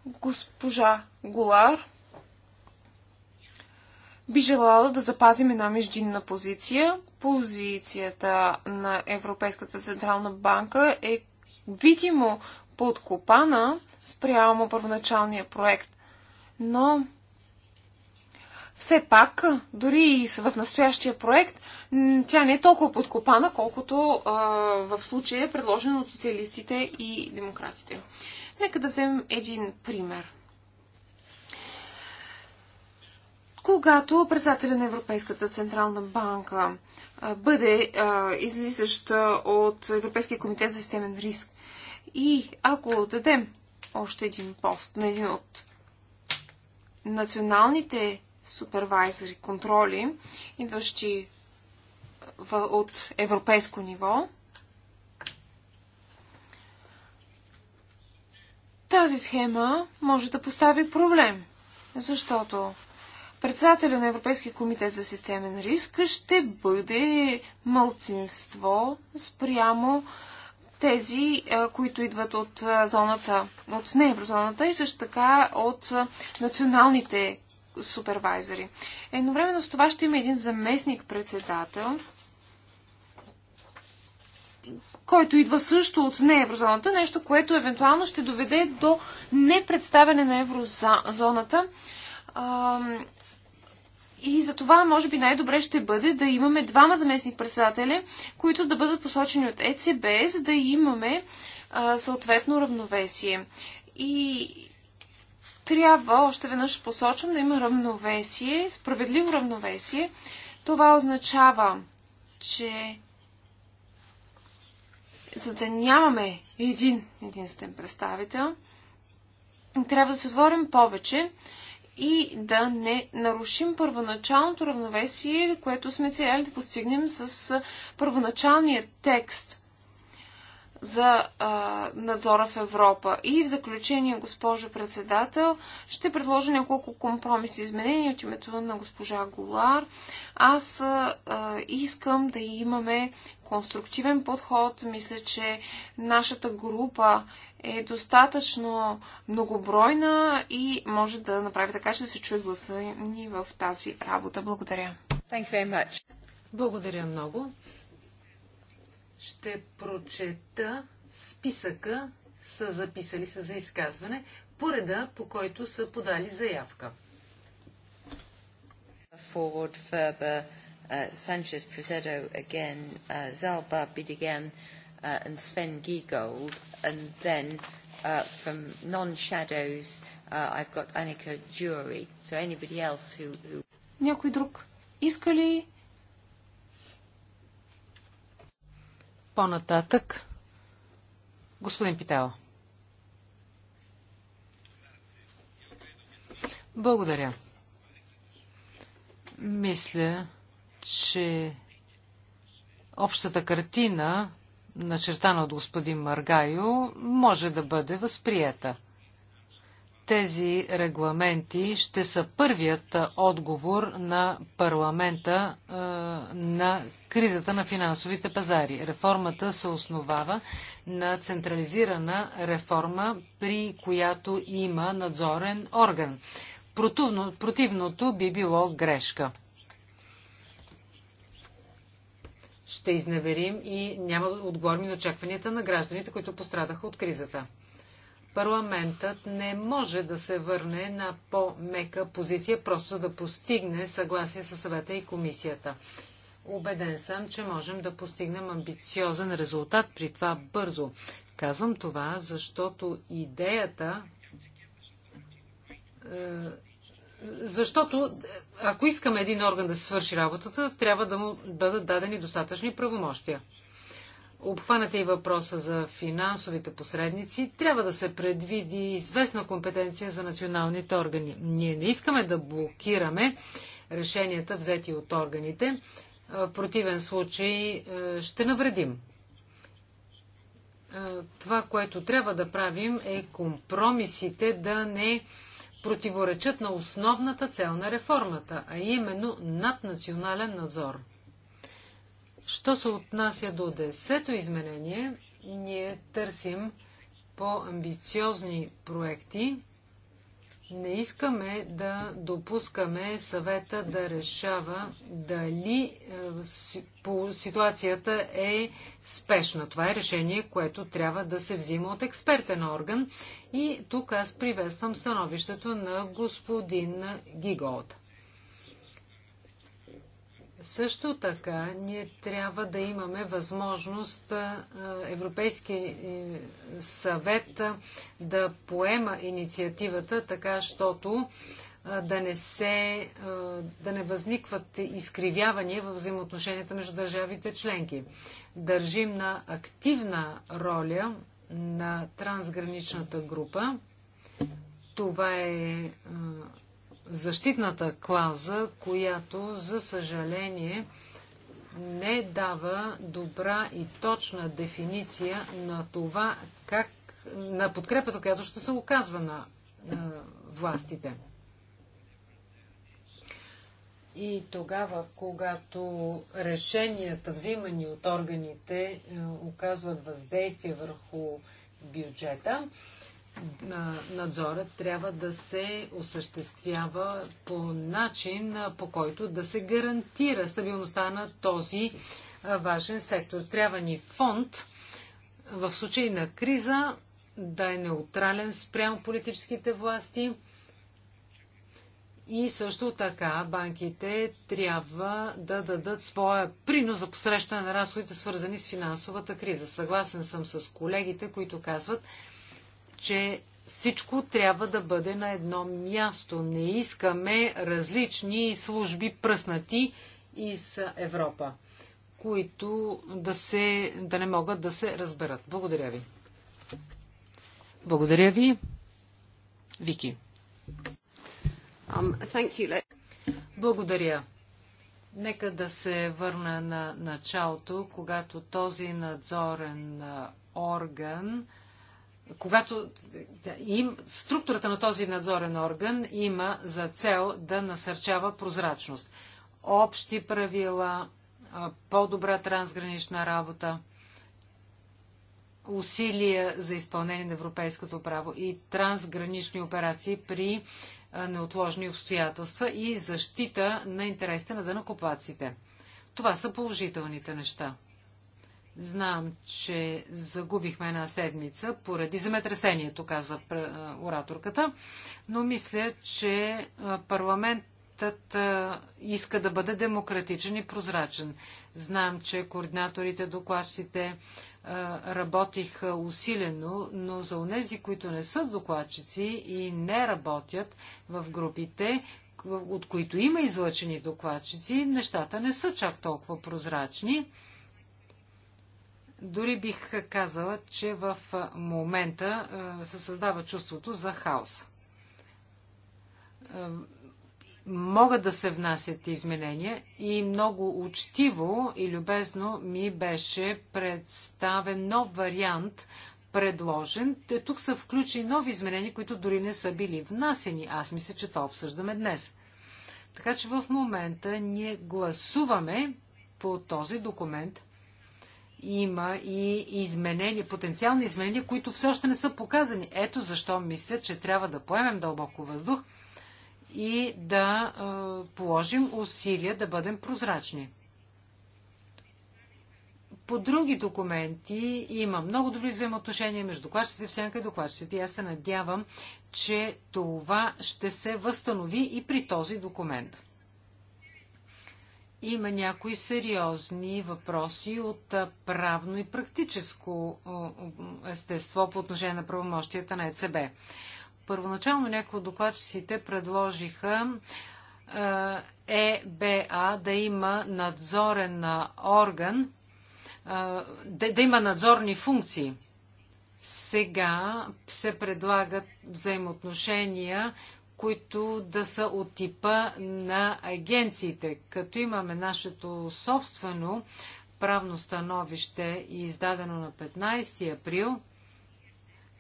госпожа Голар би желала да запазим една междинна позиция. Позицията на Европейската централна банка е видимо подкопана спрямо първоначалния проект. Но все пак, дори и в настоящия проект, тя не е толкова подкопана, колкото а, в случая е предложена от социалистите и демократите. Нека да вземем един пример. Когато председателя на Европейската централна банка а, бъде а, излизащ от Европейския комитет за системен риск и ако дадем още един пост на един от националните супервайзери, контроли, идващи от европейско ниво, тази схема може да постави проблем, защото председателя на Европейския комитет за системен риск ще бъде мълцинство спрямо тези, които идват от зоната, от не еврозоната и също така от националните супервайзери. Едновременно с това ще има един заместник-председател, който идва също от не еврозоната, нещо, което евентуално ще доведе до непредставяне на еврозоната и за това, може би, най-добре ще бъде да имаме двама заместник-председателя, които да бъдат посочени от ЕЦБ, за да имаме а, съответно равновесие. И трябва, още веднъж посочвам, да има равновесие, справедливо равновесие. Това означава, че за да нямаме един единствен представител, трябва да се отворим повече и да не нарушим първоначалното равновесие, което сме целяли да постигнем с първоначалния текст за а, надзора в Европа. И в заключение, госпожо председател, ще предложа няколко компромиси изменения от името на госпожа Голар. Аз а, искам да имаме конструктивен подход. Мисля, че нашата група е достатъчно многобройна и може да направи така, че да се чуе гласа ни в тази работа. Благодаря. Благодаря много ще прочета списъка са записали се за изказване по реда, по който са подали заявка. Forward, Ferber, uh, Sanchez Presedo again, uh, Zalba Bidigan uh, and Sven Giegold. And then uh, from non-shadows, uh, I've got Annika Jury. So anybody else who... who... Някой друг иска ли По-нататък, господин Питало, Благодаря. Мисля, че общата картина, начертана от господин Маргайо, може да бъде възприета. Тези регламенти ще са първият отговор на парламента е, на кризата на финансовите пазари. Реформата се основава на централизирана реформа, при която има надзорен орган. Противно, противното би било грешка. Ще изневерим и няма отговорим на очакванията на гражданите, които пострадаха от кризата парламентът не може да се върне на по-мека позиция, просто за да постигне съгласие с съвета и комисията. Обеден съм, че можем да постигнем амбициозен резултат при това бързо. Казвам това, защото идеята. Е, защото ако искаме един орган да се свърши работата, трябва да му бъдат дадени достатъчни правомощия. Обхванате и въпроса за финансовите посредници. Трябва да се предвиди известна компетенция за националните органи. Ние не искаме да блокираме решенията, взети от органите. В противен случай ще навредим. Това, което трябва да правим е компромисите да не противоречат на основната цел на реформата, а именно наднационален надзор. Що се отнася до десето изменение, ние търсим по-амбициозни проекти. Не искаме да допускаме съвета да решава дали е, ситуацията е спешна. Това е решение, което трябва да се взима от експертен орган. И тук аз приветствам становището на господин Гиголта. Също така, ние трябва да имаме възможност Европейски е, съвет да поема инициативата, така, щото да не, се, да не възникват изкривявания в взаимоотношенията между държавите членки. Държим на активна роля на трансграничната група. Това е защитната клауза, която, за съжаление, не дава добра и точна дефиниция на това как на подкрепата, която ще се оказва на, на властите. И тогава, когато решенията, взимани от органите, е, оказват въздействие върху бюджета, надзорът трябва да се осъществява по начин, по който да се гарантира стабилността на този важен сектор. Трябва ни фонд в случай на криза да е неутрален спрямо политическите власти и също така банките трябва да дадат своя принос за посрещане на разходите, свързани с финансовата криза. Съгласен съм с колегите, които казват, че всичко трябва да бъде на едно място. Не искаме различни служби пръснати из Европа, които да, се, да не могат да се разберат. Благодаря ви. Благодаря ви. Вики. Um, Благодаря. Нека да се върна на началото, когато този надзорен орган когато им, структурата на този надзорен орган има за цел да насърчава прозрачност. Общи правила, по-добра трансгранична работа, усилия за изпълнение на европейското право и трансгранични операции при неотложни обстоятелства и защита на интересите на дънакоплаците. Това са положителните неща. Знам, че загубихме една седмица поради земетресението, каза ораторката, но мисля, че парламентът иска да бъде демократичен и прозрачен. Знам, че координаторите, докладчиците работиха усилено, но за онези, които не са докладчици и не работят в групите, от които има излъчени докладчици, нещата не са чак толкова прозрачни. Дори бих казала, че в момента е, се създава чувството за хаос. Е, могат да се внасят изменения и много учтиво и любезно ми беше представен нов вариант предложен. Тук са включени нови изменения, които дори не са били внасени. Аз мисля, че това обсъждаме днес. Така че в момента ние гласуваме по този документ – има и изменения, потенциални изменения, които все още не са показани. Ето защо мисля, че трябва да поемем дълбоко въздух и да е, положим усилия да бъдем прозрачни. По други документи има много добри взаимоотношения между докладчиците в сянка и докладчиците. И аз се надявам, че това ще се възстанови и при този документ има някои сериозни въпроси от правно и практическо естество по отношение на правомощията на ЕЦБ. Първоначално някои от докладчиците предложиха ЕБА е да има надзорен орган, да, да има надзорни функции. Сега се предлагат взаимоотношения които да са от типа на агенциите. Като имаме нашето собствено правно становище, издадено на 15 април,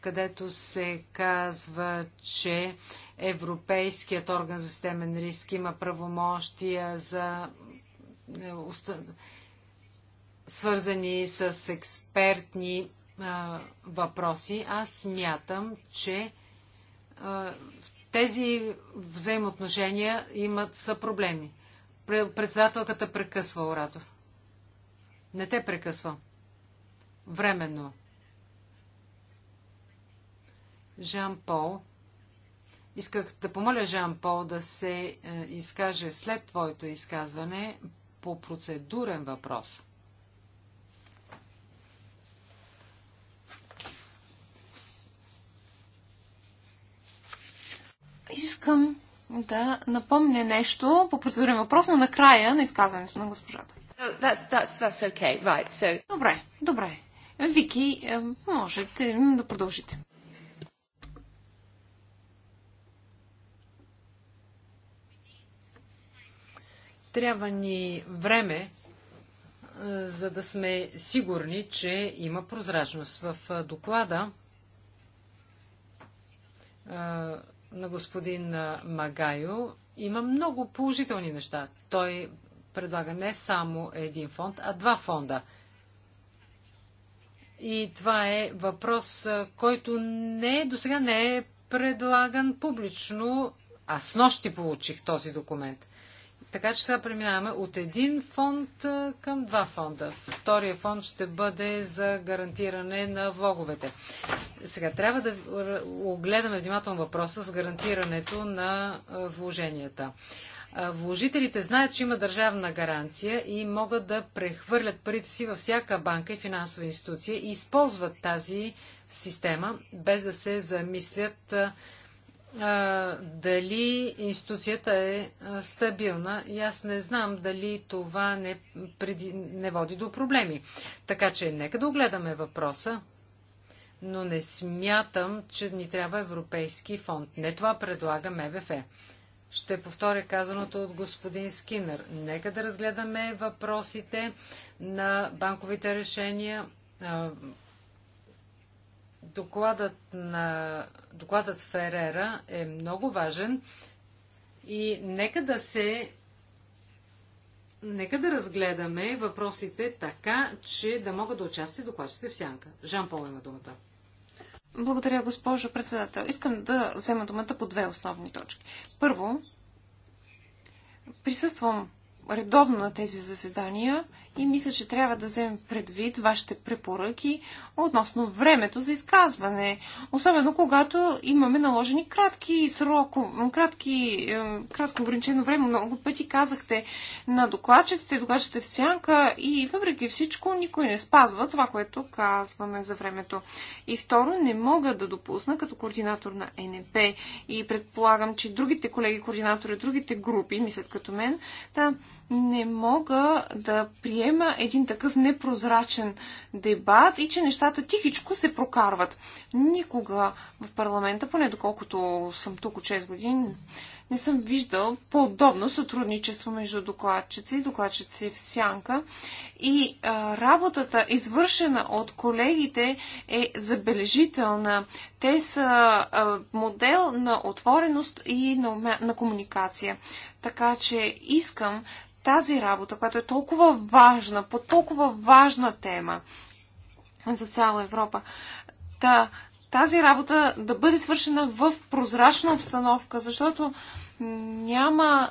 където се казва, че Европейският орган за системен риск има правомощия за е, свързани с експертни а, въпроси. Аз смятам, че а, тези взаимоотношения имат, са проблеми. Председателката прекъсва оратор. Не те прекъсва. Временно. Жан Пол. Исках да помоля Жан Пол да се е, изкаже след твоето изказване по процедурен въпрос. Искам да напомня нещо по процедурен въпрос, но накрая на изказването на госпожата. Oh, that's, that's, that's okay. right, so... Добре, добре. Вики, е, можете да продължите. Трябва ни време, е, за да сме сигурни, че има прозрачност. В е, доклада на господин Магайо има много положителни неща. Той предлага не само един фонд, а два фонда. И това е въпрос, който не, е, до сега не е предлаган публично. Аз нощи получих този документ. Така че сега преминаваме от един фонд към два фонда. Втория фонд ще бъде за гарантиране на влоговете. Сега трябва да огледаме внимателно въпроса с гарантирането на вложенията. Вложителите знаят, че има държавна гаранция и могат да прехвърлят парите си във всяка банка и финансова институция и използват тази система, без да се замислят дали институцията е стабилна и аз не знам дали това не, преди, не води до проблеми. Така че нека да огледаме въпроса, но не смятам, че ни трябва Европейски фонд. Не това предлага МВФ. Ще повторя казаното от господин Скинер. Нека да разгледаме въпросите на банковите решения, Докладът, на, докладът Ферера е много важен и нека да се Нека да разгледаме въпросите така, че да могат да участват докладчите в сянка. Жан Пол има думата. Благодаря, госпожо председател. Искам да взема думата по две основни точки. Първо, присъствам редовно на тези заседания и мисля, че трябва да вземем предвид вашите препоръки относно времето за изказване. Особено когато имаме наложени кратки сроко, кратки, е, кратко ограничено време. Много пъти казахте на докладчиците, докладчиците в сянка и въпреки всичко никой не спазва това, което казваме за времето. И второ, не мога да допусна като координатор на НП и предполагам, че другите колеги координатори, другите групи мислят като мен, да не мога да приема има един такъв непрозрачен дебат и че нещата тихичко се прокарват. Никога в парламента, поне доколкото съм тук от 6 години, не съм виждал подобно сътрудничество между докладчици и докладчици в сянка. И а, работата, извършена от колегите, е забележителна. Те са а, модел на отвореност и на, на комуникация. Така че искам тази работа, която е толкова важна, по толкова важна тема за цяла Европа, та, тази работа да бъде свършена в прозрачна обстановка, защото няма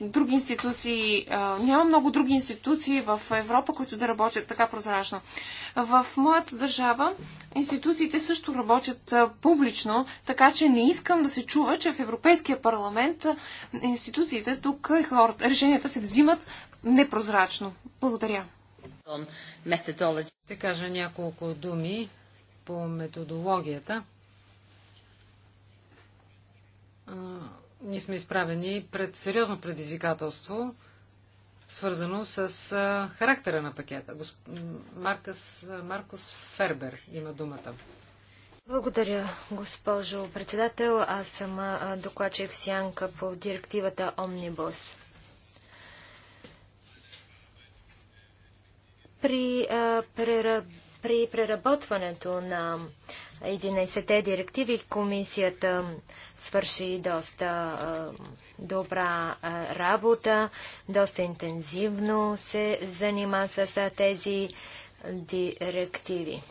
други институции, няма много други институции в Европа, които да работят така прозрачно. В моята държава институциите също работят публично, така че не искам да се чува, че в Европейския парламент институциите тук и хората, решенията се взимат непрозрачно. Благодаря. Ще кажа няколко думи по методологията ние сме изправени пред сериозно предизвикателство, свързано с характера на пакета. Маркус, Маркус Фербер има думата. Благодаря, госпожо председател. Аз съм докладчик в сянка по директивата Омнибус. При а, прераб при преработването на 11-те директиви комисията свърши доста добра работа, доста интензивно се занима с тези директиви.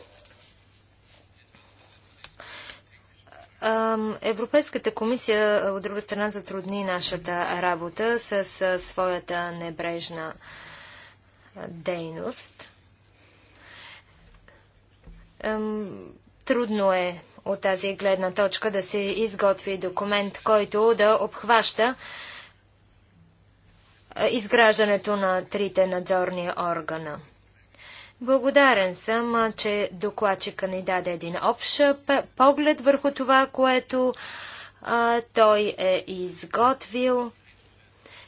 Европейската комисия, от друга страна, затрудни нашата работа с своята небрежна дейност трудно е от тази гледна точка да се изготви документ, който да обхваща изграждането на трите надзорни органа. Благодарен съм, че докладчика ни даде един общ поглед върху това, което а, той е изготвил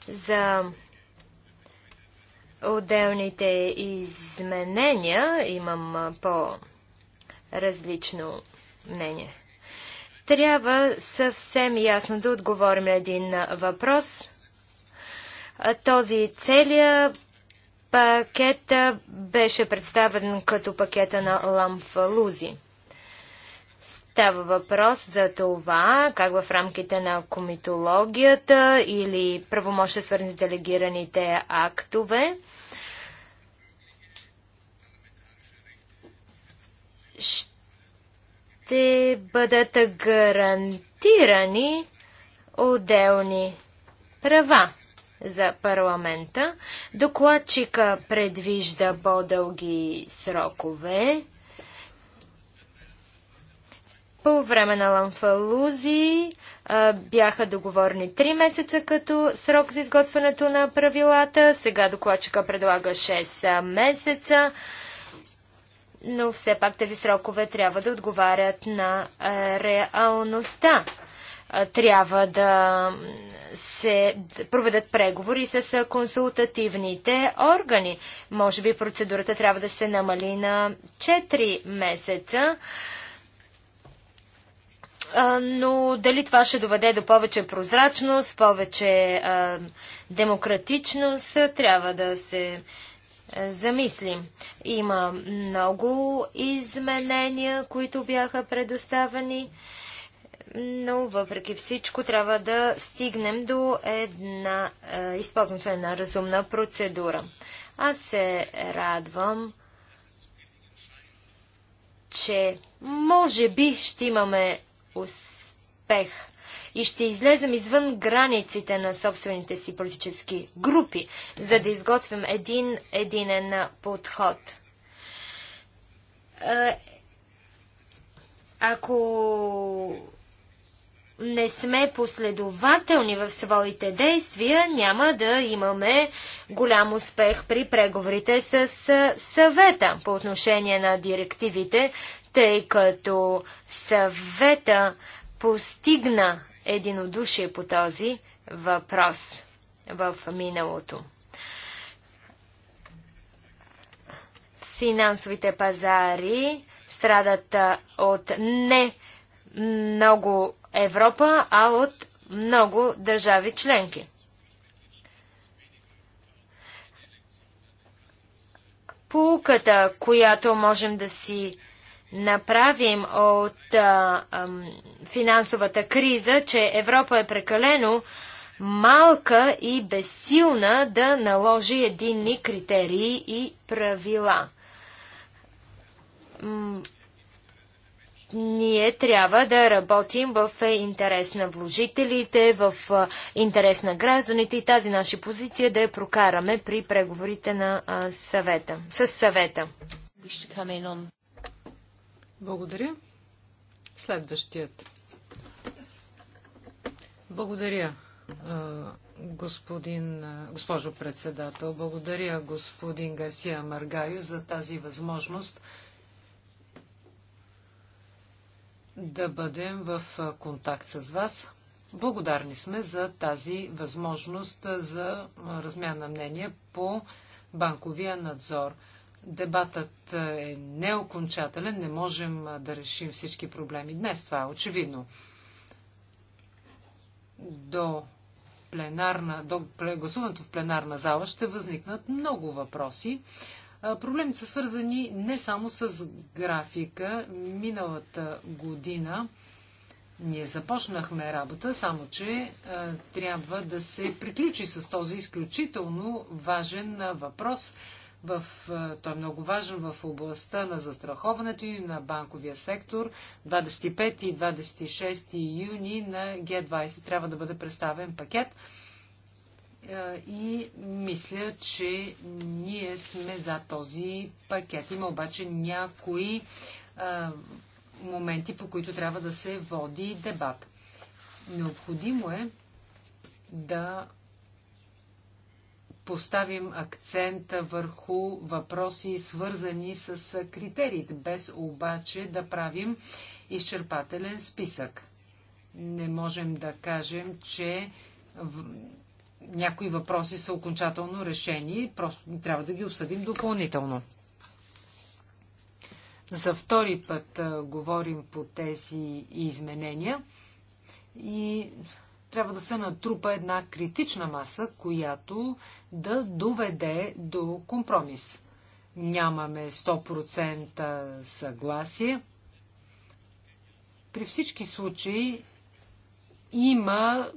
за отделните изменения. Имам по- различно мнение. Трябва съвсем ясно да отговорим на един въпрос. Този целият пакет беше представен като пакета на Ламфалузи. Става въпрос за това, как в рамките на комитологията или правомощи свързани с делегираните актове, ще бъдат гарантирани отделни права за парламента. Докладчика предвижда по-дълги срокове. По време на Ламфалузи бяха договорни 3 месеца като срок за изготвянето на правилата. Сега докладчика предлага 6 месеца но все пак тези срокове трябва да отговарят на реалността. Трябва да се проведат преговори с консултативните органи. Може би процедурата трябва да се намали на 4 месеца. Но дали това ще доведе до повече прозрачност, повече демократичност, трябва да се замислим. Има много изменения, които бяха предоставени, но въпреки всичко трябва да стигнем до една е, използването на една разумна процедура. Аз се радвам, че може би ще имаме успех и ще излезем извън границите на собствените си политически групи, за да изготвим един единен подход. Е, ако не сме последователни в своите действия, няма да имаме голям успех при преговорите с съвета по отношение на директивите, тъй като съвета постигна единодушие по този въпрос в миналото. Финансовите пазари страдат от не много Европа, а от много държави членки. Пулката, която можем да си направим от а, ам, финансовата криза, че Европа е прекалено малка и безсилна да наложи единни критерии и правила. М ние трябва да работим в интерес на вложителите, в интерес на гражданите и тази наша позиция да я прокараме при преговорите на съвета, с съвета. Благодаря. Следващият. Благодаря, господин, госпожо председател. Благодаря, господин Гарсия Маргаю, за тази възможност да бъдем в контакт с вас. Благодарни сме за тази възможност за размяна мнение по банковия надзор. Дебатът е, е неокончателен, не можем да решим всички проблеми днес, това е очевидно. До, пленарна, до гласуването в пленарна зала ще възникнат много въпроси. Проблемите са свързани не само с графика. Миналата година ние започнахме работа, само че а, трябва да се приключи с този изключително важен въпрос в, е, той е много важен в областта на застраховането и на банковия сектор. 25 и 26 юни на Г20 трябва да бъде представен пакет. Е, и мисля, че ние сме за този пакет. Има обаче някои а, е, моменти, по които трябва да се води дебат. Необходимо е да поставим акцента върху въпроси, свързани с критериите, без обаче да правим изчерпателен списък. Не можем да кажем, че в... някои въпроси са окончателно решени, просто трябва да ги обсъдим допълнително. За втори път а, говорим по тези изменения и трябва да се натрупа една критична маса, която да доведе до компромис. Нямаме 100% съгласие. При всички случаи има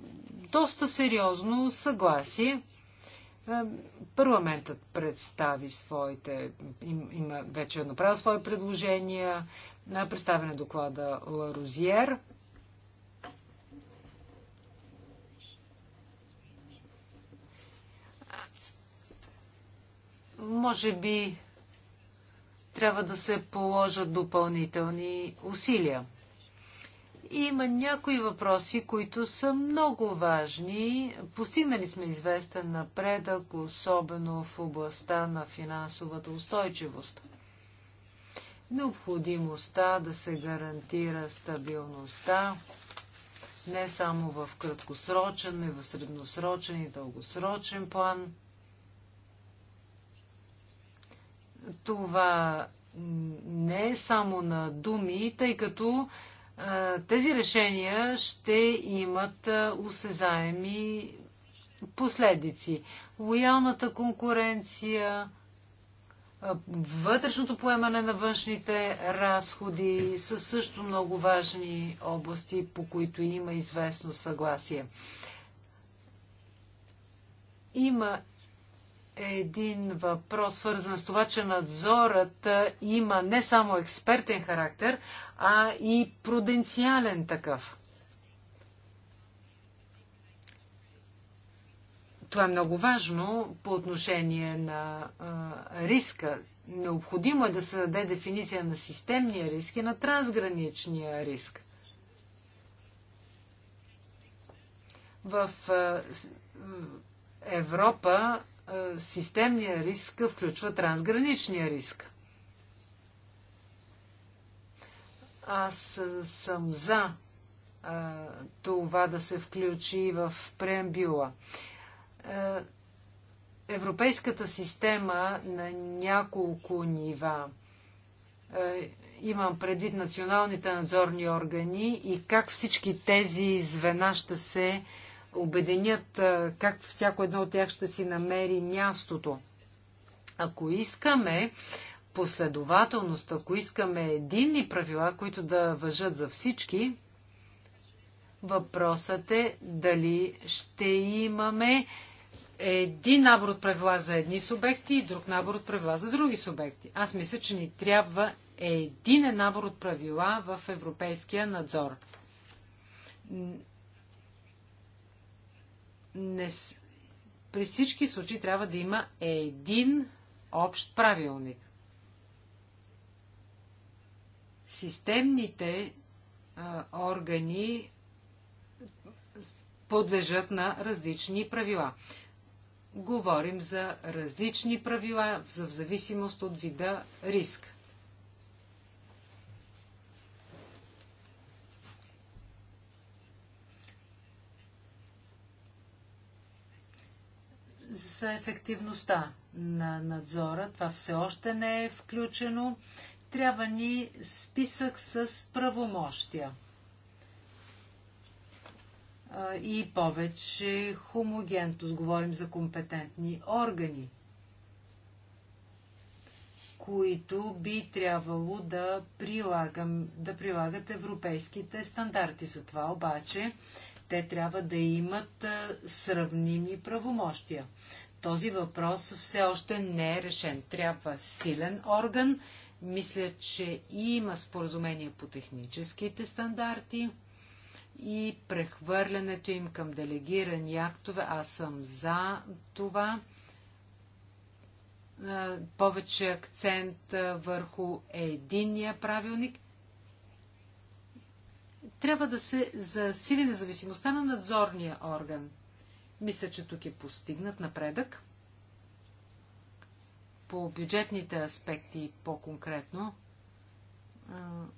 доста сериозно съгласие. Е, парламентът представи своите, има вече направил свои предложения, представен е доклада Ларузиер. Може би трябва да се положат допълнителни усилия. Има някои въпроси, които са много важни. Постигнали сме известен напредък, особено в областта на финансовата устойчивост. Необходимостта да се гарантира стабилността не само в краткосрочен, но и в средносрочен и дългосрочен план – Това не е само на думи, тъй като тези решения ще имат осезаеми последици. Лоялната конкуренция, вътрешното поемане на външните разходи са също много важни области, по които има известно съгласие. Има един въпрос, свързан с това, че надзорът има не само експертен характер, а и пруденциален такъв. Това е много важно по отношение на а, риска. Необходимо е да се даде дефиниция на системния риск и на трансграничния риск. В а, Европа системния риск включва трансграничния риск. Аз съм за това да се включи в преамбюла. европейската система на няколко нива. имам предвид националните надзорни органи и как всички тези звена ще се а, обединят как всяко едно от тях ще си намери мястото. Ако искаме последователност, ако искаме единни правила, които да въжат за всички, въпросът е дали ще имаме един набор от правила за едни субекти и друг набор от правила за други субекти. Аз мисля, че ни трябва един набор от правила в европейския надзор не, при всички случаи трябва да има един общ правилник. Системните а, органи подлежат на различни правила. Говорим за различни правила в зависимост от вида риск. за ефективността на надзора. Това все още не е включено. Трябва ни списък с правомощия и повече хомогентност. Говорим за компетентни органи, които би трябвало да, прилагам, да прилагат европейските стандарти. За това обаче те трябва да имат сравними правомощия. Този въпрос все още не е решен. Трябва силен орган. Мисля, че има споразумение по техническите стандарти и прехвърлянето им към делегирани актове. Аз съм за това. Повече акцент върху единния правилник – трябва да се засили независимостта на надзорния орган. Мисля, че тук е постигнат напредък. По бюджетните аспекти по-конкретно,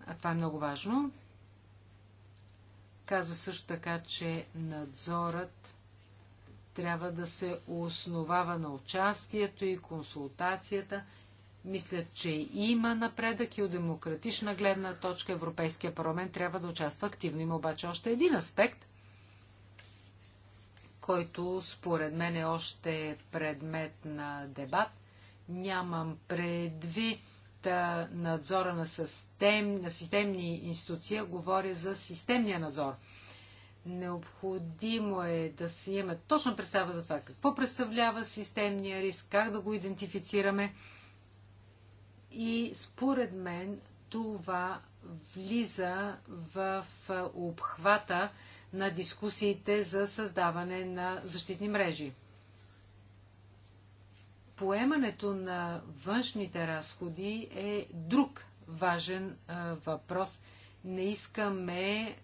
а това е много важно, казва също така, че надзорът трябва да се основава на участието и консултацията – мисля, че има напредък и от демократична гледна точка Европейския парламент трябва да участва активно. Има обаче още един аспект, който според мен е още предмет на дебат. Нямам предвид надзора на, систем, на системни институции, говоря за системния надзор. Необходимо е да си имаме точна представа за това какво представлява системния риск, как да го идентифицираме и според мен това влиза в обхвата на дискусиите за създаване на защитни мрежи. Поемането на външните разходи е друг важен а, въпрос. Не искаме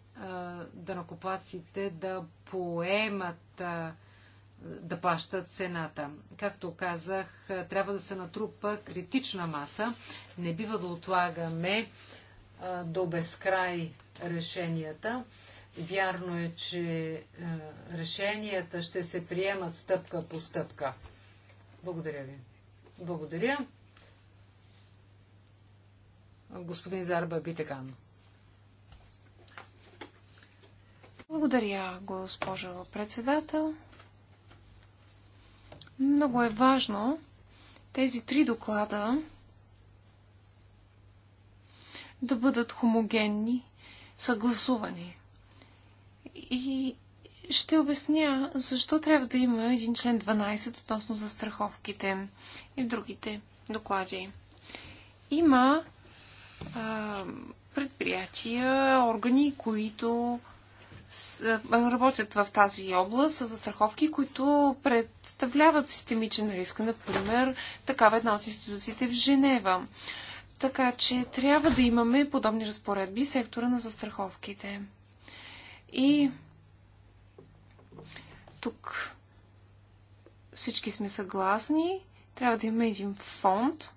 данакоплаците да поемат а, да плащат цената. Както казах, е, трябва да се натрупа критична маса. Не бива да отлагаме а, е, до безкрай решенията. Вярно е, че а, е, решенията ще се приемат стъпка по стъпка. Благодаря ви. Благодаря. Господин Зарба Битекан. Благодаря, госпожо председател. Много е важно тези три доклада да бъдат хомогенни, съгласувани. И ще обясня защо трябва да има един член 12 относно застраховките и другите доклади. Има а, предприятия, органи, които работят в тази област са застраховки, които представляват системичен риск. Например, такава една от институциите в Женева. Така че трябва да имаме подобни разпоредби в сектора на застраховките. И тук всички сме съгласни. Трябва да имаме един фонд,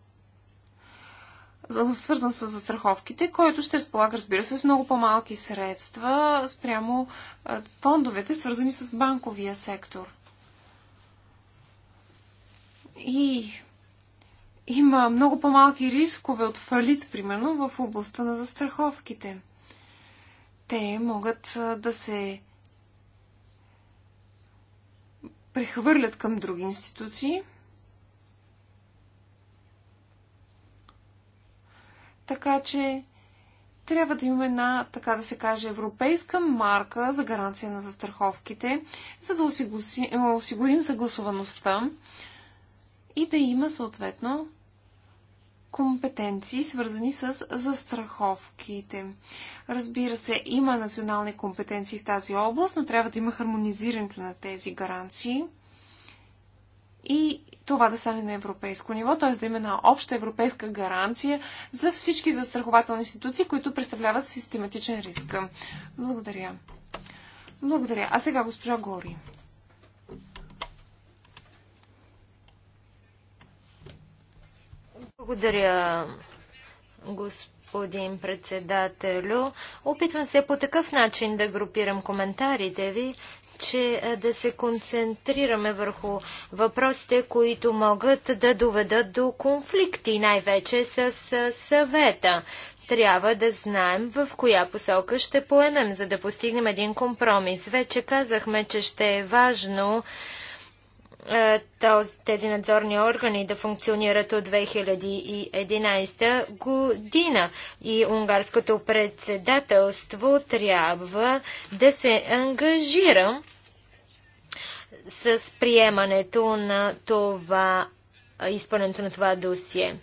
свързан с застраховките, който ще разполага, разбира се, с много по-малки средства спрямо фондовете, свързани с банковия сектор. И има много по-малки рискове от фалит, примерно, в областта на застраховките. Те могат да се прехвърлят към други институции – Така че трябва да имаме една, така да се каже, европейска марка за гаранция на застраховките, за да е, осигурим съгласуваността и да има съответно компетенции, свързани с застраховките. Разбира се, има национални компетенции в тази област, но трябва да има хармонизирането на тези гаранции. И това да стане на европейско ниво, т.е. да има една обща европейска гаранция за всички застрахователни институции, които представляват систематичен риск. Благодаря. Благодаря. А сега госпожа Гори. Благодаря, господин председателю. Опитвам се по такъв начин да групирам коментарите ви, че да се концентрираме върху въпросите, които могат да доведат до конфликти, най-вече с съвета. Трябва да знаем в коя посока ще поемем, за да постигнем един компромис. Вече казахме, че ще е важно е, тези надзорни органи да функционират от 2011 година. И унгарското председателство трябва да се ангажира с приемането на това, изпълнението на това досие.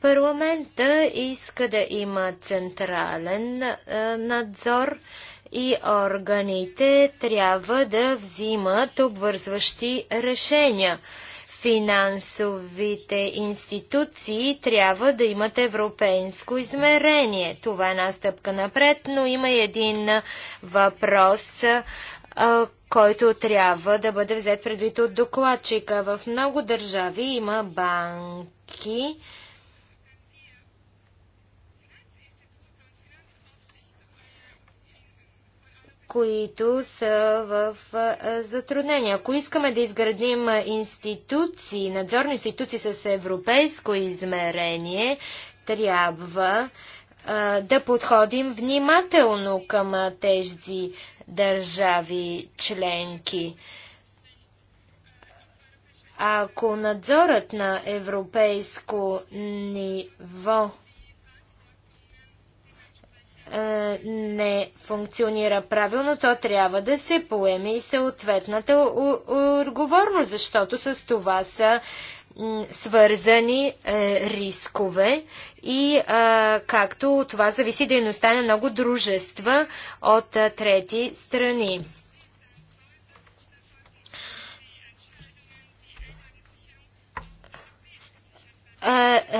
Парламента иска да има централен е, надзор, и органите трябва да взимат обвързващи решения. Финансовите институции трябва да имат европейско измерение. Това е една стъпка напред, но има един въпрос, който трябва да бъде взет предвид от докладчика. В много държави има банки, които са в затруднения. Ако искаме да изградим институции, надзорни институции с европейско измерение, трябва да подходим внимателно към тези държави членки. Ако надзорът на европейско ниво е, не функционира правилно, то трябва да се поеме и съответната отговорност, защото с това са свързани е, рискове и е, както това зависи дейността на много дружества от е, трети страни.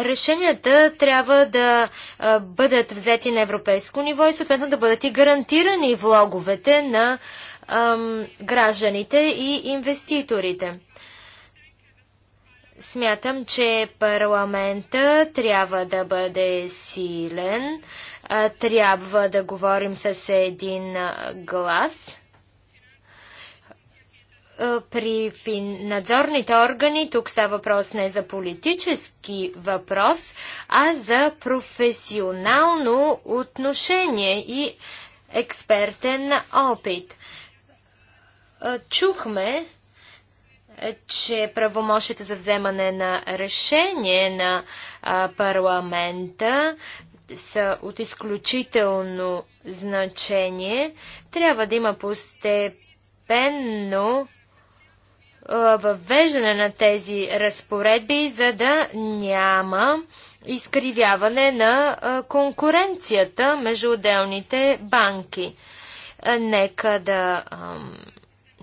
решенията трябва да бъдат взети на европейско ниво и съответно да бъдат и гарантирани влоговете на гражданите и инвеститорите. Смятам, че парламента трябва да бъде силен, трябва да говорим с един глас е, при надзорните органи тук става въпрос не за политически въпрос, а за професионално отношение и експертен опит. Е, чухме, е, че правомощите за вземане на решение на парламента са от изключително значение. Трябва да има постепенно въвеждане на тези разпоредби, за да няма изкривяване на конкуренцията между отделните банки. Нека да ам,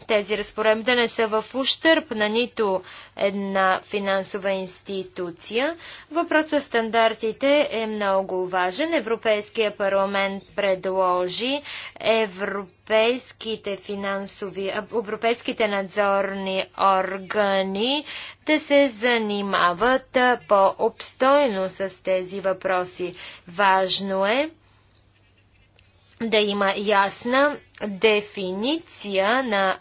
тези разпоредби да не са в ущърп на нито една финансова институция. Въпросът с стандартите е много важен. Европейския парламент предложи европейските финансови, европейските надзорни органи да се занимават по-обстойно с тези въпроси. Важно е да има ясна дефиниция на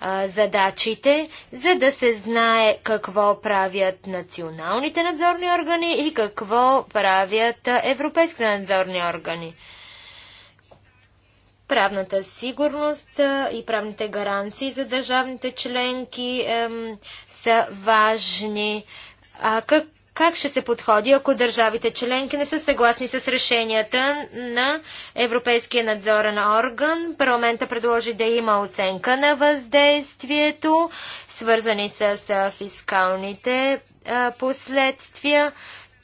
а, задачите, за да се знае какво правят националните надзорни органи и какво правят европейските надзорни органи. Правната сигурност и правните гаранции за държавните членки ем, са важни. А, как, как ще се подходи, ако държавите членки не са съгласни с решенията на Европейския надзорен орган? Парламента предложи да има оценка на въздействието, свързани с фискалните последствия.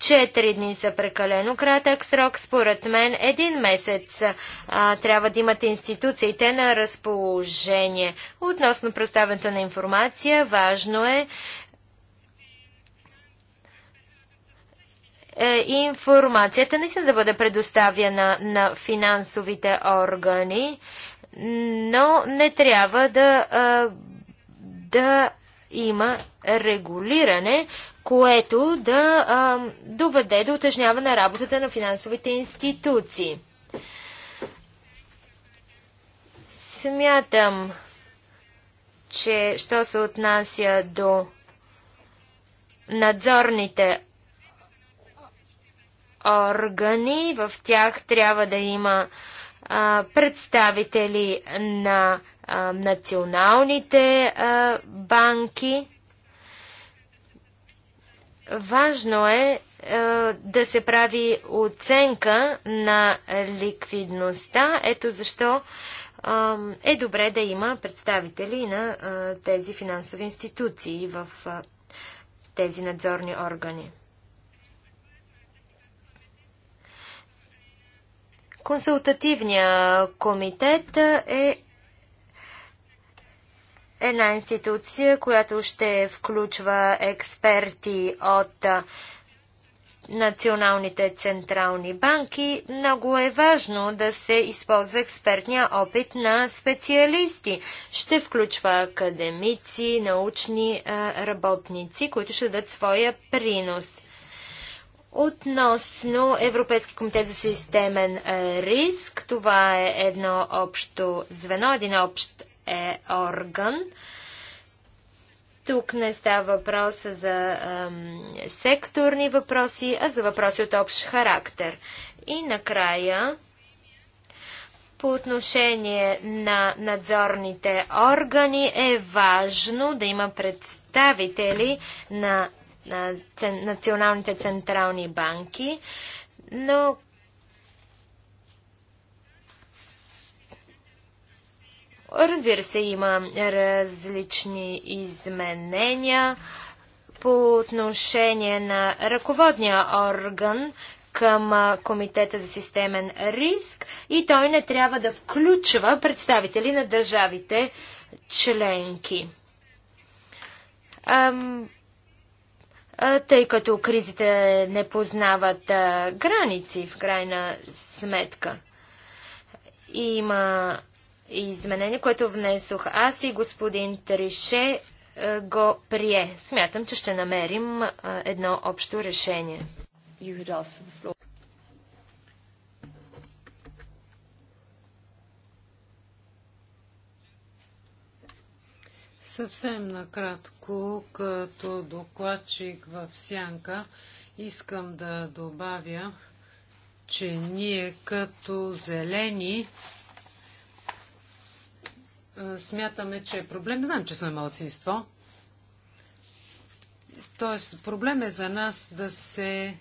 Четири дни са прекалено кратък срок. Според мен един месец а, трябва да имат институциите на разположение. Относно представенето на информация, важно е Е, информацията не да бъде предоставяна на финансовите органи, но не трябва да, е, да има регулиране, което да е, доведе до утежняване на работата на финансовите институции. Смятам, че що се отнася до надзорните органи. В тях трябва да има а, представители на а, националните а, банки. Важно е да се прави оценка на ликвидността. Ето защо е добре да има представители на тези финансови институции в тези надзорни органи. Консултативния комитет е една институция, която ще включва експерти от националните централни банки, много е важно да се използва експертния опит на специалисти. Ще включва академици, научни работници, които ще дадат своя принос. Относно Европейски комитет за системен е, риск, това е едно общо звено, един общ е орган. Тук не става въпрос за ем, секторни въпроси, а за въпроси от общ характер. И накрая, по отношение на надзорните органи е важно да има представители на националните централни банки, но Разбира се, има различни изменения по отношение на ръководния орган към Комитета за системен риск и той не трябва да включва представители на държавите членки. Ам, тъй като кризите не познават граници в крайна сметка. Има изменение, което внесох аз и господин Трише го прие. Смятам, че ще намерим едно общо решение. Съвсем накратко, като докладчик в Сянка, искам да добавя, че ние като зелени смятаме, че е проблем. Знам, че сме малцинство. Тоест, проблем е за нас да се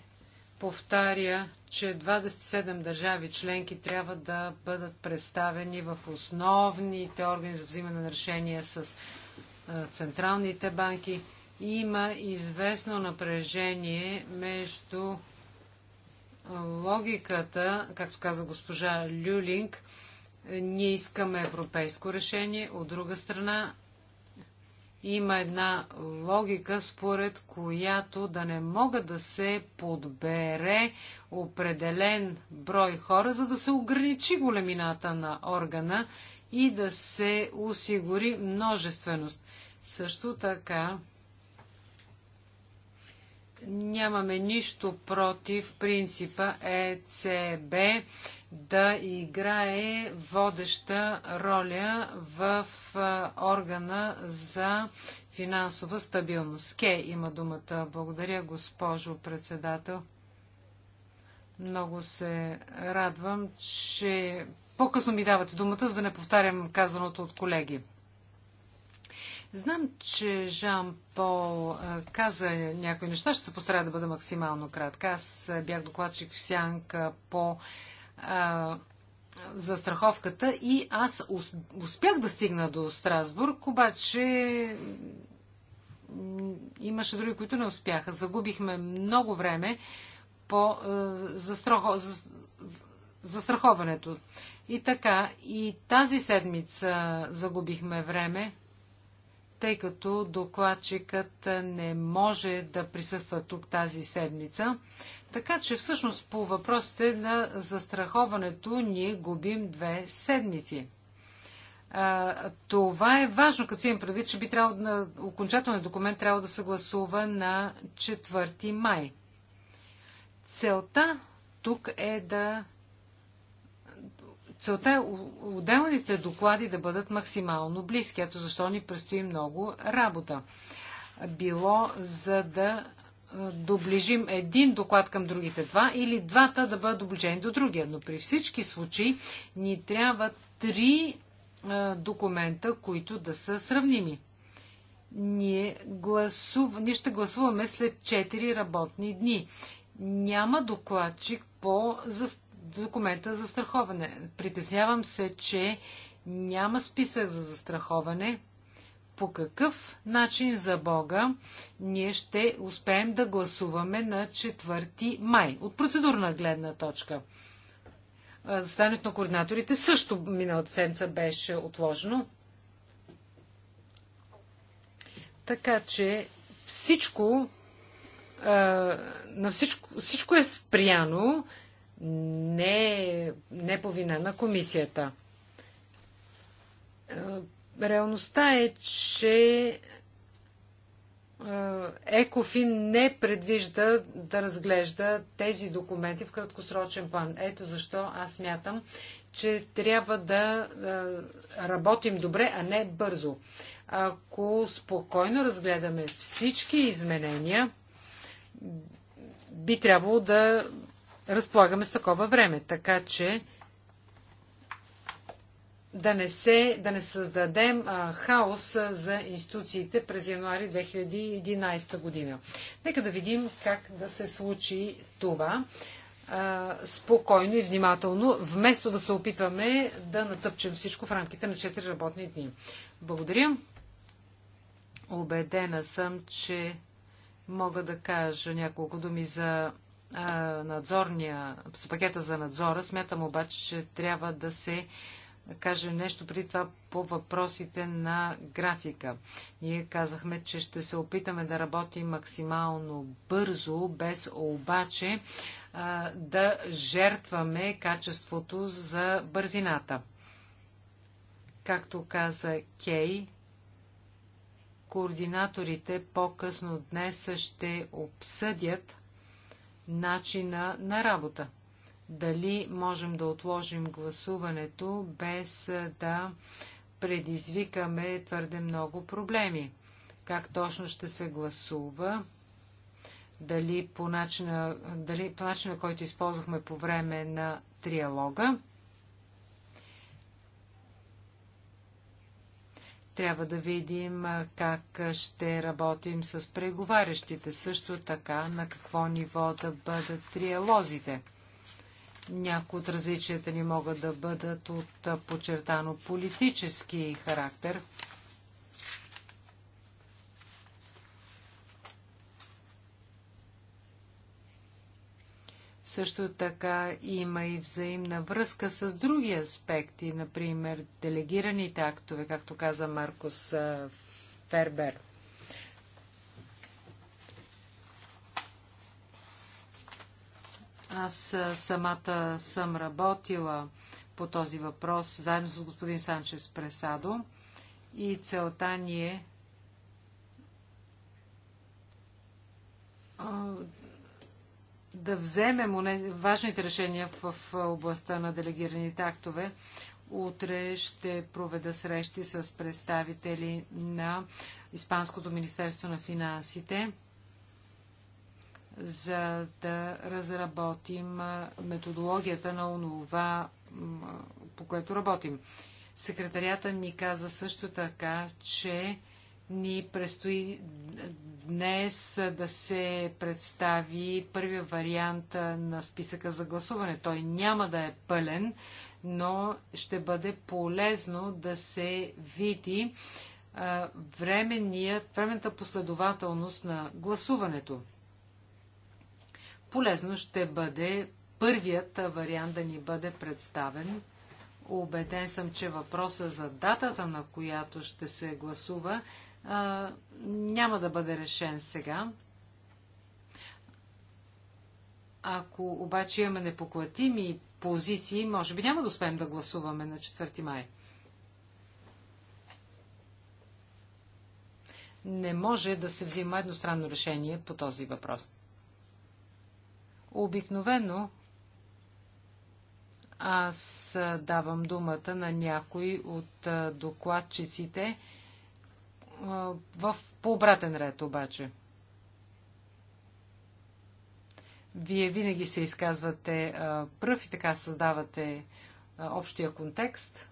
повтаря, че 27 държави членки трябва да бъдат представени в основните органи за взимане на решения с централните банки. Има известно напрежение между логиката, както каза госпожа Люлинг, ние искаме европейско решение, от друга страна има една логика, според която да не могат да се подбере определен брой хора, за да се ограничи големината на органа и да се осигури множественост. Също така нямаме нищо против принципа ЕЦБ да играе водеща роля в органа за финансова стабилност. Ке има думата. Благодаря, госпожо председател. Много се радвам, че по-късно ми давате думата, за да не повтарям казаното от колеги. Знам, че Жан Пол каза някои неща. Ще се постарая да бъда максимално кратка. Аз бях докладчик в Сянка по а, за страховката и аз успях да стигна до Страсбург, обаче имаше други, които не успяха. Загубихме много време по, а, за, страхо, за, за страховането. И така, и тази седмица загубихме време, тъй като докладчикът не може да присъства тук тази седмица. Така че всъщност по въпросите на застраховането ние губим две седмици. А, това е важно, като си им предвид, че би трябвало на окончателният документ трябва да се гласува на 4 май. Целта тук е да целта е отделните доклади да бъдат максимално близки. Ето защо ни предстои много работа. Било за да доближим един доклад към другите два или двата да бъдат доближени до другия. Но при всички случаи ни трябва три документа, които да са сравними. Ние, гласув... Ние ще гласуваме след 4 работни дни. Няма докладчик по за документа за страховане. Притеснявам се, че няма списък за застраховане. По какъв начин за Бога ние ще успеем да гласуваме на 4 май? От процедурна гледна точка. Застанието на координаторите също миналата седмица беше отложено. Така че всичко, на всичко, всичко е спряно не, не по вина на комисията. Е, реалността е, че е, Екофин не предвижда да разглежда тези документи в краткосрочен план. Ето защо аз мятам, че трябва да е, работим добре, а не бързо. Ако спокойно разгледаме всички изменения, би трябвало да разполагаме с такова време, така че да не, се, да не създадем а, хаос за институциите през януари 2011 година. Нека да видим как да се случи това а, спокойно и внимателно, вместо да се опитваме да натъпчем всичко в рамките на 4 работни дни. Благодаря. Обедена съм, че мога да кажа няколко думи за надзорния, с пакета за надзора. Смятам обаче, че трябва да се каже нещо преди това по въпросите на графика. Ние казахме, че ще се опитаме да работим максимално бързо, без обаче а, да жертваме качеството за бързината. Както каза Кей, координаторите по-късно днес ще обсъдят начина на работа. Дали можем да отложим гласуването без да предизвикаме твърде много проблеми. Как точно ще се гласува, дали по начина, дали по начина който използвахме по време на триалога. Трябва да видим как ще работим с преговарящите, също така на какво ниво да бъдат триалозите. Някои от различията ни могат да бъдат от подчертано политически характер – Също така има и взаимна връзка с други аспекти, например делегираните актове, както каза Маркус Фербер. Аз самата съм работила по този въпрос, заедно с господин Санчес Пресадо. И целта ни е да вземем важните решения в областта на делегираните актове. Утре ще проведа срещи с представители на Испанското Министерство на финансите, за да разработим методологията на онова, по което работим. Секретарията ми каза също така, че ни предстои днес да се представи първия вариант на списъка за гласуване. Той няма да е пълен, но ще бъде полезно да се види времената временната последователност на гласуването. Полезно ще бъде първият вариант да ни бъде представен. Обеден съм, че въпроса за датата, на която ще се гласува, а, няма да бъде решен сега. Ако обаче имаме непоклатими позиции, може би няма да успеем да гласуваме на 4 май. Не може да се взима едностранно решение по този въпрос. Обикновено аз давам думата на някой от докладчиците, в, по обратен ред обаче. Вие винаги се изказвате пръв и така създавате общия контекст.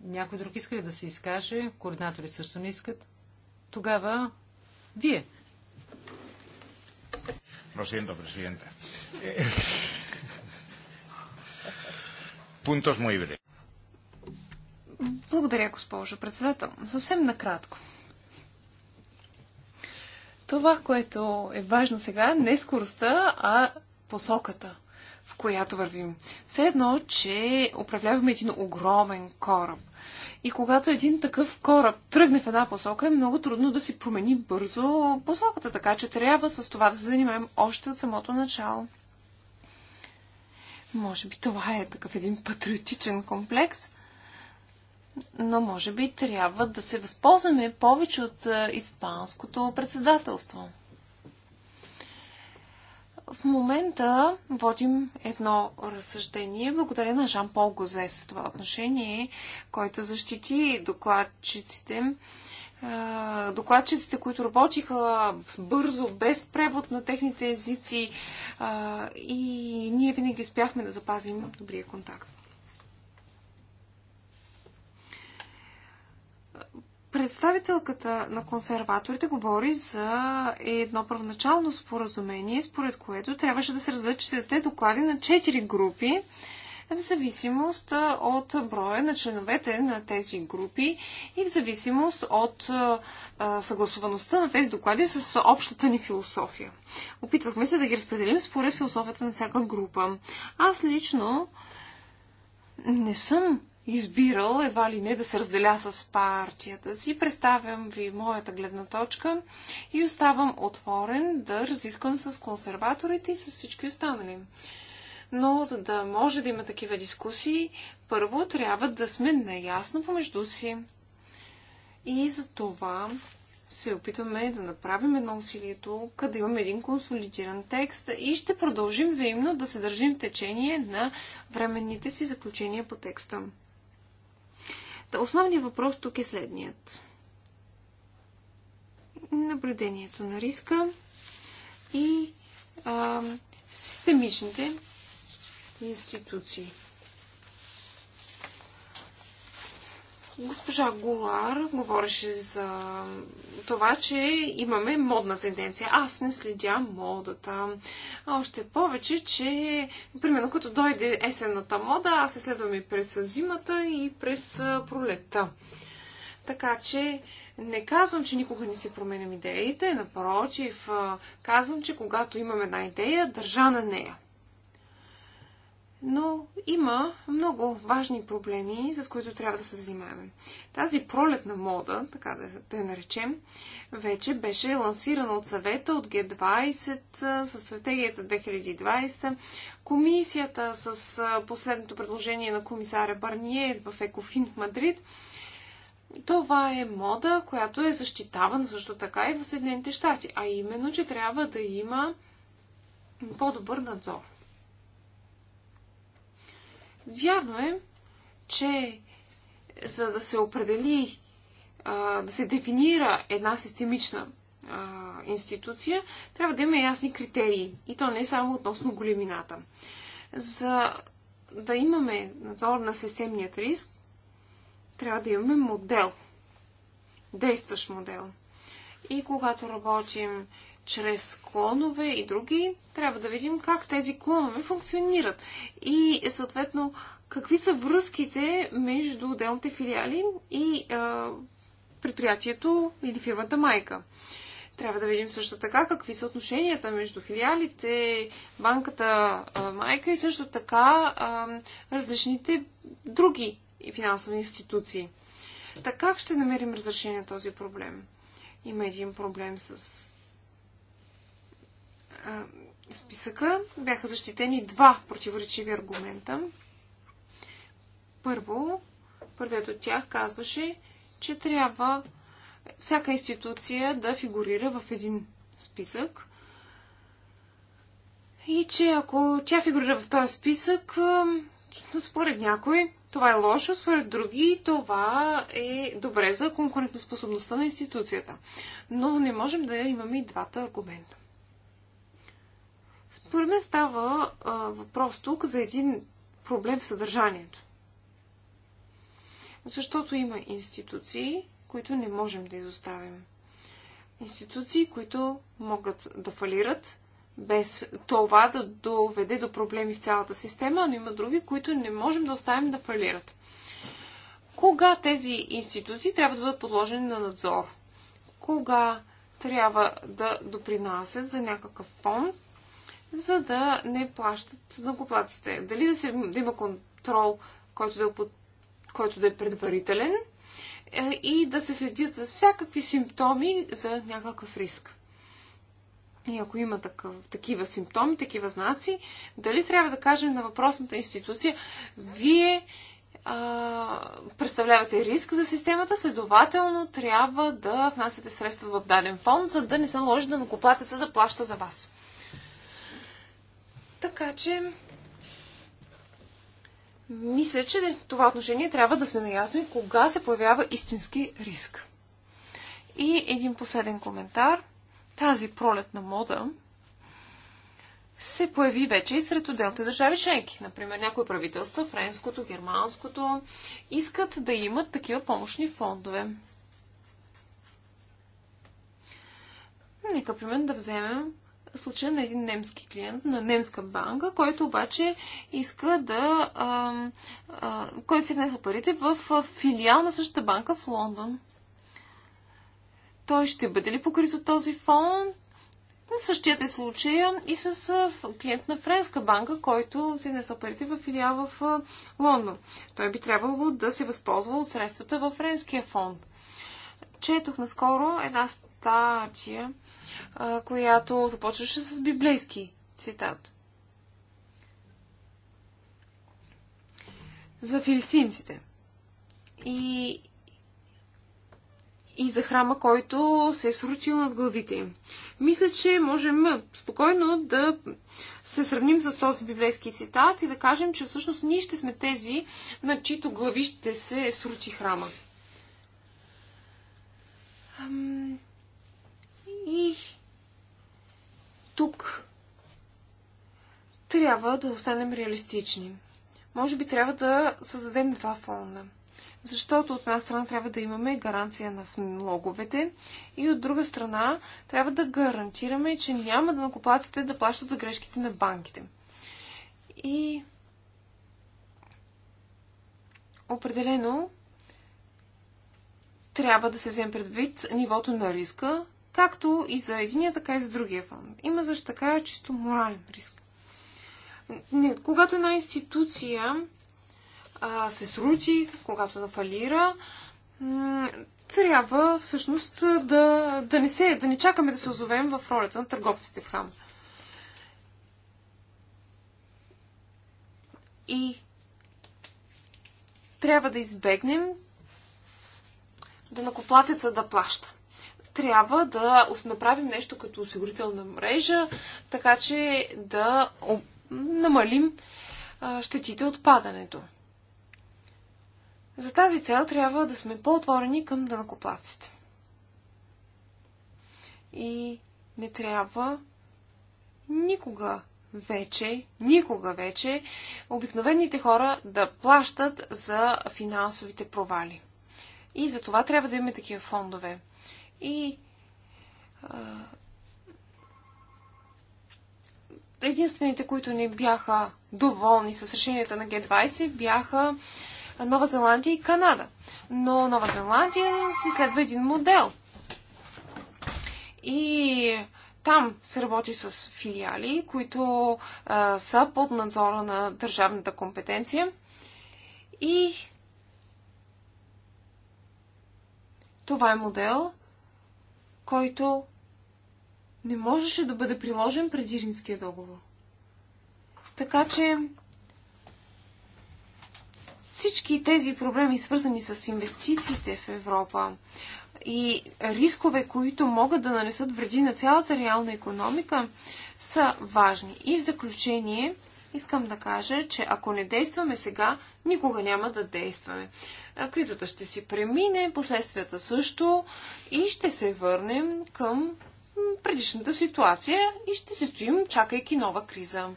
Някой друг иска ли да се изкаже? Координатори също не искат. Тогава вие. Просиенто, президента. Пунтос Puntos благодаря, госпожо председател. Съвсем накратко. Това, което е важно сега, не скоростта, а посоката, в която вървим. Все едно, че управляваме един огромен кораб. И когато един такъв кораб тръгне в една посока, е много трудно да си промени бързо посоката, така че трябва с това да се занимаем още от самото начало. Може би това е такъв един патриотичен комплекс но може би трябва да се възползваме повече от е, испанското председателство. В момента водим едно разсъждение, благодаря на Жан-Пол Гозес в това отношение, който защити докладчиците, е, докладчиците, които работиха бързо, без превод на техните езици е, и ние винаги успяхме да запазим добрия контакт. Представителката на консерваторите говори за едно първоначално споразумение, според което трябваше да се четирите доклади на четири групи, в зависимост от броя на членовете на тези групи и в зависимост от съгласуваността на тези доклади с общата ни философия. Опитвахме се да ги разпределим според философията на всяка група. Аз лично не съм избирал едва ли не да се разделя с партията си. Представям ви моята гледна точка и оставам отворен да разисквам с консерваторите и с всички останали. Но за да може да има такива дискусии, първо трябва да сме наясно помежду си. И за това се опитваме да направим едно усилие тук, да имаме един консолидиран текст и ще продължим взаимно да се държим в течение на временните си заключения по текста. Основният въпрос тук е следният. Наблюдението на риска и а, системичните институции. Госпожа Гулар, говореше за това, че имаме модна тенденция. Аз не следя модата. Още повече, че примерно като дойде есенната мода, аз се следвам и през зимата и през пролетта. Така че не казвам, че никога не си променям идеите, напротив, казвам, че когато имам една идея, държа на нея но има много важни проблеми, с които трябва да се занимаваме. Тази пролетна мода, така да, да я наречем, вече беше лансирана от съвета от Г20 с стратегията 2020, комисията с последното предложение на комисаря Барние в Екофин в Мадрид. Това е мода, която е защитавана също така и в Съединените щати, а именно, че трябва да има по-добър надзор. Вярно е, че за да се определи, да се дефинира една системична институция, трябва да има ясни критерии. И то не е само относно големината. За да имаме надзор на системният риск, трябва да имаме модел. Действащ модел. И когато работим чрез клонове и други, трябва да видим как тези клонове функционират и е, съответно какви са връзките между отделните филиали и а, е, предприятието или фирмата майка. Трябва да видим също така какви са отношенията между филиалите, банката а, е, майка и също така а, различните други финансови институции. Така как ще намерим разрешение на този проблем? Има един проблем с списъка бяха защитени два противоречиви аргумента. Първо, първият от тях казваше, че трябва всяка институция да фигурира в един списък и че ако тя фигурира в този списък, според някой това е лошо, според други това е добре за конкурентоспособността на институцията. Но не можем да имаме и двата аргумента. Според мен става а, въпрос тук за един проблем в съдържанието. Защото има институции, които не можем да изоставим. Институции, които могат да фалират, без това да доведе до проблеми в цялата система, но има други, които не можем да оставим да фалират. Кога тези институции трябва да бъдат подложени на надзор? Кога трябва да допринасят за някакъв фонд за да не плащат дългоплатците. Дали да, се, да има контрол, който да, е под, който да е предварителен е, и да се следят за всякакви симптоми за някакъв риск. И ако има такъв, такива симптоми, такива знаци, дали трябва да кажем на въпросната институция, вие а, представлявате риск за системата, следователно трябва да внасяте средства в даден фонд, за да не се наложи да накоплатеца да плаща за вас. Така че, мисля, че в това отношение трябва да сме наясно и кога се появява истински риск. И един последен коментар. Тази пролет на мода се появи вече и сред отделните държави членки. Например, някои правителства, френското, германското, искат да имат такива помощни фондове. Нека, примерно, да вземем Случай на един немски клиент на немска банка, който обаче иска да. А, а, който си е внесе парите в филиал на същата банка в Лондон. Той ще бъде ли покрит от този фонд? Същият е случая и с клиент на френска банка, който си е внесъл парите в филиал в Лондон. Той би трябвало да се възползва от средствата във френския фонд. Четох наскоро една статия която започваше с библейски цитат. За филистинците. И, и за храма, който се е срутил над главите им. Мисля, че можем спокойно да се сравним с този библейски цитат и да кажем, че всъщност ние ще сме тези, на чието глави ще се срути храма. И тук трябва да останем реалистични. Може би трябва да създадем два фонда. Защото от една страна трябва да имаме гаранция на влоговете и от друга страна трябва да гарантираме, че няма да накоплаците да плащат за грешките на банките. И определено трябва да се вземе предвид нивото на риска както и за единия, така и за другия фонд. Има също така чисто морален риск. Не, когато една институция а, се срути, когато нафалира, трябва всъщност да, да, не се, да не чакаме да се озовем в ролята на търговците в храма. И трябва да избегнем да накоплатеца да плаща трябва да направим нещо като осигурителна мрежа, така че да намалим щетите от падането. За тази цел трябва да сме по-отворени към дънакоплаците. И не трябва никога вече, никога вече, обикновените хора да плащат за финансовите провали. И за това трябва да имаме такива фондове. И а, единствените, които не бяха доволни с решенията на Г-20, бяха Нова Зеландия и Канада. Но Нова Зеландия си следва един модел. И там се работи с филиали, които а, са под надзора на държавната компетенция. И това е модел, който не можеше да бъде приложен преди Римския договор. Така че всички тези проблеми, свързани с инвестициите в Европа и рискове, които могат да нанесат вреди на цялата реална економика, са важни. И в заключение искам да кажа, че ако не действаме сега, никога няма да действаме кризата ще си премине, последствията също и ще се върнем към предишната ситуация и ще си стоим, чакайки нова криза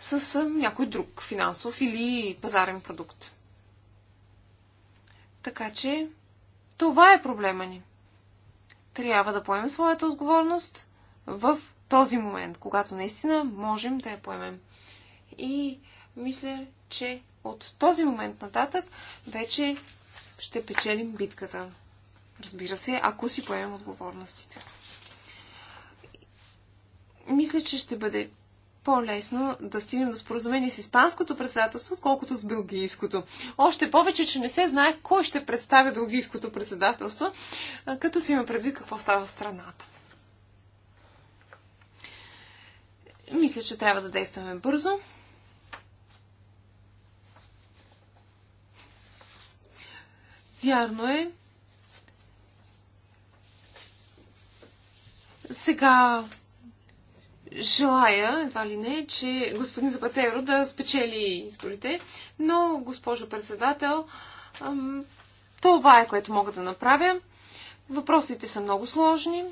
с някой друг финансов или пазарен продукт. Така че това е проблема ни. Трябва да поемем своята отговорност в този момент, когато наистина можем да я поемем. И мисля, че от този момент нататък вече ще печелим битката. Разбира се, ако си поемем отговорностите. Мисля, че ще бъде по-лесно да стигнем до споразумение с испанското председателство, отколкото с белгийското. Още повече, че не се знае кой ще представя белгийското председателство, като се има предвид какво става в страната. Мисля, че трябва да действаме бързо. Вярно е. Сега желая, едва ли не, че господин Запатеро да спечели изборите, но, госпожо председател, това е което мога да направя. Въпросите са много сложни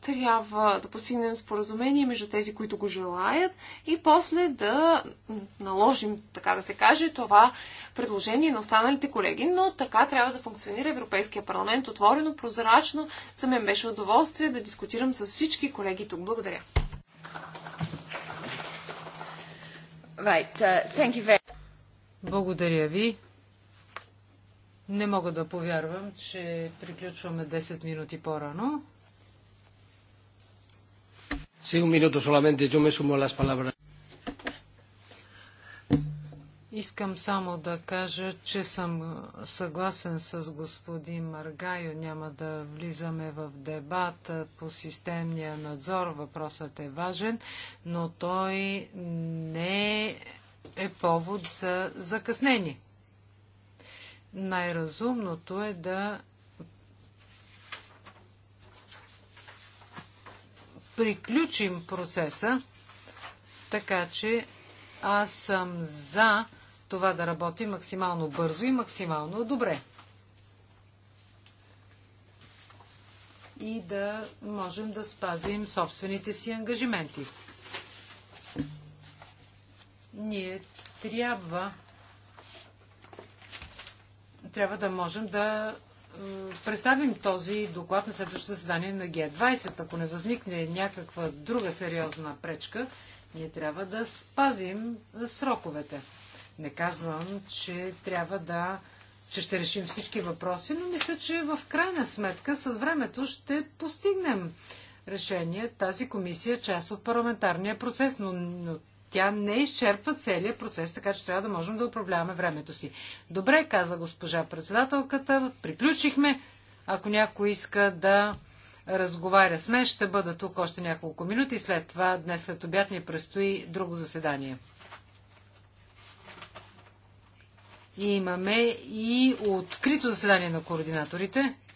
трябва да постигнем споразумение между тези, които го желаят и после да наложим, така да се каже, това предложение на останалите колеги, но така трябва да функционира Европейския парламент отворено, прозрачно. За мен беше удоволствие да дискутирам с всички колеги тук. Благодаря. Right. Uh, thank you very... Благодаря ви. Не мога да повярвам, че приключваме 10 минути по-рано. Sí, un minuto solamente. Yo me sumo a las palabras. Искам само да кажа, че съм съгласен с господин Маргайо. Няма да влизаме в дебат по системния надзор. Въпросът е важен, но той не е повод за закъснение. Най-разумното е да приключим процеса, така че аз съм за това да работи максимално бързо и максимално добре. И да можем да спазим собствените си ангажименти. Ние трябва трябва да можем да представим този доклад на следващото заседание на Г20. Ако не възникне някаква друга сериозна пречка, ние трябва да спазим сроковете. Не казвам, че трябва да че ще решим всички въпроси, но мисля, че в крайна сметка с времето ще постигнем решение. Тази комисия е част от парламентарния процес, но, но тя не изчерпва целият процес, така че трябва да можем да управляваме времето си. Добре, каза госпожа председателката, приключихме. Ако някой иска да разговаря с мен, ще бъда тук още няколко минути. След това днес след обяд ни предстои друго заседание. И имаме и открито заседание на координаторите.